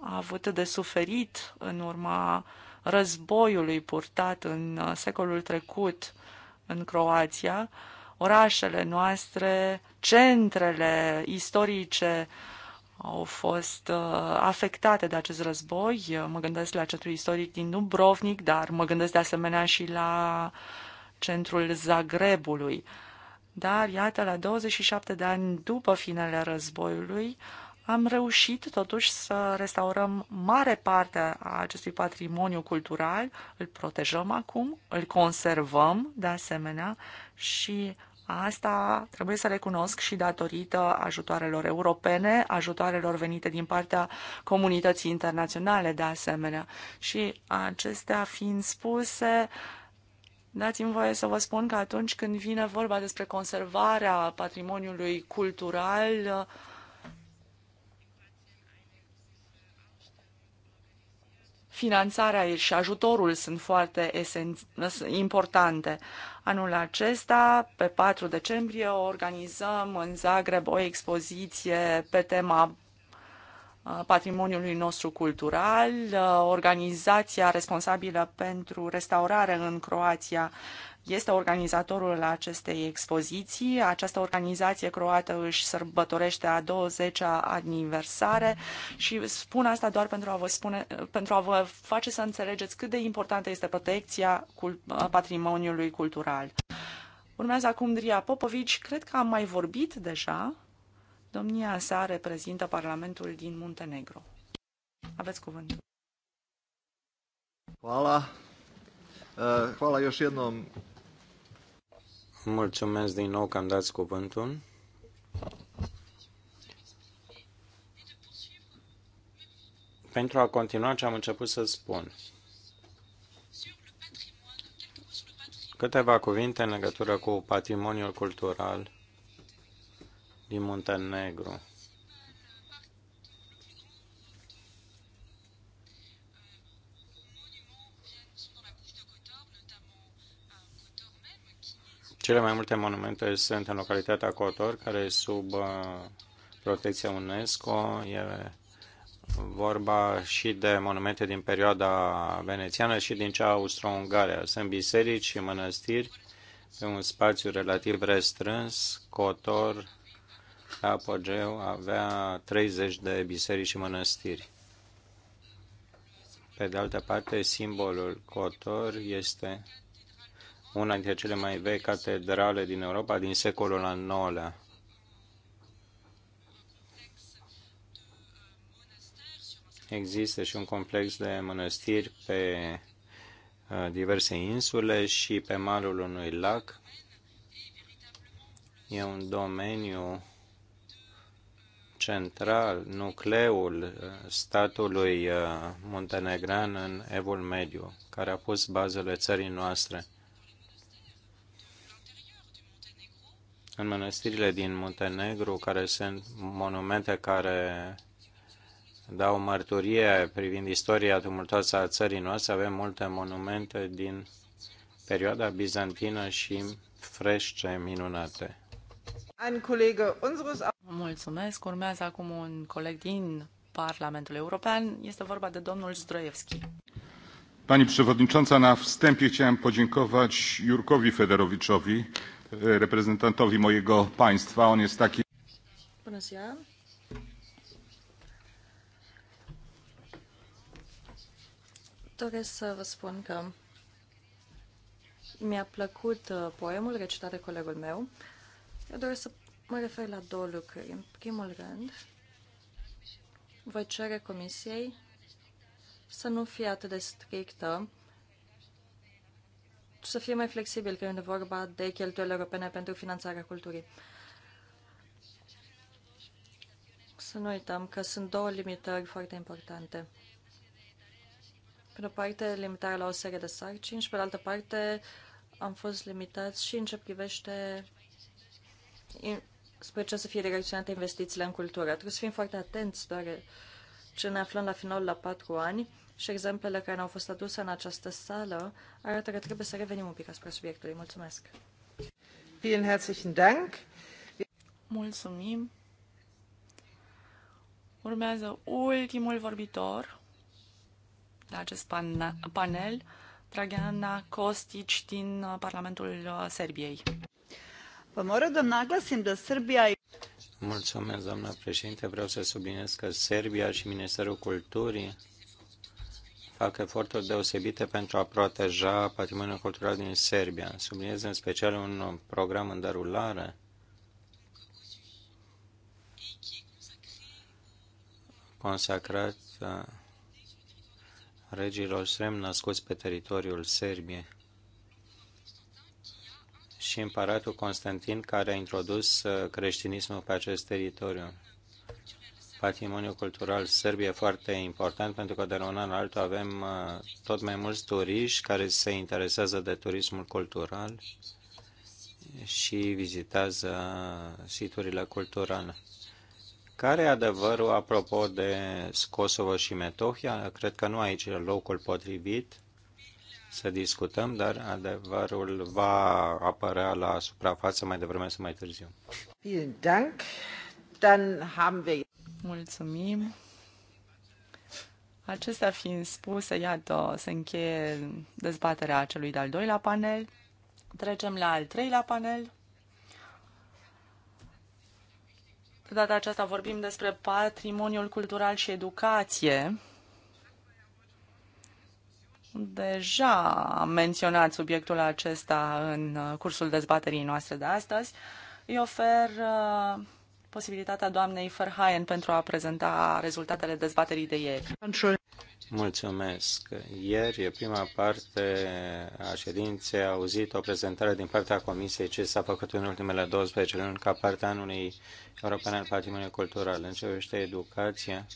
B: a avut de suferit în urma războiului purtat în uh, secolul trecut în Croația. Orașele noastre, centrele istorice au fost afectate de acest război. Mă gândesc la centrul istoric din Dubrovnik, dar mă gândesc de asemenea și la centrul Zagrebului. Dar, iată, la 27 de ani după finele războiului, am reușit totuși să restaurăm mare parte a acestui patrimoniu cultural, îl protejăm acum, îl conservăm de asemenea și Asta trebuie să recunosc și datorită ajutoarelor europene, ajutoarelor venite din partea comunității internaționale de asemenea. Și acestea fiind spuse, Dați-mi voie să vă spun că atunci când vine vorba despre conservarea patrimoniului cultural, finanțarea și ajutorul sunt foarte importante. Anul acesta, pe 4 decembrie, organizăm în Zagreb o expoziție pe tema patrimoniului nostru cultural. Organizația responsabilă pentru restaurare în Croația este organizatorul acestei expoziții. Această organizație croată își sărbătorește a 20-a aniversare și spun asta doar pentru a vă, spune, pentru a vă face să înțelegeți cât de importantă este protecția patrimoniului cultural. Urmează acum Dria Popovici. Cred că am mai vorbit deja Domnia sa reprezintă Parlamentul din Muntenegro. Aveți cuvântul.
E: Hvala. Hvala još jednom.
C: Mulțumesc din nou că am dat cuvântul. Pentru a continua ce am început să spun. Câteva cuvinte în legătură cu patrimoniul cultural din Montenegro. Cele mai multe monumente sunt în localitatea Cotor, care e sub uh, protecția UNESCO. E vorba și de monumente din perioada venețiană și din cea austro-ungară. Sunt biserici și mănăstiri pe un spațiu relativ restrâns. Cotor apogeu avea 30 de biserici și mănăstiri. Pe de altă parte, simbolul Cotor este una dintre cele mai vechi catedrale din Europa din secolul al IX-lea. Există și un complex de mănăstiri pe uh, diverse insule și pe malul unui lac. E un domeniu central, nucleul uh, statului uh, muntenegran în Evul Mediu, care a pus bazele țării noastre. În mănăstirile din Muntenegru, care sunt monumente care dau mărturie privind istoria tumultoasă a țării noastre, avem multe monumente din perioada bizantină și frește minunate.
B: Mulțumesc. Urmează acum un coleg din Parlamentul European. Este vorba de domnul Zdroievski.
F: Pani przewodnicząca, na wstępie chciałem podziękować Jurkowi Federowiczowi, reprezentantowi mojego państwa. On jest taki.
D: Doresc să vă spun că mi-a plăcut uh, poemul recitat de colegul meu. Eu doresc să Mă refer la două lucruri. În primul rând, voi cere Comisiei să nu fie atât de strictă, să fie mai flexibil când e vorba de cheltuieli europene pentru finanțarea culturii. Să nu uităm că sunt două limitări foarte importante. Pe de o parte, limitarea la o serie de sarcini și pe de altă parte, am fost limitați și în ce privește spre ce să fie direcționate investițiile în cultură. Trebuie să fim foarte atenți, doar ce ne aflăm la final la patru ani și exemplele care ne-au fost aduse în această sală arată că trebuie să revenim un pic asupra subiectului. Mulțumesc!
B: Vielen herzlichen Dank! Mulțumim! Urmează ultimul vorbitor la acest panel, Dragana Kostic din Parlamentul Serbiei.
C: Mulțumesc, doamna președinte. Vreau să subliniez că Serbia și Ministerul Culturii fac eforturi deosebite pentru a proteja patrimoniul cultural din Serbia. Subliniez în special un program în derulare consacrat uh, regilor străini născuți pe teritoriul Serbiei și împăratul Constantin care a introdus uh, creștinismul pe acest teritoriu. Patrimoniul cultural sârb e foarte important pentru că de la un an altul avem uh, tot mai mulți turiști care se interesează de turismul cultural și vizitează uh, siturile culturale. Care e adevărul apropo de Kosovo și Metohia? Cred că nu aici e locul potrivit să discutăm, dar adevărul va apărea la suprafață mai devreme sau mai târziu.
B: Mulțumim. Acestea fiind spuse, iată, se încheie dezbaterea celui de-al doilea panel. Trecem la al treilea panel. De data aceasta vorbim despre patrimoniul cultural și educație deja am menționat subiectul acesta în uh, cursul dezbaterii noastre de astăzi. Îi ofer uh, posibilitatea doamnei Ferhaien pentru a prezenta rezultatele dezbaterii de ieri.
C: Mulțumesc. Ieri, e prima parte a ședinței, a auzit o prezentare din partea Comisiei ce s-a făcut în ultimele 12 luni ca parte a anului european al patrimoniului cultural. În ce privește educația,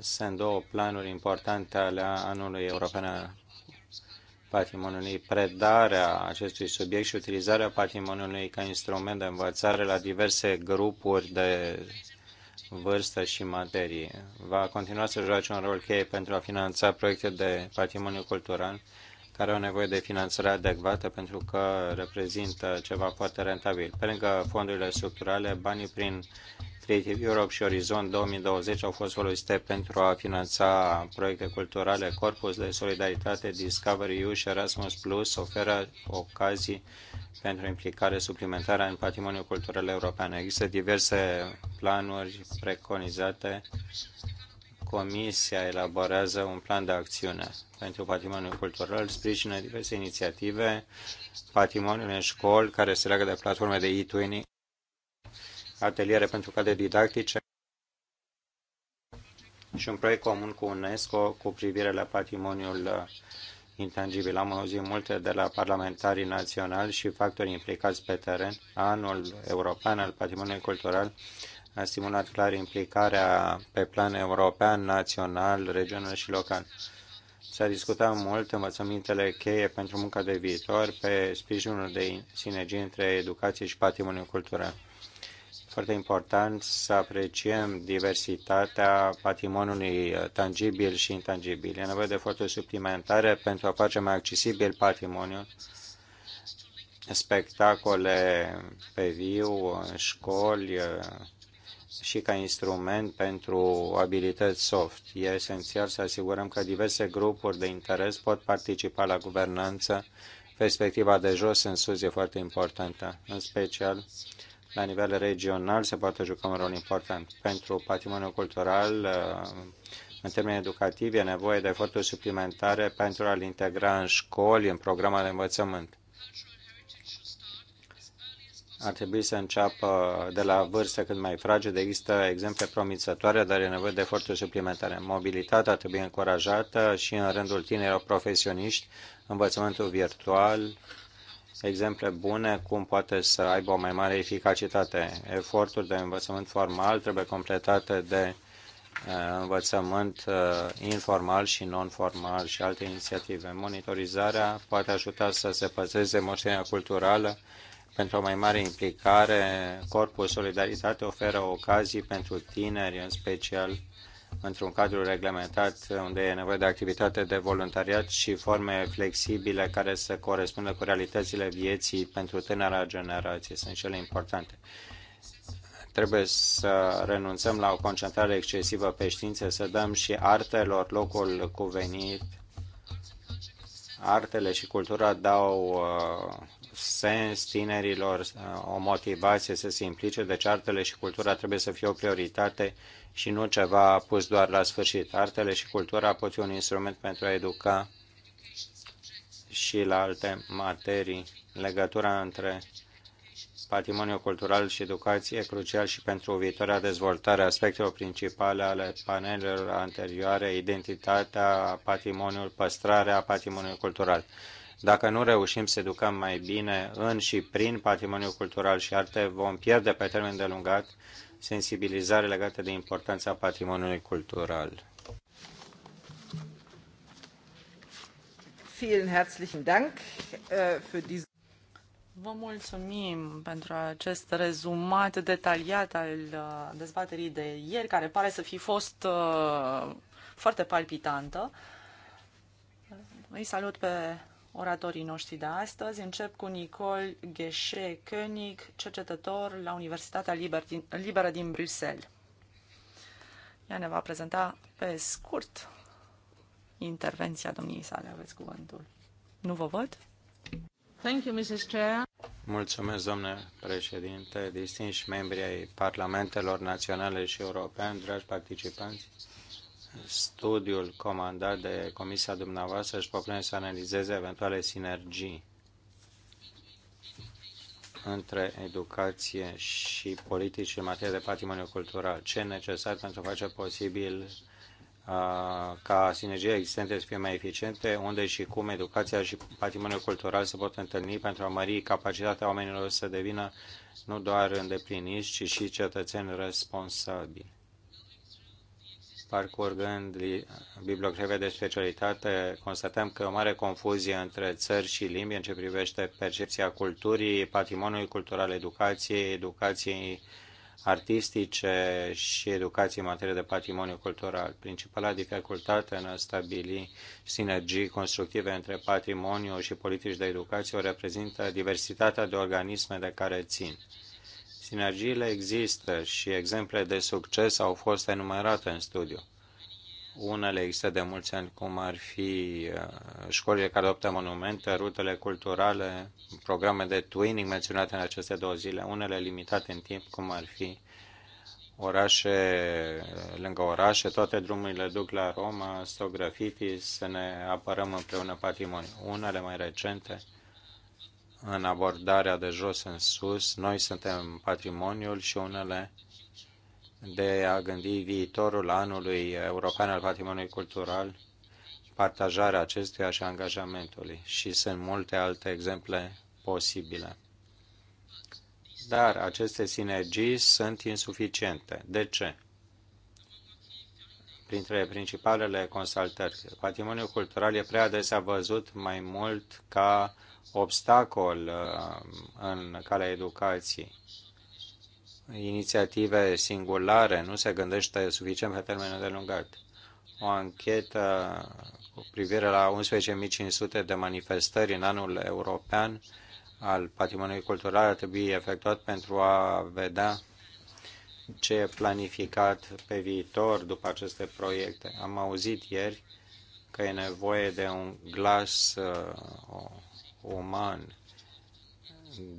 C: sunt două planuri importante ale anului european patrimoniului, predarea acestui subiect și utilizarea patrimoniului ca instrument de învățare la diverse grupuri de vârstă și materii. Va continua să joace un rol cheie pentru a finanța proiecte de patrimoniu cultural care au nevoie de finanțare adecvată pentru că reprezintă ceva foarte rentabil. Pe lângă fondurile structurale, banii prin Creative Europe și Orizont 2020 au fost folosite pentru a finanța proiecte culturale. Corpus de Solidaritate, Discovery U și Erasmus Plus oferă ocazii pentru implicare suplimentară în patrimoniul cultural european. Există diverse planuri preconizate Comisia elaborează un plan de acțiune pentru patrimoniul cultural, sprijină diverse inițiative, patrimoniul în școli care se leagă de platforme de e-twinning, ateliere pentru cadre didactice și un proiect comun cu UNESCO cu privire la patrimoniul uh, intangibil. Am auzit multe de la parlamentarii naționali și factori implicați pe teren. Anul European al Patrimoniului Cultural a stimulat clar implicarea pe plan european, național, regional și local. S-a discutat mult învățămintele cheie pentru munca de viitor pe sprijinul de sinergie între educație și patrimoniu cultural. Foarte important să apreciem diversitatea patrimoniului tangibil și intangibil. E nevoie de eforturi suplimentare pentru a face mai accesibil patrimoniul, spectacole pe viu, școli, și ca instrument pentru abilități soft. E esențial să asigurăm că diverse grupuri de interes pot participa la guvernanță. Perspectiva de jos în sus e foarte importantă, în special la nivel regional se poate juca un rol important. Pentru patrimoniul cultural, uh, în termeni educativi, e nevoie de eforturi suplimentare pentru a-l integra în școli, în programa de învățământ ar trebui să înceapă de la vârste cât mai fragede. Există exemple promițătoare, dar e nevoie de eforturi suplimentare. Mobilitatea ar trebui încurajată și în rândul tinerilor profesioniști, învățământul virtual, exemple bune cum poate să aibă o mai mare eficacitate. Eforturi de învățământ formal trebuie completate de uh, învățământ uh, informal și non-formal și alte inițiative. Monitorizarea poate ajuta să se păstreze moștenirea culturală pentru o mai mare implicare, Corpul Solidaritate oferă ocazii pentru tineri, în special într-un cadru reglementat unde e nevoie de activitate de voluntariat și forme flexibile care să corespundă cu realitățile vieții pentru tânăra generație. Sunt cele importante. Trebuie să renunțăm la o concentrare excesivă pe științe, să dăm și artelor locul cuvenit. Artele și cultura dau uh, sens tinerilor, o motivație să se implice, deci artele și cultura trebuie să fie o prioritate și nu ceva pus doar la sfârșit. Artele și cultura pot fi un instrument pentru a educa și la alte materii. Legătura între patrimoniul cultural și educație e crucial și pentru viitoarea dezvoltare. Aspectele principale ale panelelor anterioare, identitatea, patrimoniul, păstrarea patrimoniului cultural. Dacă nu reușim să educăm mai bine în și prin patrimoniul cultural și arte, vom pierde pe termen de lungat sensibilizare legată de importanța patrimoniului cultural.
B: Vielen herzlichen Dank äh, für diese Vă mulțumim pentru acest rezumat detaliat al uh, dezbaterii de ieri, care pare să fi fost uh, foarte palpitantă. Îi salut pe oratorii noștri de astăzi. Încep cu Nicol Gheșe König, cercetător la Universitatea Liber din, Liberă din Bruxelles. Ea ne va prezenta pe scurt intervenția domniei sale. Aveți cuvântul. Nu vă văd? Thank you, Mrs. Chair.
C: Mulțumesc, domnule președinte, distinși membri ai Parlamentelor Naționale și Europene, dragi participanți studiul comandat de comisia dumneavoastră își propune să analizeze eventuale sinergii între educație și politici în materie de patrimoniu cultural. Ce e necesar pentru a face posibil uh, ca sinergia existente să fie mai eficiente, unde și cum educația și patrimoniul cultural se pot întâlni pentru a mări capacitatea oamenilor să devină nu doar îndepliniți, ci și cetățeni responsabili parcurgând bibliografia de specialitate, constatăm că o mare confuzie între țări și limbi în ce privește percepția culturii, patrimoniului cultural, educației, educației artistice și educației în materie de patrimoniu cultural. Principala dificultate în a stabili sinergii constructive între patrimoniu și politici de educație o reprezintă diversitatea de organisme de care țin. Sinergiile există și exemple de succes au fost enumerate în studiu. Unele există de mulți ani, cum ar fi uh, școlile care adoptă monumente, rutele culturale, programe de twinning menționate în aceste două zile, unele limitate în timp, cum ar fi orașe uh, lângă orașe, toate drumurile duc la Roma, sau graffiti, să ne apărăm împreună patrimoniul. Unele mai recente în abordarea de jos în sus. Noi suntem patrimoniul și unele de a gândi viitorul anului european al patrimoniului cultural, partajarea acestuia și angajamentului. Și sunt multe alte exemple posibile. Dar aceste sinergii sunt insuficiente. De ce? Printre principalele consultări, patrimoniul cultural e prea adesea văzut mai mult ca obstacol uh, în calea educației. Inițiative singulare nu se gândește suficient pe termen îndelungat. O anchetă cu privire la 11.500 de manifestări în anul european al patrimoniului cultural ar trebui efectuat pentru a vedea ce e planificat pe viitor după aceste proiecte. Am auzit ieri că e nevoie de un glas, uh, o uman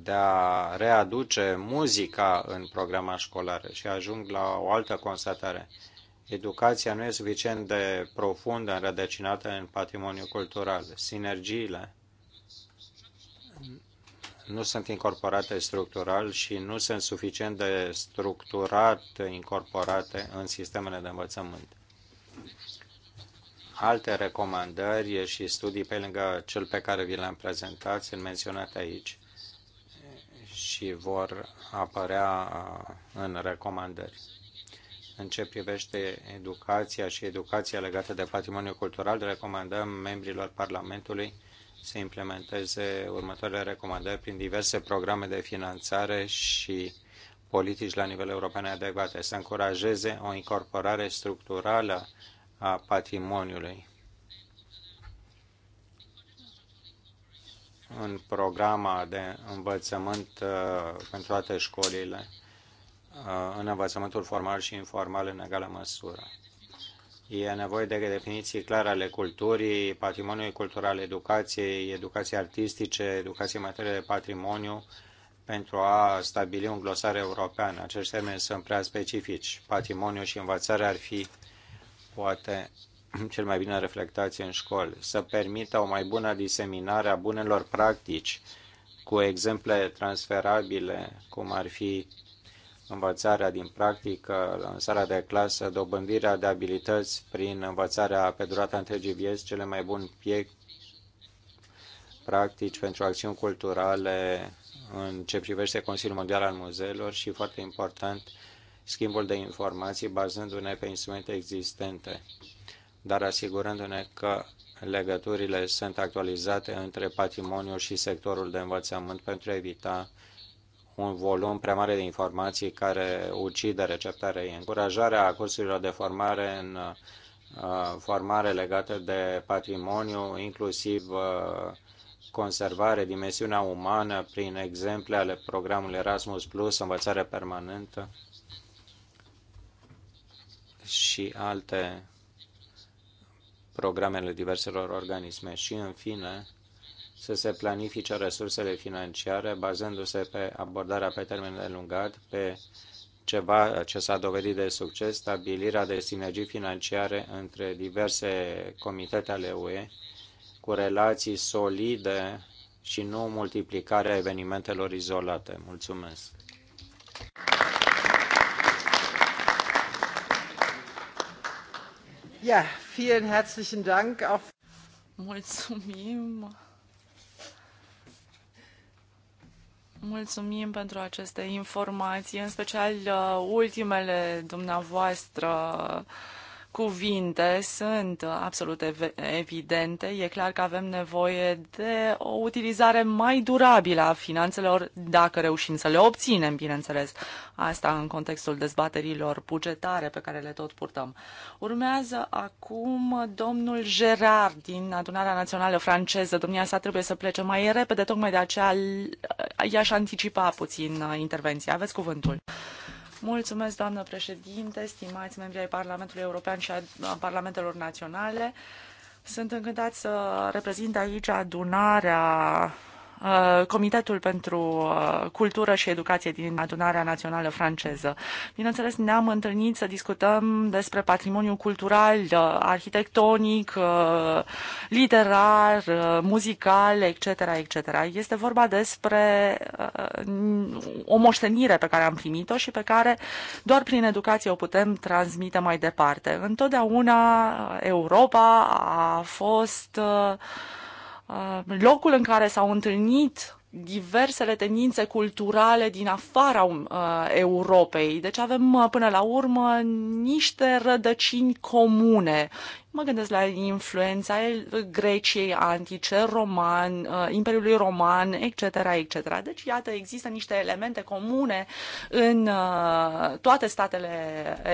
C: de a readuce muzica în programa școlară și ajung la o altă constatare. Educația nu e suficient de profundă înrădăcinată în patrimoniul cultural. Sinergiile nu sunt incorporate structural și nu sunt suficient de structurat incorporate în sistemele de învățământ alte recomandări și studii pe lângă cel pe care vi l-am prezentat, sunt menționate aici și vor apărea în recomandări. În ce privește educația și educația legată de patrimoniu cultural, recomandăm membrilor Parlamentului să implementeze următoarele recomandări prin diverse programe de finanțare și politici la nivel european adecvate, să încurajeze o incorporare structurală a patrimoniului. În programa de învățământ uh, pentru toate școlile, uh, în învățământul formal și informal în egală măsură. E nevoie de definiții clare ale culturii, patrimoniului cultural, educației, educației artistice, educației în materie de patrimoniu, pentru a stabili un glosar european. Acești termeni sunt prea specifici. Patrimoniu și învățare ar fi poate cel mai bine reflectați în școli, să permită o mai bună diseminare a bunelor practici cu exemple transferabile, cum ar fi învățarea din practică, în sala de clasă, dobândirea de abilități prin învățarea pe durata întregii vieți, cele mai buni pie- practici pentru acțiuni culturale în ce privește Consiliul Mondial al Muzeelor și, foarte important, schimbul de informații bazându-ne pe instrumente existente, dar asigurându-ne că legăturile sunt actualizate între patrimoniu și sectorul de învățământ pentru a evita un volum prea mare de informații care ucide receptarea ei. Încurajarea cursurilor de formare în uh, formare legată de patrimoniu, inclusiv uh, conservare, dimensiunea umană, prin exemple ale programului Erasmus+, învățare permanentă, și alte programele diverselor organisme și, în fine, să se planifice resursele financiare bazându-se pe abordarea pe termen lungat, pe ceva ce s-a dovedit de succes, stabilirea de sinergii financiare între diverse comitete ale UE, cu relații solide și nu multiplicarea evenimentelor izolate. Mulțumesc!
A: Ja, vielen herzlichen Dank
B: auch. Mulțumim. Mulțumim pentru aceste informații, în special uh, ultimele dumneavoastră cuvinte sunt absolut evidente. E clar că avem nevoie de o utilizare mai durabilă a finanțelor, dacă reușim să le obținem, bineînțeles. Asta în contextul dezbaterilor bugetare pe care le tot purtăm. Urmează acum domnul Gerard din Adunarea Națională Franceză. Domnia sa trebuie să plece mai repede, tocmai de aceea i-aș anticipa puțin uh, intervenția. Aveți cuvântul. Mulțumesc, doamnă președinte, stimați membri ai Parlamentului European și a Parlamentelor Naționale. Sunt încântat să reprezint aici adunarea Uh, Comitetul pentru uh, Cultură și Educație din Adunarea Națională Franceză. Bineînțeles, ne-am întâlnit să discutăm despre patrimoniul cultural, uh, arhitectonic, literar, muzical, etc., etc. Este vorba despre o moștenire pe care am primit-o și pe care doar prin educație o putem transmite mai departe. Întotdeauna Europa a fost uh, Uh, locul în care s-au întâlnit diversele tendințe culturale din afara um, uh, Europei. Deci avem uh, până la urmă niște rădăcini comune. Mă gândesc la influența Greciei antice, roman, uh, Imperiului Roman, etc., etc. Deci, iată, există niște elemente comune în uh, toate statele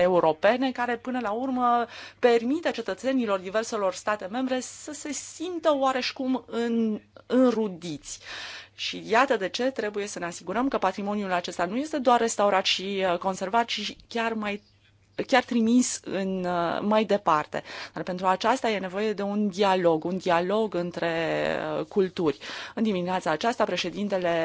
B: europene care, până la urmă, permite cetățenilor diverselor state membre să se simtă oareșcum în, înrudiți. Și iată de ce trebuie să ne asigurăm că patrimoniul acesta nu este doar restaurat și uh, conservat, ci chiar mai chiar trimis în, uh, mai departe. Dar pentru aceasta e nevoie de un dialog, un dialog între uh, culturi. În dimineața aceasta, președintele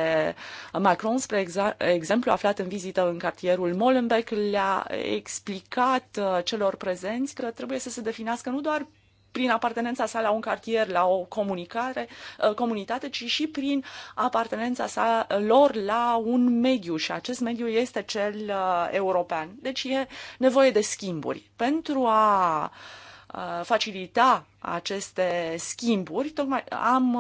B: Macron, spre exemplu, aflat în vizită în cartierul Molenbeek, le-a explicat celor prezenți că trebuie să se definească nu doar prin apartenența sa la un cartier, la o comunicare, uh, comunitate, ci și prin apartenența sa lor la un mediu și acest mediu este cel uh, european. Deci e nevoie de schimburi. Pentru a uh, facilita aceste schimburi, tocmai am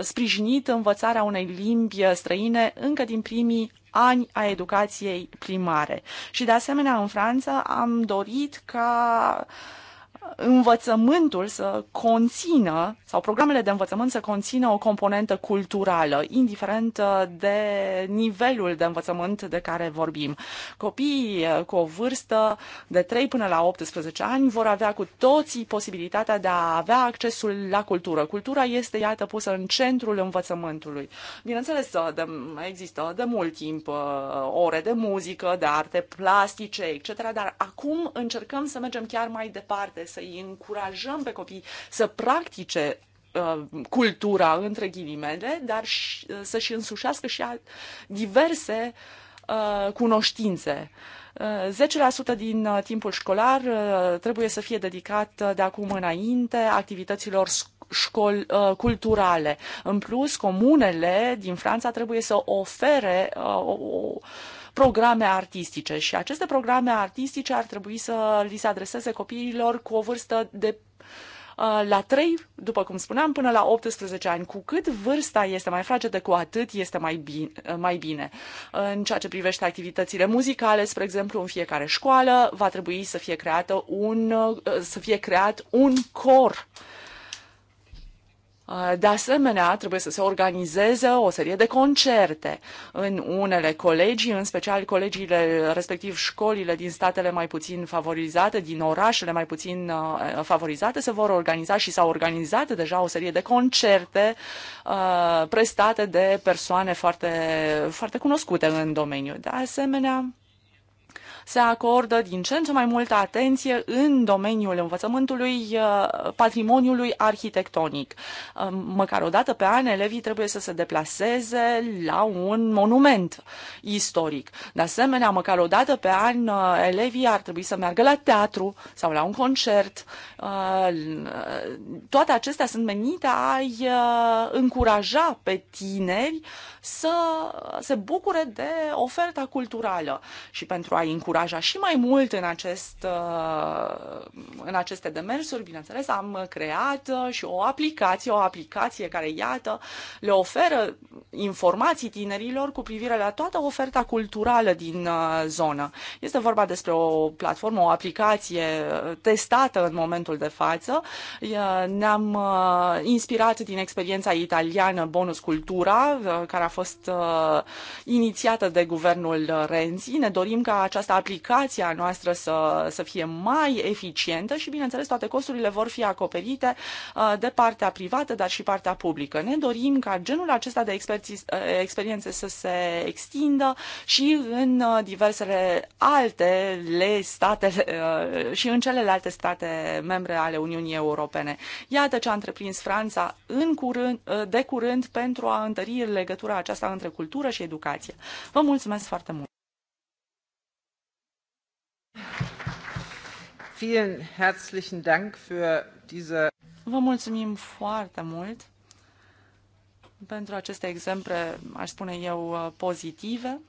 B: sprijinit învățarea unei limbi străine încă din primii ani a educației primare. Și de asemenea, în Franța am dorit ca uh, învățământul să conțină sau programele de învățământ să conțină o componentă culturală, indiferent uh, de nivelul de învățământ de care vorbim. Copiii uh, cu o vârstă de 3 până la 18 ani vor avea cu toții posibilitatea de a avea accesul la cultură. Cultura este, iată, pusă în centrul învățământului. Bineînțeles, uh, de, există de mult timp ore de muzică, de arte plastice, etc., dar acum încercăm să mergem chiar mai departe, să să-i încurajăm pe copii să practice uh, cultura, între ghilimele, dar uh, să-și însușească și diverse uh, cunoștințe. 10% din timpul școlar trebuie să fie dedicat de acum înainte activităților școl culturale. În plus, comunele din Franța trebuie să ofere o programe artistice și aceste programe artistice ar trebui să li se adreseze copiilor cu o vârstă de uh, la 3, după cum spuneam, până la 18 ani. Cu cât vârsta este mai fragedă, cu atât este mai bine, uh, mai bine. În ceea ce privește activitățile muzicale, spre exemplu, în fiecare școală va trebui să fie, creată un, uh, să fie creat un cor uh, Uh, de asemenea, trebuie să se organizeze o serie de concerte în unele colegii, în special colegiile, respectiv școlile din statele mai puțin favorizate, din orașele mai puțin uh, favorizate, se vor organiza și s-au organizat deja o serie de concerte uh, prestate de persoane foarte, foarte cunoscute în domeniu. De asemenea, se acordă din ce în ce mai multă atenție în domeniul învățământului uh, patrimoniului arhitectonic. Uh, măcar o dată pe an, elevii trebuie să se deplaseze la un monument istoric. De asemenea, măcar o dată pe an, uh, elevii ar trebui să meargă la teatru sau la un concert. Toate acestea sunt menite a încuraja pe tineri să se bucure de oferta culturală și pentru a încuraja și mai mult în, acest, uh, în aceste demersuri, bineînțeles, am creat uh, și o aplicație, o aplicație care, iată, le oferă informații tinerilor cu privire la toată oferta culturală din uh, zonă. Este vorba despre o platformă, o aplicație testată în momentul de față. Ne-am inspirat din experiența italiană Bonus Cultura, care a fost uh, inițiată de guvernul Renzi. Ne dorim ca această aplicație a noastră să, să fie mai eficientă și, bineînțeles, toate costurile vor fi acoperite uh, de partea privată, dar și partea publică. Ne dorim ca genul acesta de experți, uh, experiențe să se extindă și în uh, diversele alte le state uh, și în celelalte state membre ale Uniunii Europene. Iată ce a întreprins Franța în curând, de curând pentru a întări legătura aceasta între cultură și educație. Vă mulțumesc foarte mult!
A: Vielen herzlichen Dank für diese
B: Vă mulțumim foarte mult pentru aceste exemple, aș spune eu, uh, pozitive.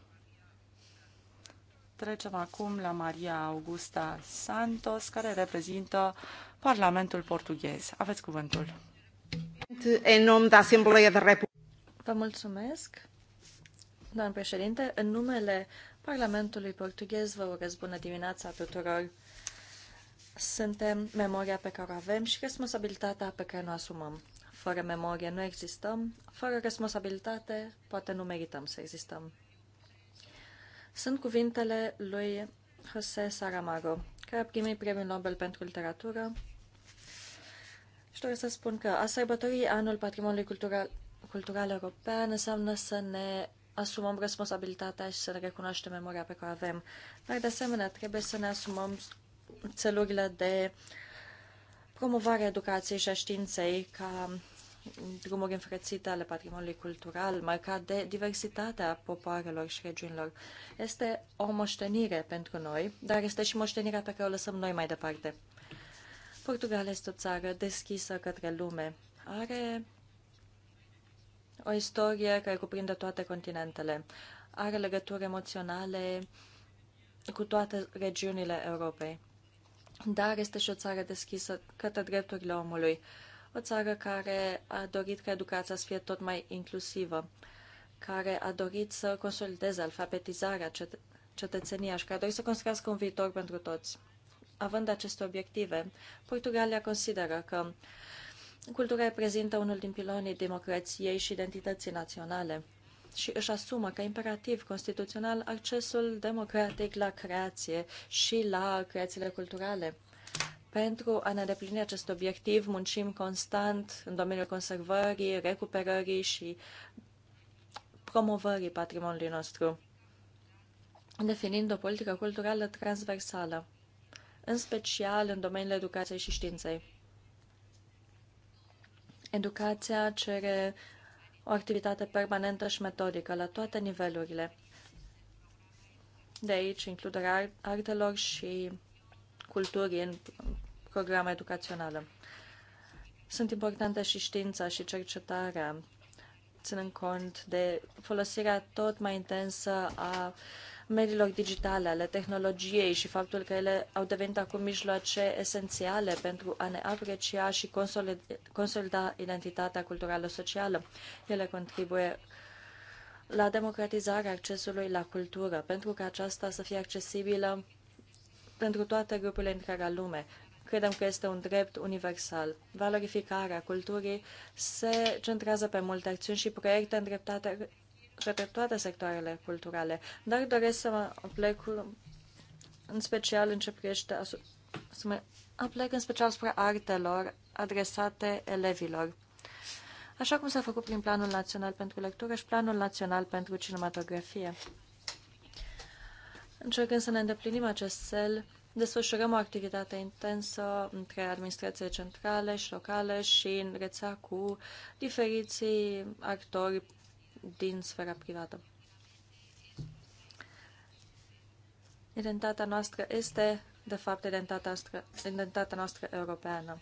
B: Trecem acum la Maria Augusta Santos, care reprezintă Parlamentul portughez. Aveți cuvântul.
D: În numele da de Republică. Vă mulțumesc, doamnă președinte. În numele Parlamentului portughez vă urez bună dimineața tuturor. Suntem memoria pe care o avem și responsabilitatea pe care o asumăm. Fără memorie nu existăm, fără responsabilitate poate nu merităm să existăm. Sunt cuvintele lui José Saramago, care a primit premiul Nobel pentru literatură și doresc să spun că a sărbătorit anul patrimoniului cultural culturală europeană înseamnă să ne asumăm responsabilitatea și să ne recunoaștem memoria pe care o avem. Dar, de asemenea, trebuie să ne asumăm țelurile de promovare a educației și a științei ca drumuri înfrățite ale patrimoniului cultural, mai ca de diversitatea popoarelor și regiunilor. Este o moștenire pentru noi, dar este și moștenirea pe care o lăsăm noi mai departe. Portugalia este o țară deschisă către lume. Are o istorie care cuprinde toate continentele. Are legături emoționale cu toate regiunile Europei. Dar este și o țară deschisă către drepturile omului. O țară care a dorit ca educația să fie tot mai inclusivă, care a dorit să consolideze alfabetizarea cet- cetățenia și care a dorit să construiască un viitor pentru toți. Având aceste obiective, Portugalia consideră că Cultura reprezintă unul din pilonii democrației și identității naționale și își asumă ca imperativ constituțional accesul democratic la creație și la creațiile culturale. Pentru a ne deplini acest obiectiv, muncim constant în domeniul conservării, recuperării și promovării patrimoniului nostru, definind o politică culturală transversală, în special în domeniul educației și științei. Educația cere o activitate permanentă și metodică la toate nivelurile. De aici includerea artelor și culturii în programa educațională. Sunt importante și știința și cercetarea, ținând cont de folosirea tot mai intensă a uh, mediilor digitale, ale tehnologiei și faptul că ele au devenit acum mijloace esențiale pentru a ne aprecia și consolida identitatea culturală-socială. Ele contribuie la democratizarea accesului la cultură, pentru că aceasta să fie accesibilă pentru toate grupurile întreaga lume. Credem că este un drept universal. Valorificarea culturii se centrează pe multe acțiuni și proiecte îndreptate către toate sectoarele culturale, dar doresc să mă plec în special în ce privește să mă aplec în special spre artelor adresate elevilor. Așa cum s-a făcut prin Planul Național pentru Lectură și Planul Național pentru Cinematografie. Încercând să ne îndeplinim acest cel, desfășurăm o activitate intensă între administrațiile centrale și locale și în rețea cu diferiții actori din sfera privată. Identitatea noastră este, de fapt, identitatea noastră, identitatea noastră europeană.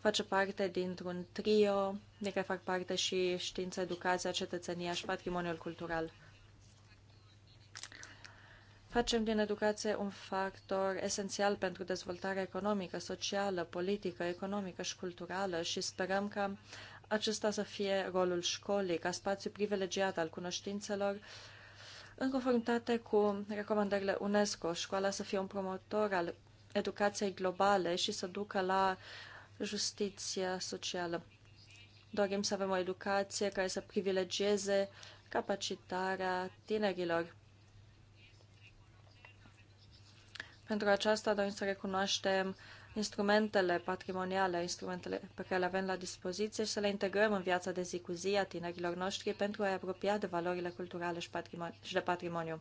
D: Face parte dintr-un trio de care fac parte și știința, educația, cetățenia și patrimoniul cultural. Facem din educație un factor esențial pentru dezvoltarea economică, socială, politică, economică și culturală și sperăm că acesta să fie rolul școlii ca spațiu privilegiat al cunoștințelor, în conformitate cu recomandările UNESCO, școala să fie un promotor al educației globale și să ducă la justiția socială. Dorim să avem o educație care să privilegieze capacitarea tinerilor. Pentru aceasta dorim să recunoaștem instrumentele patrimoniale, instrumentele pe care le avem la dispoziție și să le integrăm în viața de zi cu zi a tinerilor noștri pentru a-i apropia de valorile culturale și, patrimoni- și de patrimoniu.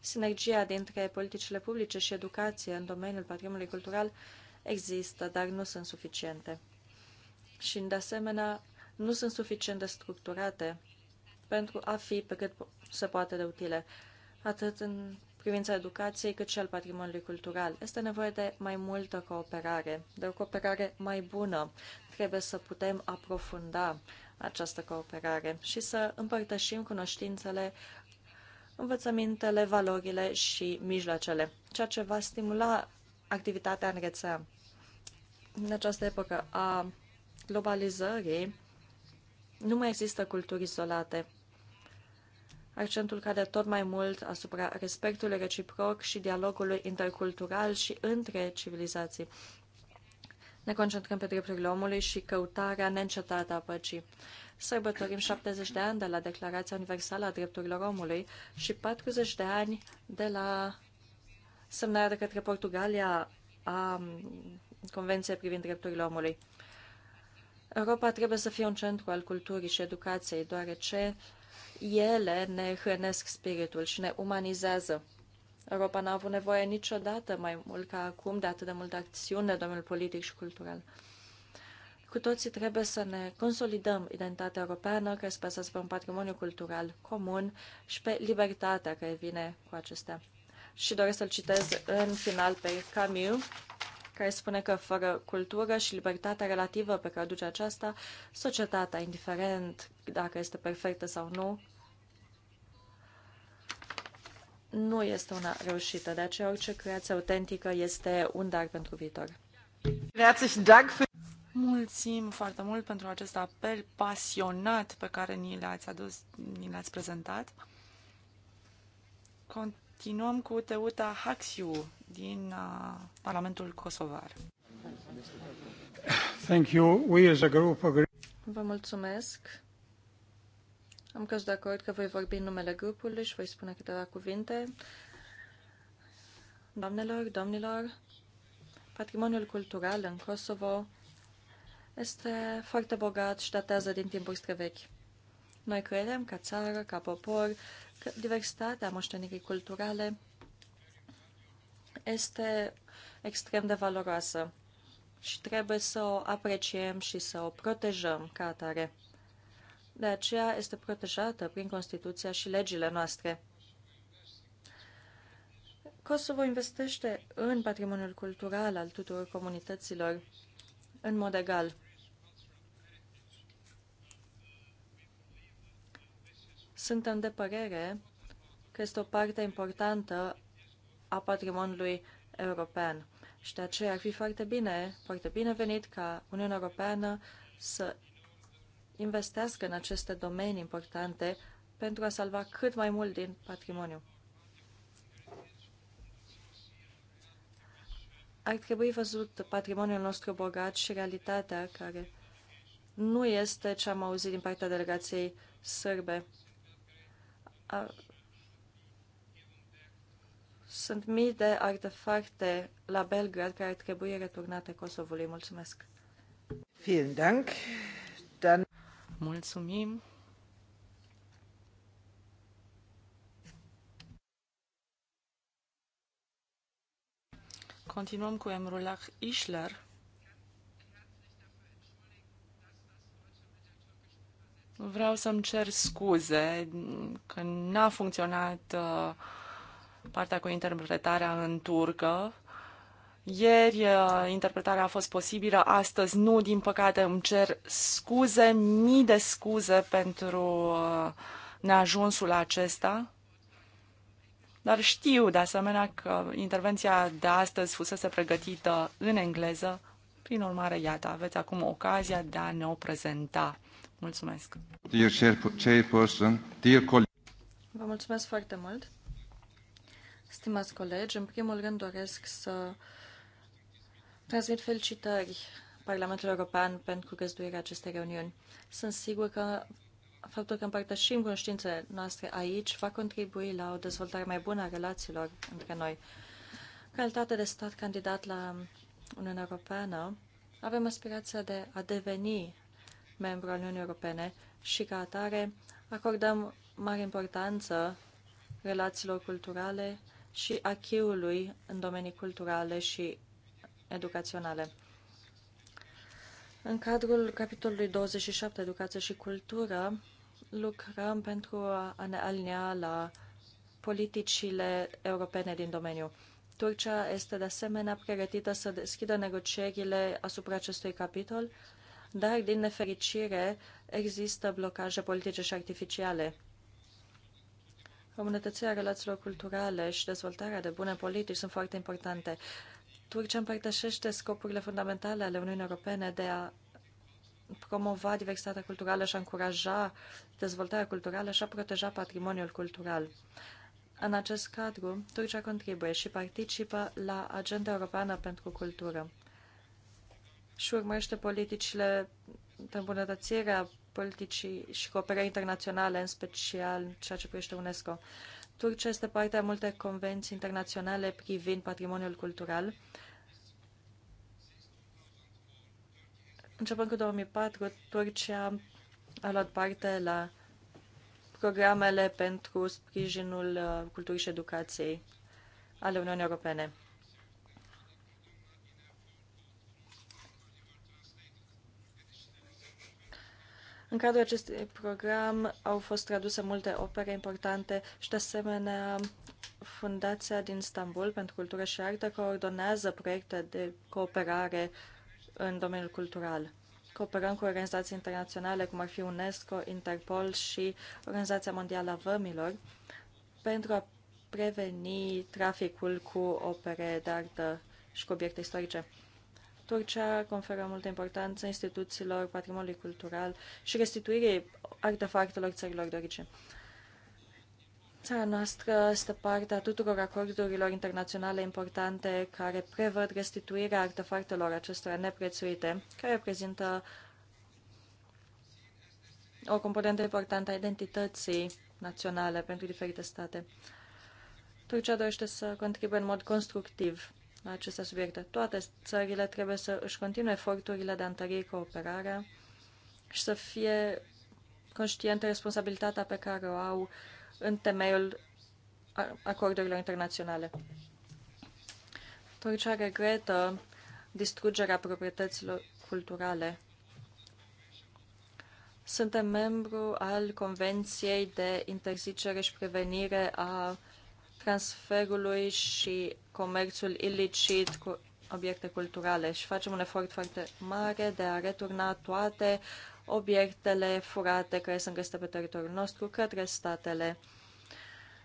D: Sinergia dintre politicile publice și educație în domeniul patrimoniului cultural există, dar nu sunt suficiente. Și, de asemenea, nu sunt suficient de structurate pentru a fi pe cât se poate de utile, atât în privința educației, cât și al patrimoniului cultural. Este nevoie de mai multă cooperare, de o cooperare mai bună. Trebuie să putem aprofunda această cooperare și să împărtășim cunoștințele, învățămintele, valorile și mijloacele, ceea ce va stimula activitatea în rețea. În această epocă a globalizării, nu mai există culturi izolate accentul cade tot mai mult asupra respectului reciproc și dialogului intercultural și între civilizații. Ne concentrăm pe drepturile omului și căutarea neîncetată a păcii. Sărbătorim 70 de ani de la Declarația Universală a Drepturilor Omului și 40 de ani de la semnarea de către Portugalia a mm, Convenției privind drepturile omului. Europa trebuie să fie un centru al culturii și educației, deoarece ele ne hrănesc spiritul și ne umanizează. Europa n-a avut nevoie niciodată mai mult ca acum de atât de multă acțiune în domeniul politic și cultural. Cu toții trebuie să ne consolidăm identitatea europeană care se bazează pe un patrimoniu cultural comun și pe libertatea care vine cu acestea. Și doresc să-l citez în final pe Camus, care spune că fără cultură și libertatea relativă pe care aduce aceasta, societatea, indiferent dacă este perfectă sau nu, nu este una reușită. De aceea, orice creație autentică este un dar pentru viitor.
B: Mulțumim foarte mult pentru acest apel pasionat pe care ni l-ați adus, ni l-ați prezentat. Cont- continuăm cu Teuta Haxiu din
D: uh, Parlamentul Kosovar.
C: Thank you. We as a group agree.
D: Vă mulțumesc. Am căzut de acord că voi vorbi în numele grupului și voi spune câteva cuvinte. Doamnelor, domnilor, patrimoniul cultural în Kosovo este foarte bogat și datează din timpuri străvechi. Noi credem ca țară, ca popor, că diversitatea moștenirii culturale este extrem de valoroasă și trebuie să o apreciem și să o protejăm ca atare. De aceea este protejată prin Constituția și legile noastre. Kosovo investește în patrimoniul cultural al tuturor comunităților în mod egal. Suntem de părere că este o parte importantă a patrimoniului european și de aceea ar fi foarte bine, foarte bine venit ca Uniunea Europeană să investească în aceste domenii importante pentru a salva cât mai mult din patrimoniu. Ar trebui văzut patrimoniul nostru bogat și realitatea care nu este ce am auzit din partea delegației sârbe sunt mii de artefacte la Belgrad care trebuie returnate Kosovului. Mulțumesc!
A: Vielen Dank! Mulțumim!
B: Continuăm cu Emrulach Ischler Vreau să-mi cer scuze că n-a funcționat uh, partea cu interpretarea în turcă. Ieri uh, interpretarea a fost posibilă, astăzi nu, din păcate îmi cer scuze, mii de scuze pentru uh, neajunsul acesta. Dar știu de asemenea că intervenția de astăzi fusese pregătită în engleză, prin urmare, iată, aveți acum ocazia de a
D: ne o prezenta Mulțumesc!
C: Dear chairperson, dear
D: Vă mulțumesc foarte mult! Stimați colegi, în primul rând doresc să transmit felicitări Parlamentului European pentru găzduirea acestei reuniuni. Sunt sigur că faptul că împărtășim cunoștințele noastre aici va contribui la o dezvoltare mai bună a relațiilor între noi. Calitate de stat candidat la Uniunea Europeană, avem aspirația de a deveni membru al Uniunii Europene și ca atare acordăm mare importanță relațiilor culturale și achiului în domenii culturale și educaționale. În cadrul capitolului 27, Educație și Cultură, lucrăm pentru a ne alinea la politicile europene din domeniu. Turcia este de asemenea pregătită să deschidă negocierile asupra acestui capitol dar, din nefericire, există blocaje politice și artificiale. Comunitățirea relațiilor culturale și dezvoltarea de bune politici sunt foarte importante. Turcia împărtășește scopurile fundamentale ale Uniunii Europene de a promova diversitatea culturală și a încuraja dezvoltarea culturală și a proteja patrimoniul cultural. În acest cadru, Turcia contribuie și participă la Agenda Europeană pentru Cultură și urmărește politicile de îmbunătățire a politicii și cooperării internaționale, în special ceea ce privește UNESCO. Turcia este parte a multe convenții internaționale privind patrimoniul cultural. Începând cu 2004, Turcia a luat parte la programele pentru sprijinul uh, culturii și educației ale Uniunii Europene. În cadrul acestui program au fost traduse multe opere importante și, de asemenea, Fundația din Istanbul pentru Cultură și Artă coordonează proiecte de cooperare în domeniul cultural. Cooperăm cu organizații internaționale, cum ar fi UNESCO, Interpol și Organizația Mondială a Vămilor, pentru a preveni traficul cu opere de artă și cu obiecte istorice. Turcia conferă multă importanță instituțiilor patrimoniului cultural și restituirii artefactelor țărilor de origine. Țara noastră este parte a tuturor acordurilor internaționale importante care prevăd restituirea artefactelor acestora neprețuite, care reprezintă o componentă importantă a identității naționale pentru diferite state. Turcia dorește să contribuie în mod constructiv la aceste subiecte. Toate țările trebuie să își continue eforturile de a întări cooperarea și să fie conștiente responsabilitatea pe care o au în temeiul acordurilor internaționale. Turcia regretă distrugerea proprietăților culturale. Suntem membru al Convenției de interzicere și prevenire a transferului și comerțul ilicit cu obiecte culturale și facem un efort foarte mare de a returna toate obiectele furate care sunt găsite pe teritoriul nostru către statele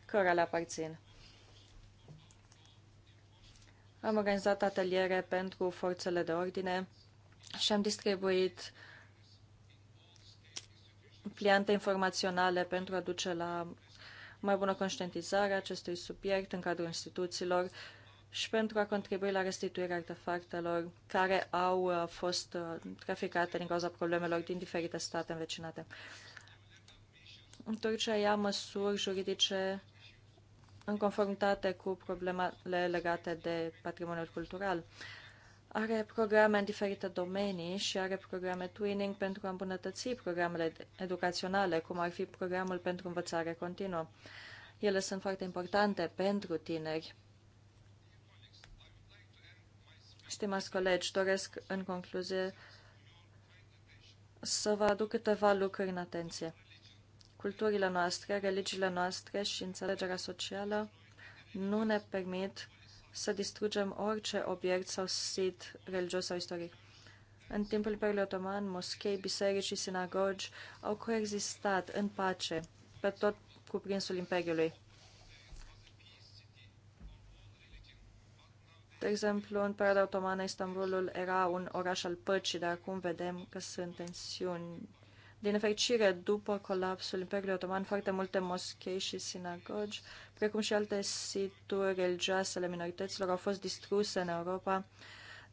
D: cărora le aparțin. Am organizat ateliere pentru forțele de ordine și am distribuit pliante informaționale pentru a duce la mai bună conștientizare a acestui subiect în cadrul instituțiilor și pentru a contribui la restituirea artefactelor care au uh, fost uh, traficate din cauza problemelor din diferite state învecinate. Turcia ia măsuri juridice în conformitate cu problemele legate de patrimoniul cultural are programe în diferite domenii și are programe twinning pentru a îmbunătăți programele educaționale, cum ar fi programul pentru învățare continuă. Ele sunt foarte importante pentru tineri. Stimați colegi, doresc în concluzie să vă aduc câteva lucruri în atenție. Culturile noastre, religiile noastre și înțelegerea socială nu ne permit să distrugem orice obiect sau sit religios sau istoric. În timpul Imperiului Otoman, moschei, biserici și sinagogi au coexistat în pace pe tot cuprinsul Imperiului. De exemplu, în perioada otomană, Istanbulul era un oraș al păcii, dar acum vedem că sunt tensiuni din fericire, după colapsul Imperiului Otoman, foarte multe moschei și sinagogi, precum și alte situri religioase ale minorităților, au fost distruse în Europa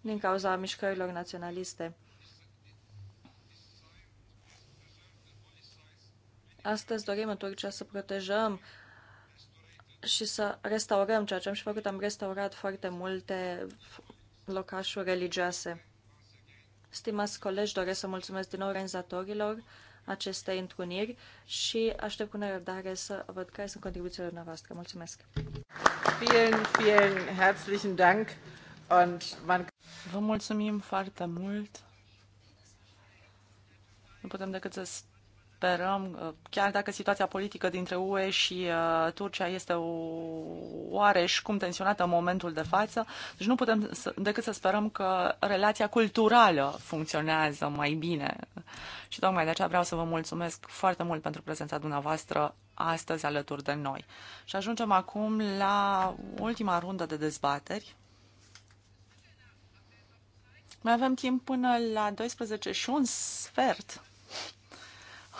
D: din cauza mișcărilor naționaliste. Astăzi dorim în Turcia să protejăm și să restaurăm ceea ce am și făcut. Am restaurat foarte multe locașuri religioase. Stimați colegi, doresc să mulțumesc din nou organizatorilor acestei întruniri și aștept cu nerăbdare să văd care sunt contribuțiile noastre. Mulțumesc!
A: Vielen, vielen herzlichen Dank
B: und man... Vă mulțumim foarte mult! Nu putem decât să sperăm, uh, chiar dacă situația politică dintre UE și uh, Turcia este oareși cum tensionată în momentul de față, deci nu putem să, decât să sperăm că relația culturală funcționează mai bine. Și tocmai de aceea vreau să vă mulțumesc foarte mult pentru prezența dumneavoastră astăzi alături de noi. Și ajungem acum la ultima rundă de dezbateri. Mai avem timp până la 12 și un sfert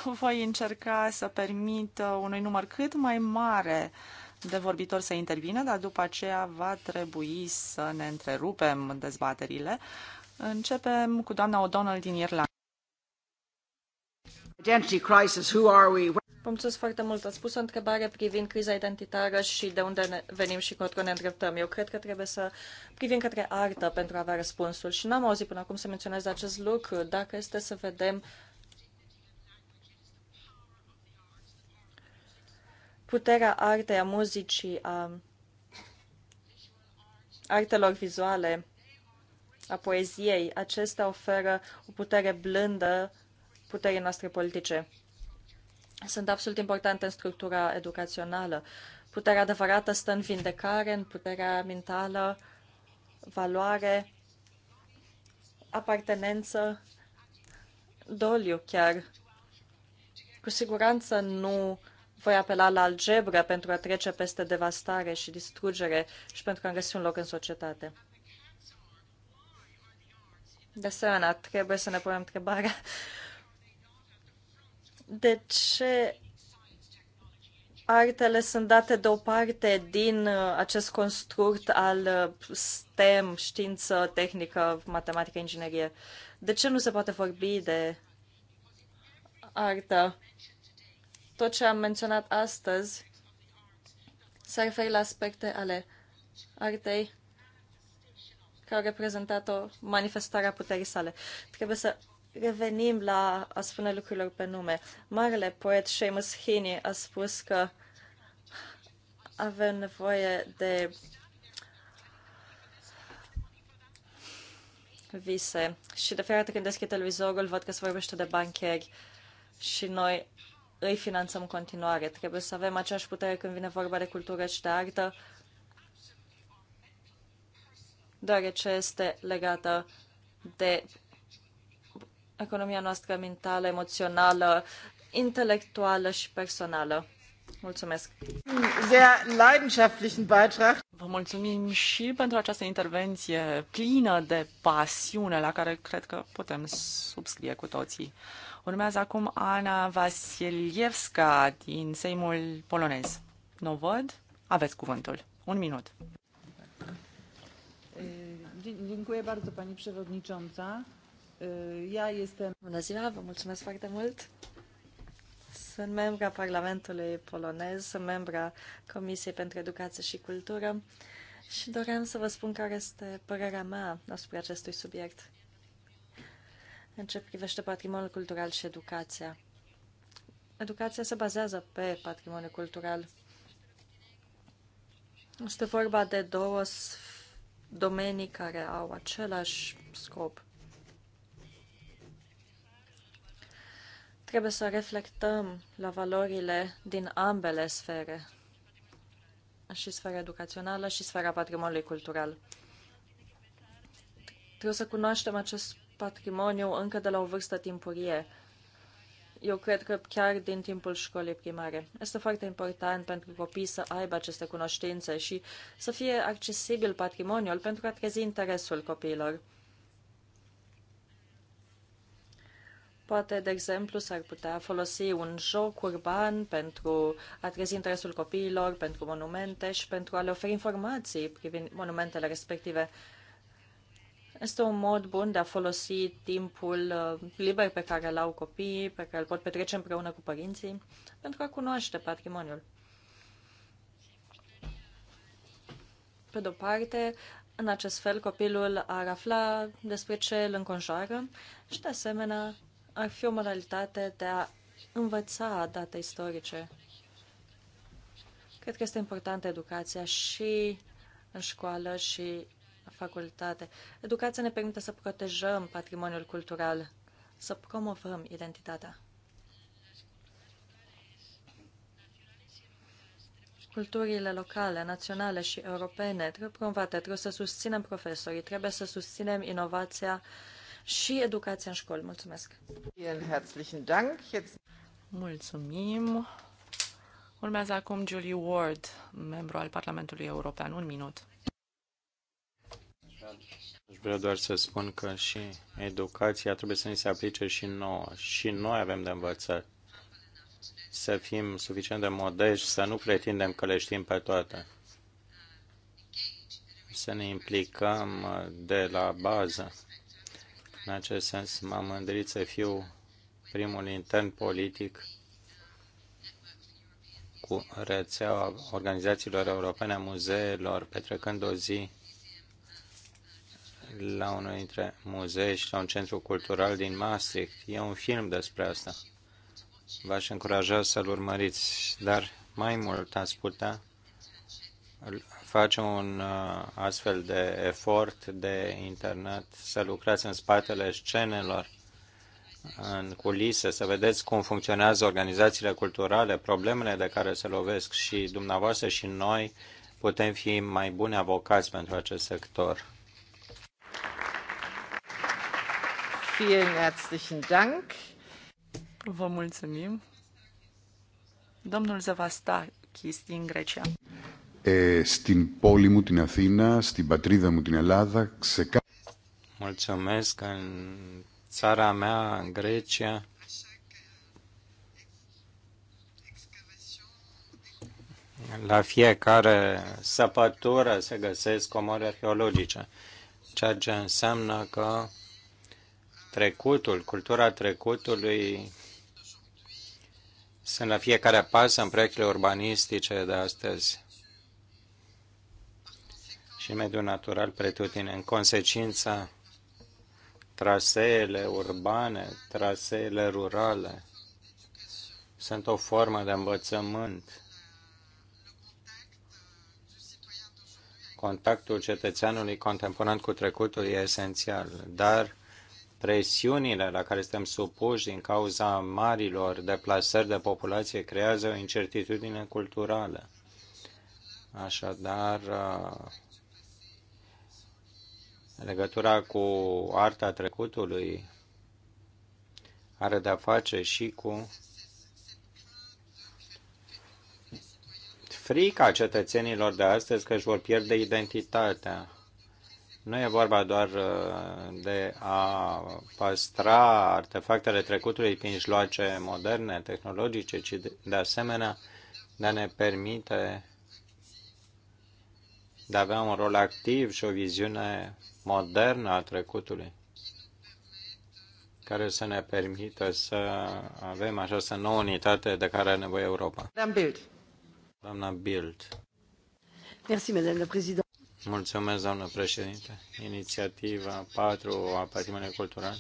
B: voi încerca să permit uh, unui număr cât mai mare de vorbitori să intervină, dar după aceea va trebui să ne întrerupem dezbaterile. Începem cu doamna O'Donnell din Irlanda.
E: Identity crisis, who are we?
D: Mulțumesc foarte mult. Ați spus o întrebare privind criza identitară și de unde ne venim și încotro ne îndreptăm. Eu cred că trebuie să privim către artă pentru a avea răspunsul și n-am auzit până acum să menționez acest lucru. Dacă este să vedem uh, puterea artei, a muzicii, a artelor vizuale, a poeziei. Acestea oferă o putere blândă puterii noastre politice. Sunt absolut importante în structura educațională. Puterea adevărată stă în vindecare, în puterea mentală, valoare, apartenență, doliu chiar. Cu siguranță nu voi apela la algebră pentru a trece peste devastare și distrugere și pentru a găsi un loc în societate. De asemenea, trebuie să ne punem întrebarea de ce artele sunt date deoparte din uh, acest construct al uh, STEM, știință, tehnică, matematică, inginerie. De ce nu se poate vorbi de artă? Tot ce am menționat astăzi s-a referit la aspecte ale artei care au reprezentat-o manifestare a puterii sale. Trebuie să revenim la a spune lucrurilor pe nume. Marele poet Seamus Heaney a spus că avem nevoie de vise. Și de fiecare dată când deschid televizorul, văd că se vorbește de bancheri. Și noi îi finanțăm în continuare. Trebuie să avem aceeași putere când vine vorba de cultură și de artă, deoarece este legată de economia noastră mentală, emoțională, intelectuală și personală. Mulțumesc!
B: Vă mulțumim și pentru această intervenție plină de pasiune la care cred că putem subscrie cu toții. Urmează acum Ana Vasilievska din Seimul polonez. Nu văd. Aveți cuvântul. Un minut.
D: Dziękuję bardzo Pani Przewodnicząca. Bună ziua, vă mulțumesc foarte mult. Sunt membra Parlamentului polonez, sunt membra Comisiei pentru Educație și Cultură și doream să vă spun care este părerea mea asupra acestui subiect în ce privește patrimoniul cultural și educația. Educația se bazează pe patrimoniul cultural. Este vorba de două domenii care au același scop. Trebuie să reflectăm la valorile din ambele sfere, și sfera educațională și sfera patrimoniului cultural. Trebuie să cunoaștem acest patrimoniu încă de la o vârstă timpurie. Eu cred că chiar din timpul școlii primare. Este foarte important pentru copii să aibă aceste cunoștințe și să fie accesibil patrimoniul pentru a trezi interesul copiilor. Poate, de exemplu, s-ar putea folosi un joc urban pentru a trezi interesul copiilor, pentru monumente și pentru a le oferi informații privind monumentele respective. Este un mod bun de a folosi timpul uh, liber pe care îl au copiii, pe care îl pot petrece împreună cu părinții, pentru a cunoaște patrimoniul. Pe de-o parte, în acest fel, copilul ar afla despre ce îl înconjoară și, de asemenea, ar fi o modalitate de a învăța date istorice. Cred că este importantă educația și în școală și facultate. Educația ne permite să protejăm patrimoniul cultural, să promovăm identitatea. Culturile locale, naționale și europene trebuie promovate, trebuie să susținem profesorii, trebuie să susținem inovația și educația în școli. Mulțumesc! Mulțumim! Urmează acum Julie
B: Ward, membru al Parlamentului European. Un minut.
C: Aș vrea doar să spun că și educația trebuie să ne se aplice și nouă. Și noi avem de învățat. Să fim suficient de modești, să nu pretindem că le știm pe toate. Să ne implicăm de la bază. În acest sens, m-am mândrit să fiu primul intern politic cu rețeaua organizațiilor europene a muzeelor, petrecând o zi la unul dintre muzei și la un centru cultural din Maastricht. E un film despre asta. V-aș încuraja să-l urmăriți, dar mai mult ați putea face un uh, astfel de efort de internet, să lucrați în spatele scenelor, în culise, să vedeți cum funcționează organizațiile culturale, problemele de care se lovesc și dumneavoastră și noi putem fi mai buni avocați pentru acest sector.
B: Vielen herzlichen Dank. Vă mulțumim. Domnul Zavastakis
C: din Grecia.
F: Ε, στην πόλη μου την Αθήνα, στην πατρίδα μου την Ελλάδα,
C: ξεκάθαρα. Mulțumesc în țara mea, în Grecia. La fiecare săpătură se găsesc comori arheologice ceea ce înseamnă că trecutul, cultura trecutului sunt la fiecare pas în proiectele urbanistice de astăzi și mediul natural pretutine. În consecință, traseele urbane, traseele rurale sunt o formă de învățământ Contactul cetățeanului contemporan cu trecutul e esențial, dar presiunile la care suntem supuși din cauza marilor deplasări de populație creează o incertitudine culturală. Așadar, legătura cu arta trecutului are de-a face și cu frica cetățenilor de astăzi că își vor pierde identitatea. Nu e vorba doar uh, de a păstra artefactele trecutului prin joace moderne, tehnologice, ci de asemenea de a ne permite de a avea un rol activ și o viziune modernă a trecutului care să ne permită să avem această nouă unitate de care are nevoie Europa. Dan Bild. Doamna Bild. Mersi, Mulțumesc, doamnă președinte. Inițiativa 4 a patrimoniului cultural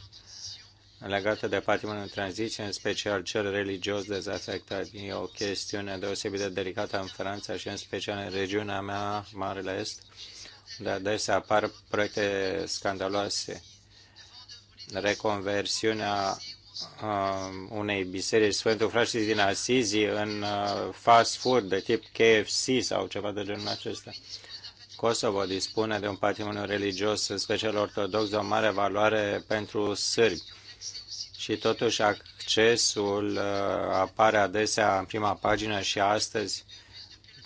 C: legată de patrimoniul în tranziție, în special cel religios dezafectat. E o chestiune deosebit de delicată în Franța și în special în regiunea mea, Marele Est, unde adesea apar proiecte scandaloase. Reconversiunea Um, unei biserici Sfântul Frașii din Asizi în uh, fast food de tip KFC sau ceva de genul acesta. Kosovo dispune de un patrimoniu religios, în special ortodox, de o mare valoare pentru sârbi. Și totuși accesul uh, apare adesea în prima pagină și astăzi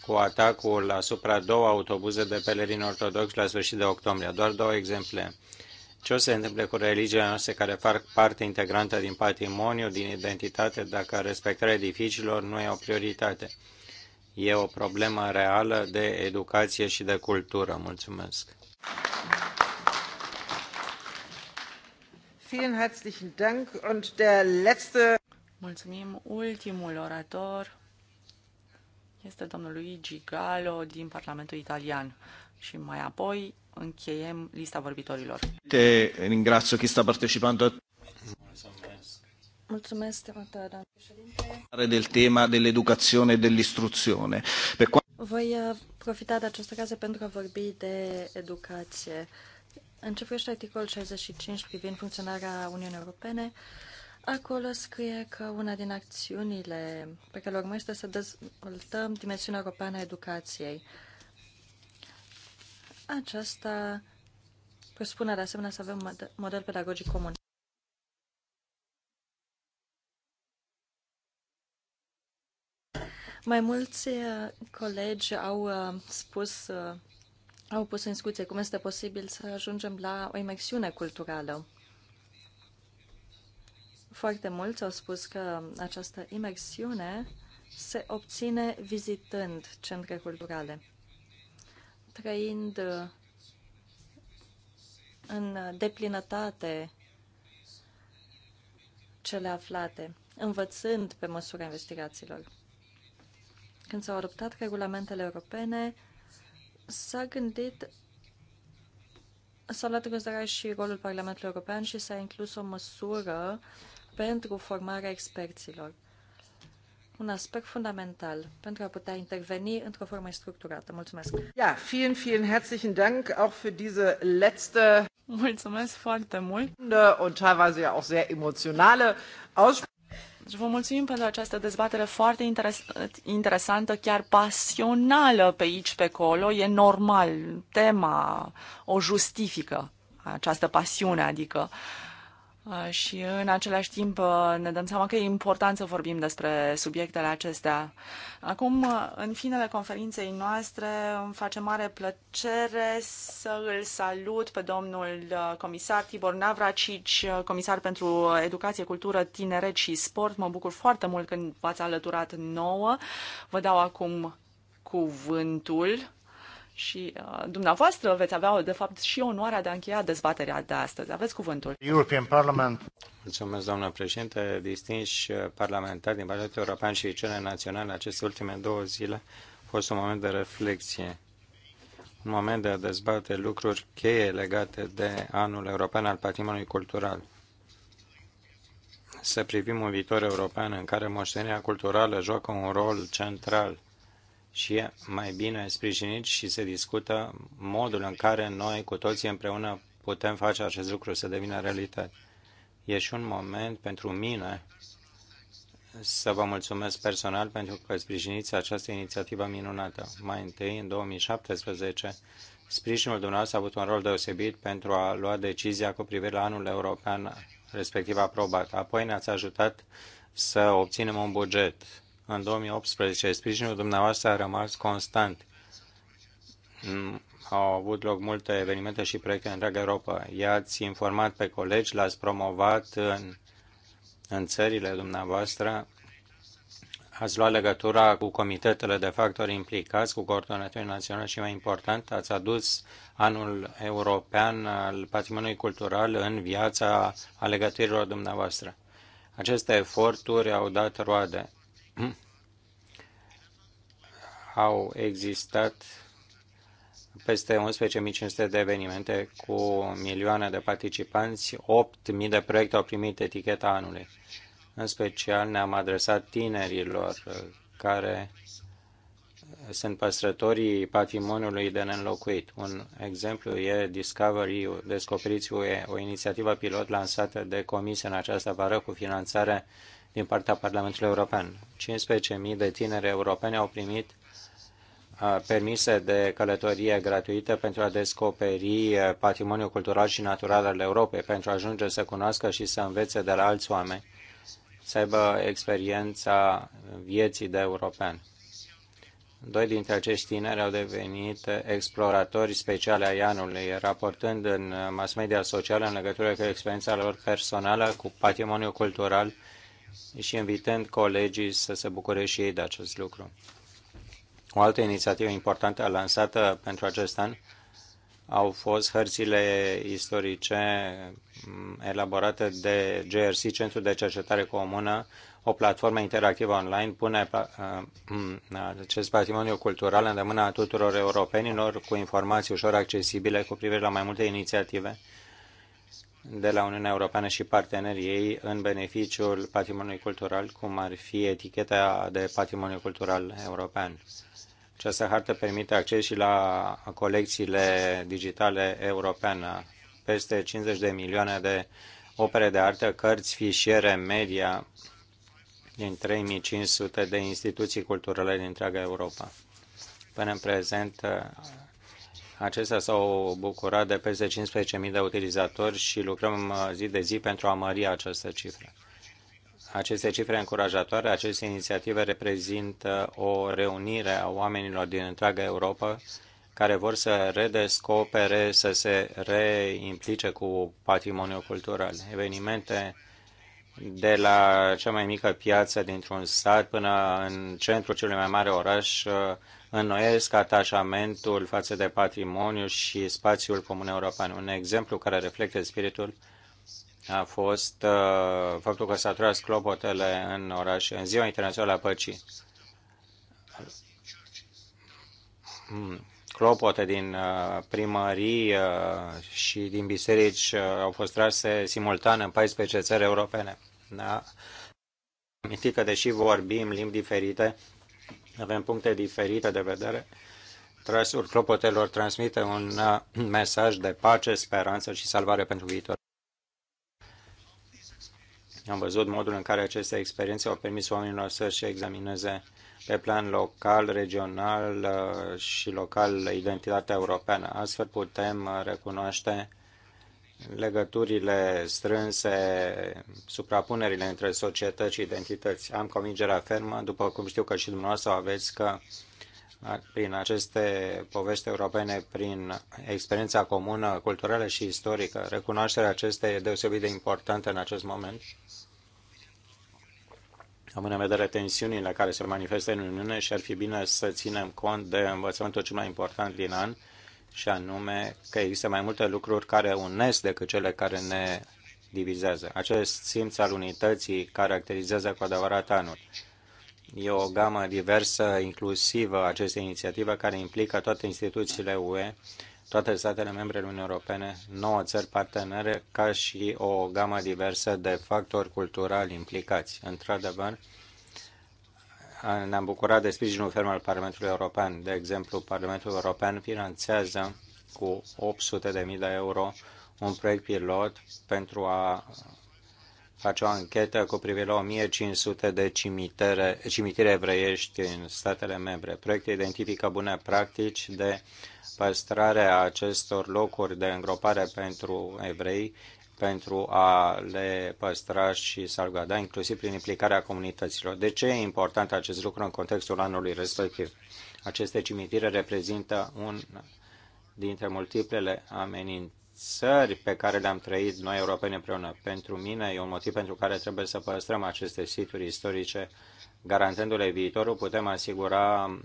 C: cu atacul asupra două autobuze de pelerini ortodoxi la sfârșit de octombrie. Doar două exemple ce o să se întâmple cu religiile noastre care fac parte integrantă din patrimoniu, din identitate, dacă respectarea edificiilor nu e o prioritate? E o problemă reală de educație și de cultură. Mulțumesc!
B: Mulțumim. Ultimul orator este domnul Luigi Gallo din Parlamentul Italian și mai apoi încheiem lista
D: vorbitorilor.
E: Te ringrazio chi sta partecipando.
D: Mulțumesc, stimată președinte.
E: Del tema dell'educazione e dell'istruzione. Per
D: Voi uh, profita de această ocazie pentru a vorbi de educație. În ce privește articolul 65 privind funcționarea Uniunii Europene, acolo scrie că una din acțiunile pe care le urmă este să dezvoltăm dimensiunea europeană a educației. Aceasta presupune de asemenea să avem model pedagogic comun. Mai mulți uh, colegi au uh, spus, uh, au pus în discuție cum este posibil să ajungem la o imersiune culturală. Foarte mulți au spus că această imersiune se obține vizitând centre culturale trăind uh, în deplinătate cele aflate, învățând pe măsura investigațiilor. Când s-au adoptat regulamentele europene, s-a gândit, s-a luat în considerare și rolul Parlamentului European și s-a inclus o măsură pentru formarea experților un aspect fundamental pentru a putea interveni într-o formă structurată. Mulțumesc!
A: Ja, vielen, vielen herzlichen Dank auch für diese letzte
B: Mulțumesc foarte mult! Und teilweise ja auch sehr emotionale Aussprache. Deci vă mulțumim pentru această dezbatere foarte interes- interesantă, chiar pasională pe aici, pe acolo. E normal, tema o justifică, această pasiune, adică uh, și în același timp ne dăm seama că e important să vorbim despre subiectele acestea. Acum, în finele conferinței noastre, îmi face mare plăcere să îl salut pe domnul comisar Tibor Navracici, comisar pentru educație, cultură, tineret și sport. Mă bucur foarte mult când v-ați alăturat nouă. Vă dau acum cuvântul și uh, dumneavoastră veți avea, de fapt, și onoarea de a încheia dezbaterea de astăzi. Aveți cuvântul.
C: European Parliament. Mulțumesc, doamnă președinte. Distinși parlamentari din Parlamentul European și cele naționale, aceste ultime două zile a fost un moment de reflexie, un moment de a dezbate lucruri cheie legate de anul european al patrimoniului cultural. Să privim un viitor european în care moștenirea culturală joacă un rol central – și e mai bine sprijinit și se discută modul în care noi cu toții împreună putem face acest lucru să devină realitate. E și un moment pentru mine să vă mulțumesc personal pentru că sprijiniți această inițiativă minunată. Mai întâi, în 2017, sprijinul dumneavoastră a avut un rol deosebit pentru a lua decizia cu privire la anul european respectiv aprobat. Apoi ne-ați ajutat să obținem un buget în 2018. Sprijinul dumneavoastră a rămas constant. Mm, au avut loc multe evenimente și proiecte în întreaga Europa. I-ați informat pe colegi, l-ați promovat în, în țările dumneavoastră. Ați luat legătura cu comitetele de factori implicați, cu coordonatorii naționale și mai important, ați adus anul european al patrimoniului cultural în viața alegătorilor dumneavoastră. Aceste eforturi au dat roade au existat peste 11.500 de evenimente cu milioane de participanți, 8.000 de proiecte au primit eticheta anului. În special ne-am adresat tinerilor care sunt păstrătorii patrimoniului de nenlocuit. Un exemplu e Discovery, Descoperiți o inițiativă pilot lansată de comisie în această vară cu finanțare din partea Parlamentului European. 15.000 de tineri europeni au primit permise de călătorie gratuită pentru a descoperi patrimoniul cultural și natural al Europei, pentru a ajunge să cunoască și să învețe de la alți oameni, să aibă experiența vieții de european. Doi dintre acești tineri au devenit exploratori speciale ai anului, raportând în mass media socială în legătură cu experiența lor personală, cu patrimoniul cultural și invitând colegii să se bucure și ei de acest lucru. O altă inițiativă importantă lansată pentru acest an au fost hărțile istorice mm, elaborate de GRC, Centrul de Cercetare Comună, o platformă interactivă online pune uh, mm, acest patrimoniu cultural în mâna tuturor europenilor cu informații ușor accesibile cu privire la mai multe inițiative de la Uniunea Europeană și partenerii ei în beneficiul patrimoniului cultural, cum ar fi eticheta de patrimoniu cultural european. Această hartă permite acces și la colecțiile digitale europene, peste 50 de milioane de opere de artă, cărți, fișiere, media din 3500 de instituții culturale din întreaga Europa. Până în prezent, Acestea s-au bucurat de peste 15.000 de utilizatori și lucrăm uh, zi de zi pentru a mări această cifră. Aceste cifre încurajatoare, aceste inițiative reprezintă o reunire a oamenilor din întreaga Europa care vor să redescopere, să se reimplice cu patrimoniul cultural. Evenimente de la cea mai mică piață dintr-un sat până în centrul celui mai mare oraș uh, înnoiesc atașamentul față de patrimoniu și spațiul comun european. Un exemplu care reflectă spiritul a fost uh, faptul că s-a tras clopotele în oraș, în Ziua Internațională a Păcii. Hmm. Clopote din uh, primării uh, și din biserici uh, au fost trase simultan în 14 țări europene. Da? Aminti că, deși vorbim limbi diferite, avem puncte diferite de vedere. Trasul clopotelor transmite un uh, mesaj de pace, speranță și salvare pentru viitor. Am văzut modul în care aceste experiențe au permis oamenilor să-și examineze pe plan local, regional uh, și local identitatea europeană. Astfel putem uh, recunoaște legăturile strânse, suprapunerile între societăți și identități. Am convingerea fermă, după cum știu că și dumneavoastră aveți, că prin aceste povești europene, prin experiența comună, culturală și istorică, recunoașterea acestei e deosebit de importantă în acest moment. Am în vedere tensiunile care se manifestă în Uniune și ar fi bine să ținem cont de învățământul cel mai important din an, și anume că există mai multe lucruri care unesc decât cele care ne divizează. Acest simț al unității caracterizează cu adevărat anul. E o gamă diversă, inclusivă, aceste inițiative care implică toate instituțiile UE, toate statele membre ale Uniunii Europene, nouă țări partenere, ca și o gamă diversă de factori culturali implicați. Într-adevăr, ne-am bucurat de sprijinul ferm al Parlamentului European. De exemplu, Parlamentul European finanțează cu 800.000 de euro un proiect pilot pentru a face o anchetă cu privire la 1500 de cimitere, cimitire evreiești în statele membre. Proiectul identifică bune practici de păstrare a acestor locuri de îngropare pentru evrei pentru a le păstra și salvgada, inclusiv prin implicarea comunităților. De ce e important acest lucru în contextul anului respectiv? Aceste cimitire reprezintă un dintre multiplele amenințări pe care le-am trăit noi europeni împreună. Pentru mine e un motiv pentru care trebuie să păstrăm aceste situri istorice. Garantându-le viitorul, putem asigura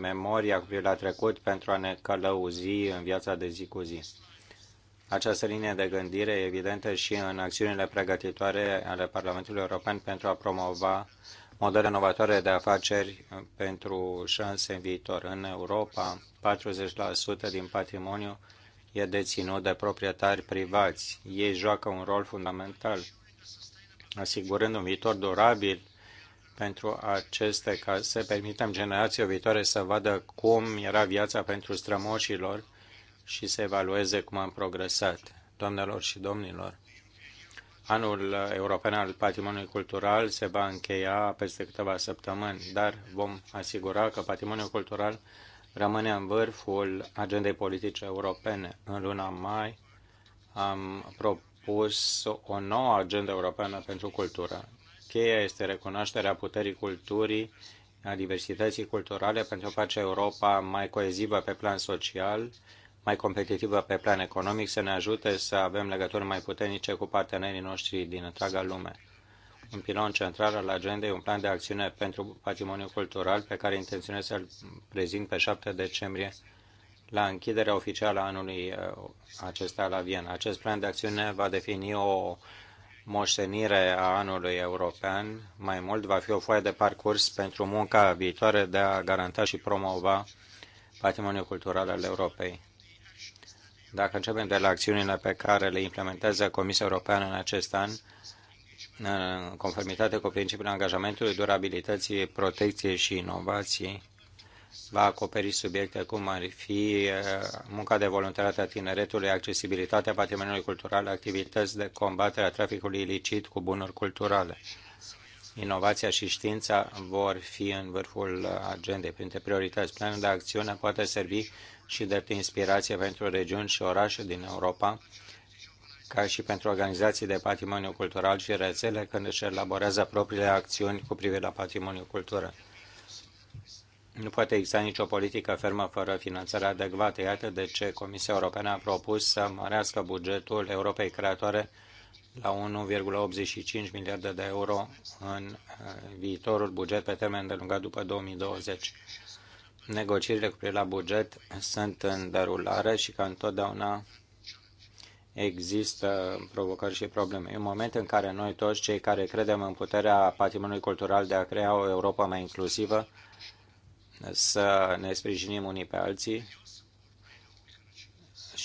C: memoria cu la trecut pentru a ne călăuzi în viața de zi cu zi. Această linie de gândire e evidentă și în acțiunile pregătitoare ale Parlamentului European pentru a promova modele inovatoare de afaceri pentru șanse în viitor. În Europa, 40% din patrimoniu e deținut de proprietari privați. Ei joacă un rol fundamental, asigurând un viitor durabil pentru aceste case. Permitem generației viitoare să vadă cum era viața pentru strămoșilor și să evalueze cum am progresat. Doamnelor și domnilor, Anul European al Patrimoniului Cultural se va încheia peste câteva săptămâni, dar vom asigura că patrimoniul cultural rămâne în vârful agendei politice europene. În luna mai am propus o nouă agendă europeană pentru cultură. Cheia este recunoașterea puterii culturii, a diversității culturale pentru a face Europa mai coezivă pe plan social, mai competitivă pe plan economic, să ne ajute să avem legături mai puternice cu partenerii noștri din întreaga lume. Un pilon central al agendei, un plan de acțiune pentru patrimoniul cultural pe care intenționez să-l prezint pe 7 decembrie la închiderea oficială a anului uh, acesta la Viena. Acest plan de acțiune va defini o moștenire a anului european. Mai mult, va fi o foaie de parcurs pentru munca viitoare de a garanta și promova patrimoniul cultural al Europei. Dacă începem de la acțiunile pe care le implementează Comisia Europeană în acest an, în conformitate cu principiul angajamentului, durabilității, protecției și inovației, va acoperi subiecte cum ar fi eh, munca de voluntariat a tineretului, accesibilitatea patrimoniului cultural, activități de combatere a traficului ilicit cu bunuri culturale inovația și știința vor fi în vârful agendei, printre priorități. Planul de acțiune poate servi și drept inspirație pentru regiuni și orașe din Europa, ca și pentru organizații de patrimoniu cultural și rețele când își elaborează propriile acțiuni cu privire la patrimoniu cultural. Nu poate exista nicio politică fermă fără finanțare adecvată. Iată de ce Comisia Europeană a propus să mărească bugetul Europei Creatoare la 1,85 miliarde de euro în uh, viitorul buget pe termen îndelungat după 2020. Negocierile cu privire la buget sunt în derulare și ca întotdeauna există provocări și probleme. În momentul în care noi toți cei care credem în puterea patrimoniului cultural de a crea o Europa mai inclusivă, să ne sprijinim unii pe alții,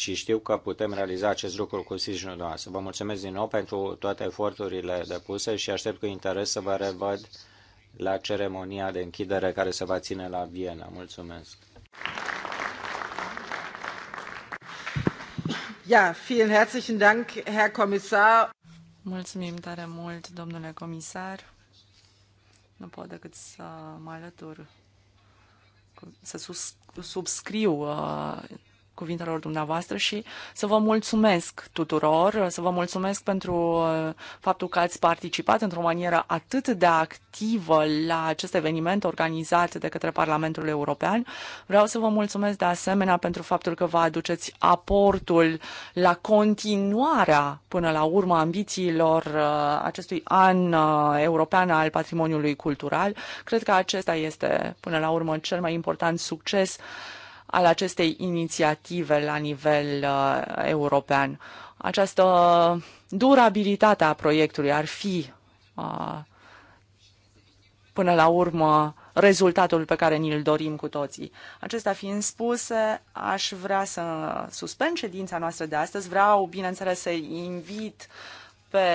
C: și știu că putem realiza acest lucru cu sprijinul noastră. Vă mulțumesc din nou pentru toate eforturile depuse și aștept cu interes să vă revăd la ceremonia de închidere care se va ține la Viena. Mulțumesc!
A: Ja, vielen herzlichen
B: Dank, Herr Kommissar. Mulțumim tare mult, domnule comisar. Nu pot decât să mă alătur, să subscriu uh, cuvintelor dumneavoastră și să vă mulțumesc tuturor, să vă mulțumesc pentru uh, faptul că ați participat într-o manieră atât de activă la acest eveniment organizat de către Parlamentul European. Vreau să vă mulțumesc de asemenea pentru faptul că vă aduceți aportul la continuarea, până la urmă, ambițiilor uh, acestui an uh, european al patrimoniului cultural. Cred că acesta este, până la urmă, cel mai important succes al acestei inițiative la nivel uh, european. Această durabilitate a proiectului ar fi uh, până la urmă rezultatul pe care ni-l dorim cu toții. Acestea fiind spuse, aș vrea să suspend ședința noastră de astăzi. Vreau, bineînțeles, să invit pe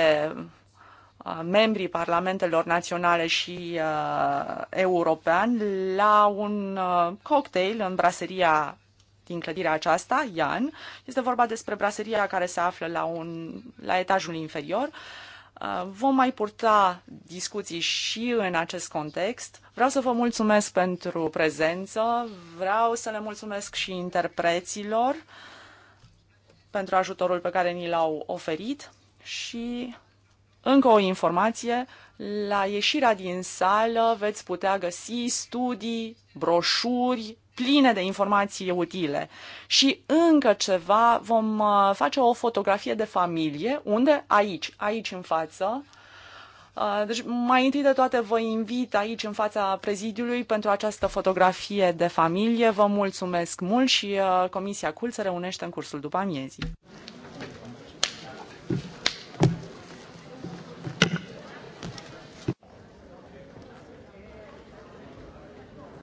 B: membrii parlamentelor naționale și uh, european la un uh, cocktail în braseria din clădirea aceasta, Ian. Este vorba despre braseria care se află la, un, la etajul inferior. Uh, vom mai purta discuții și în acest context. Vreau să vă mulțumesc pentru prezență, vreau să le mulțumesc și interpreților pentru ajutorul pe care ni l-au oferit și încă o informație, la ieșirea din sală veți putea găsi studii, broșuri pline de informații utile. Și încă ceva, vom uh, face o fotografie de familie, unde aici, aici în față, uh, deci, mai întâi de toate, vă invit aici, în fața prezidiului, pentru această fotografie de familie. Vă mulțumesc mult și uh, Comisia CUL se reunește în cursul după amiezii.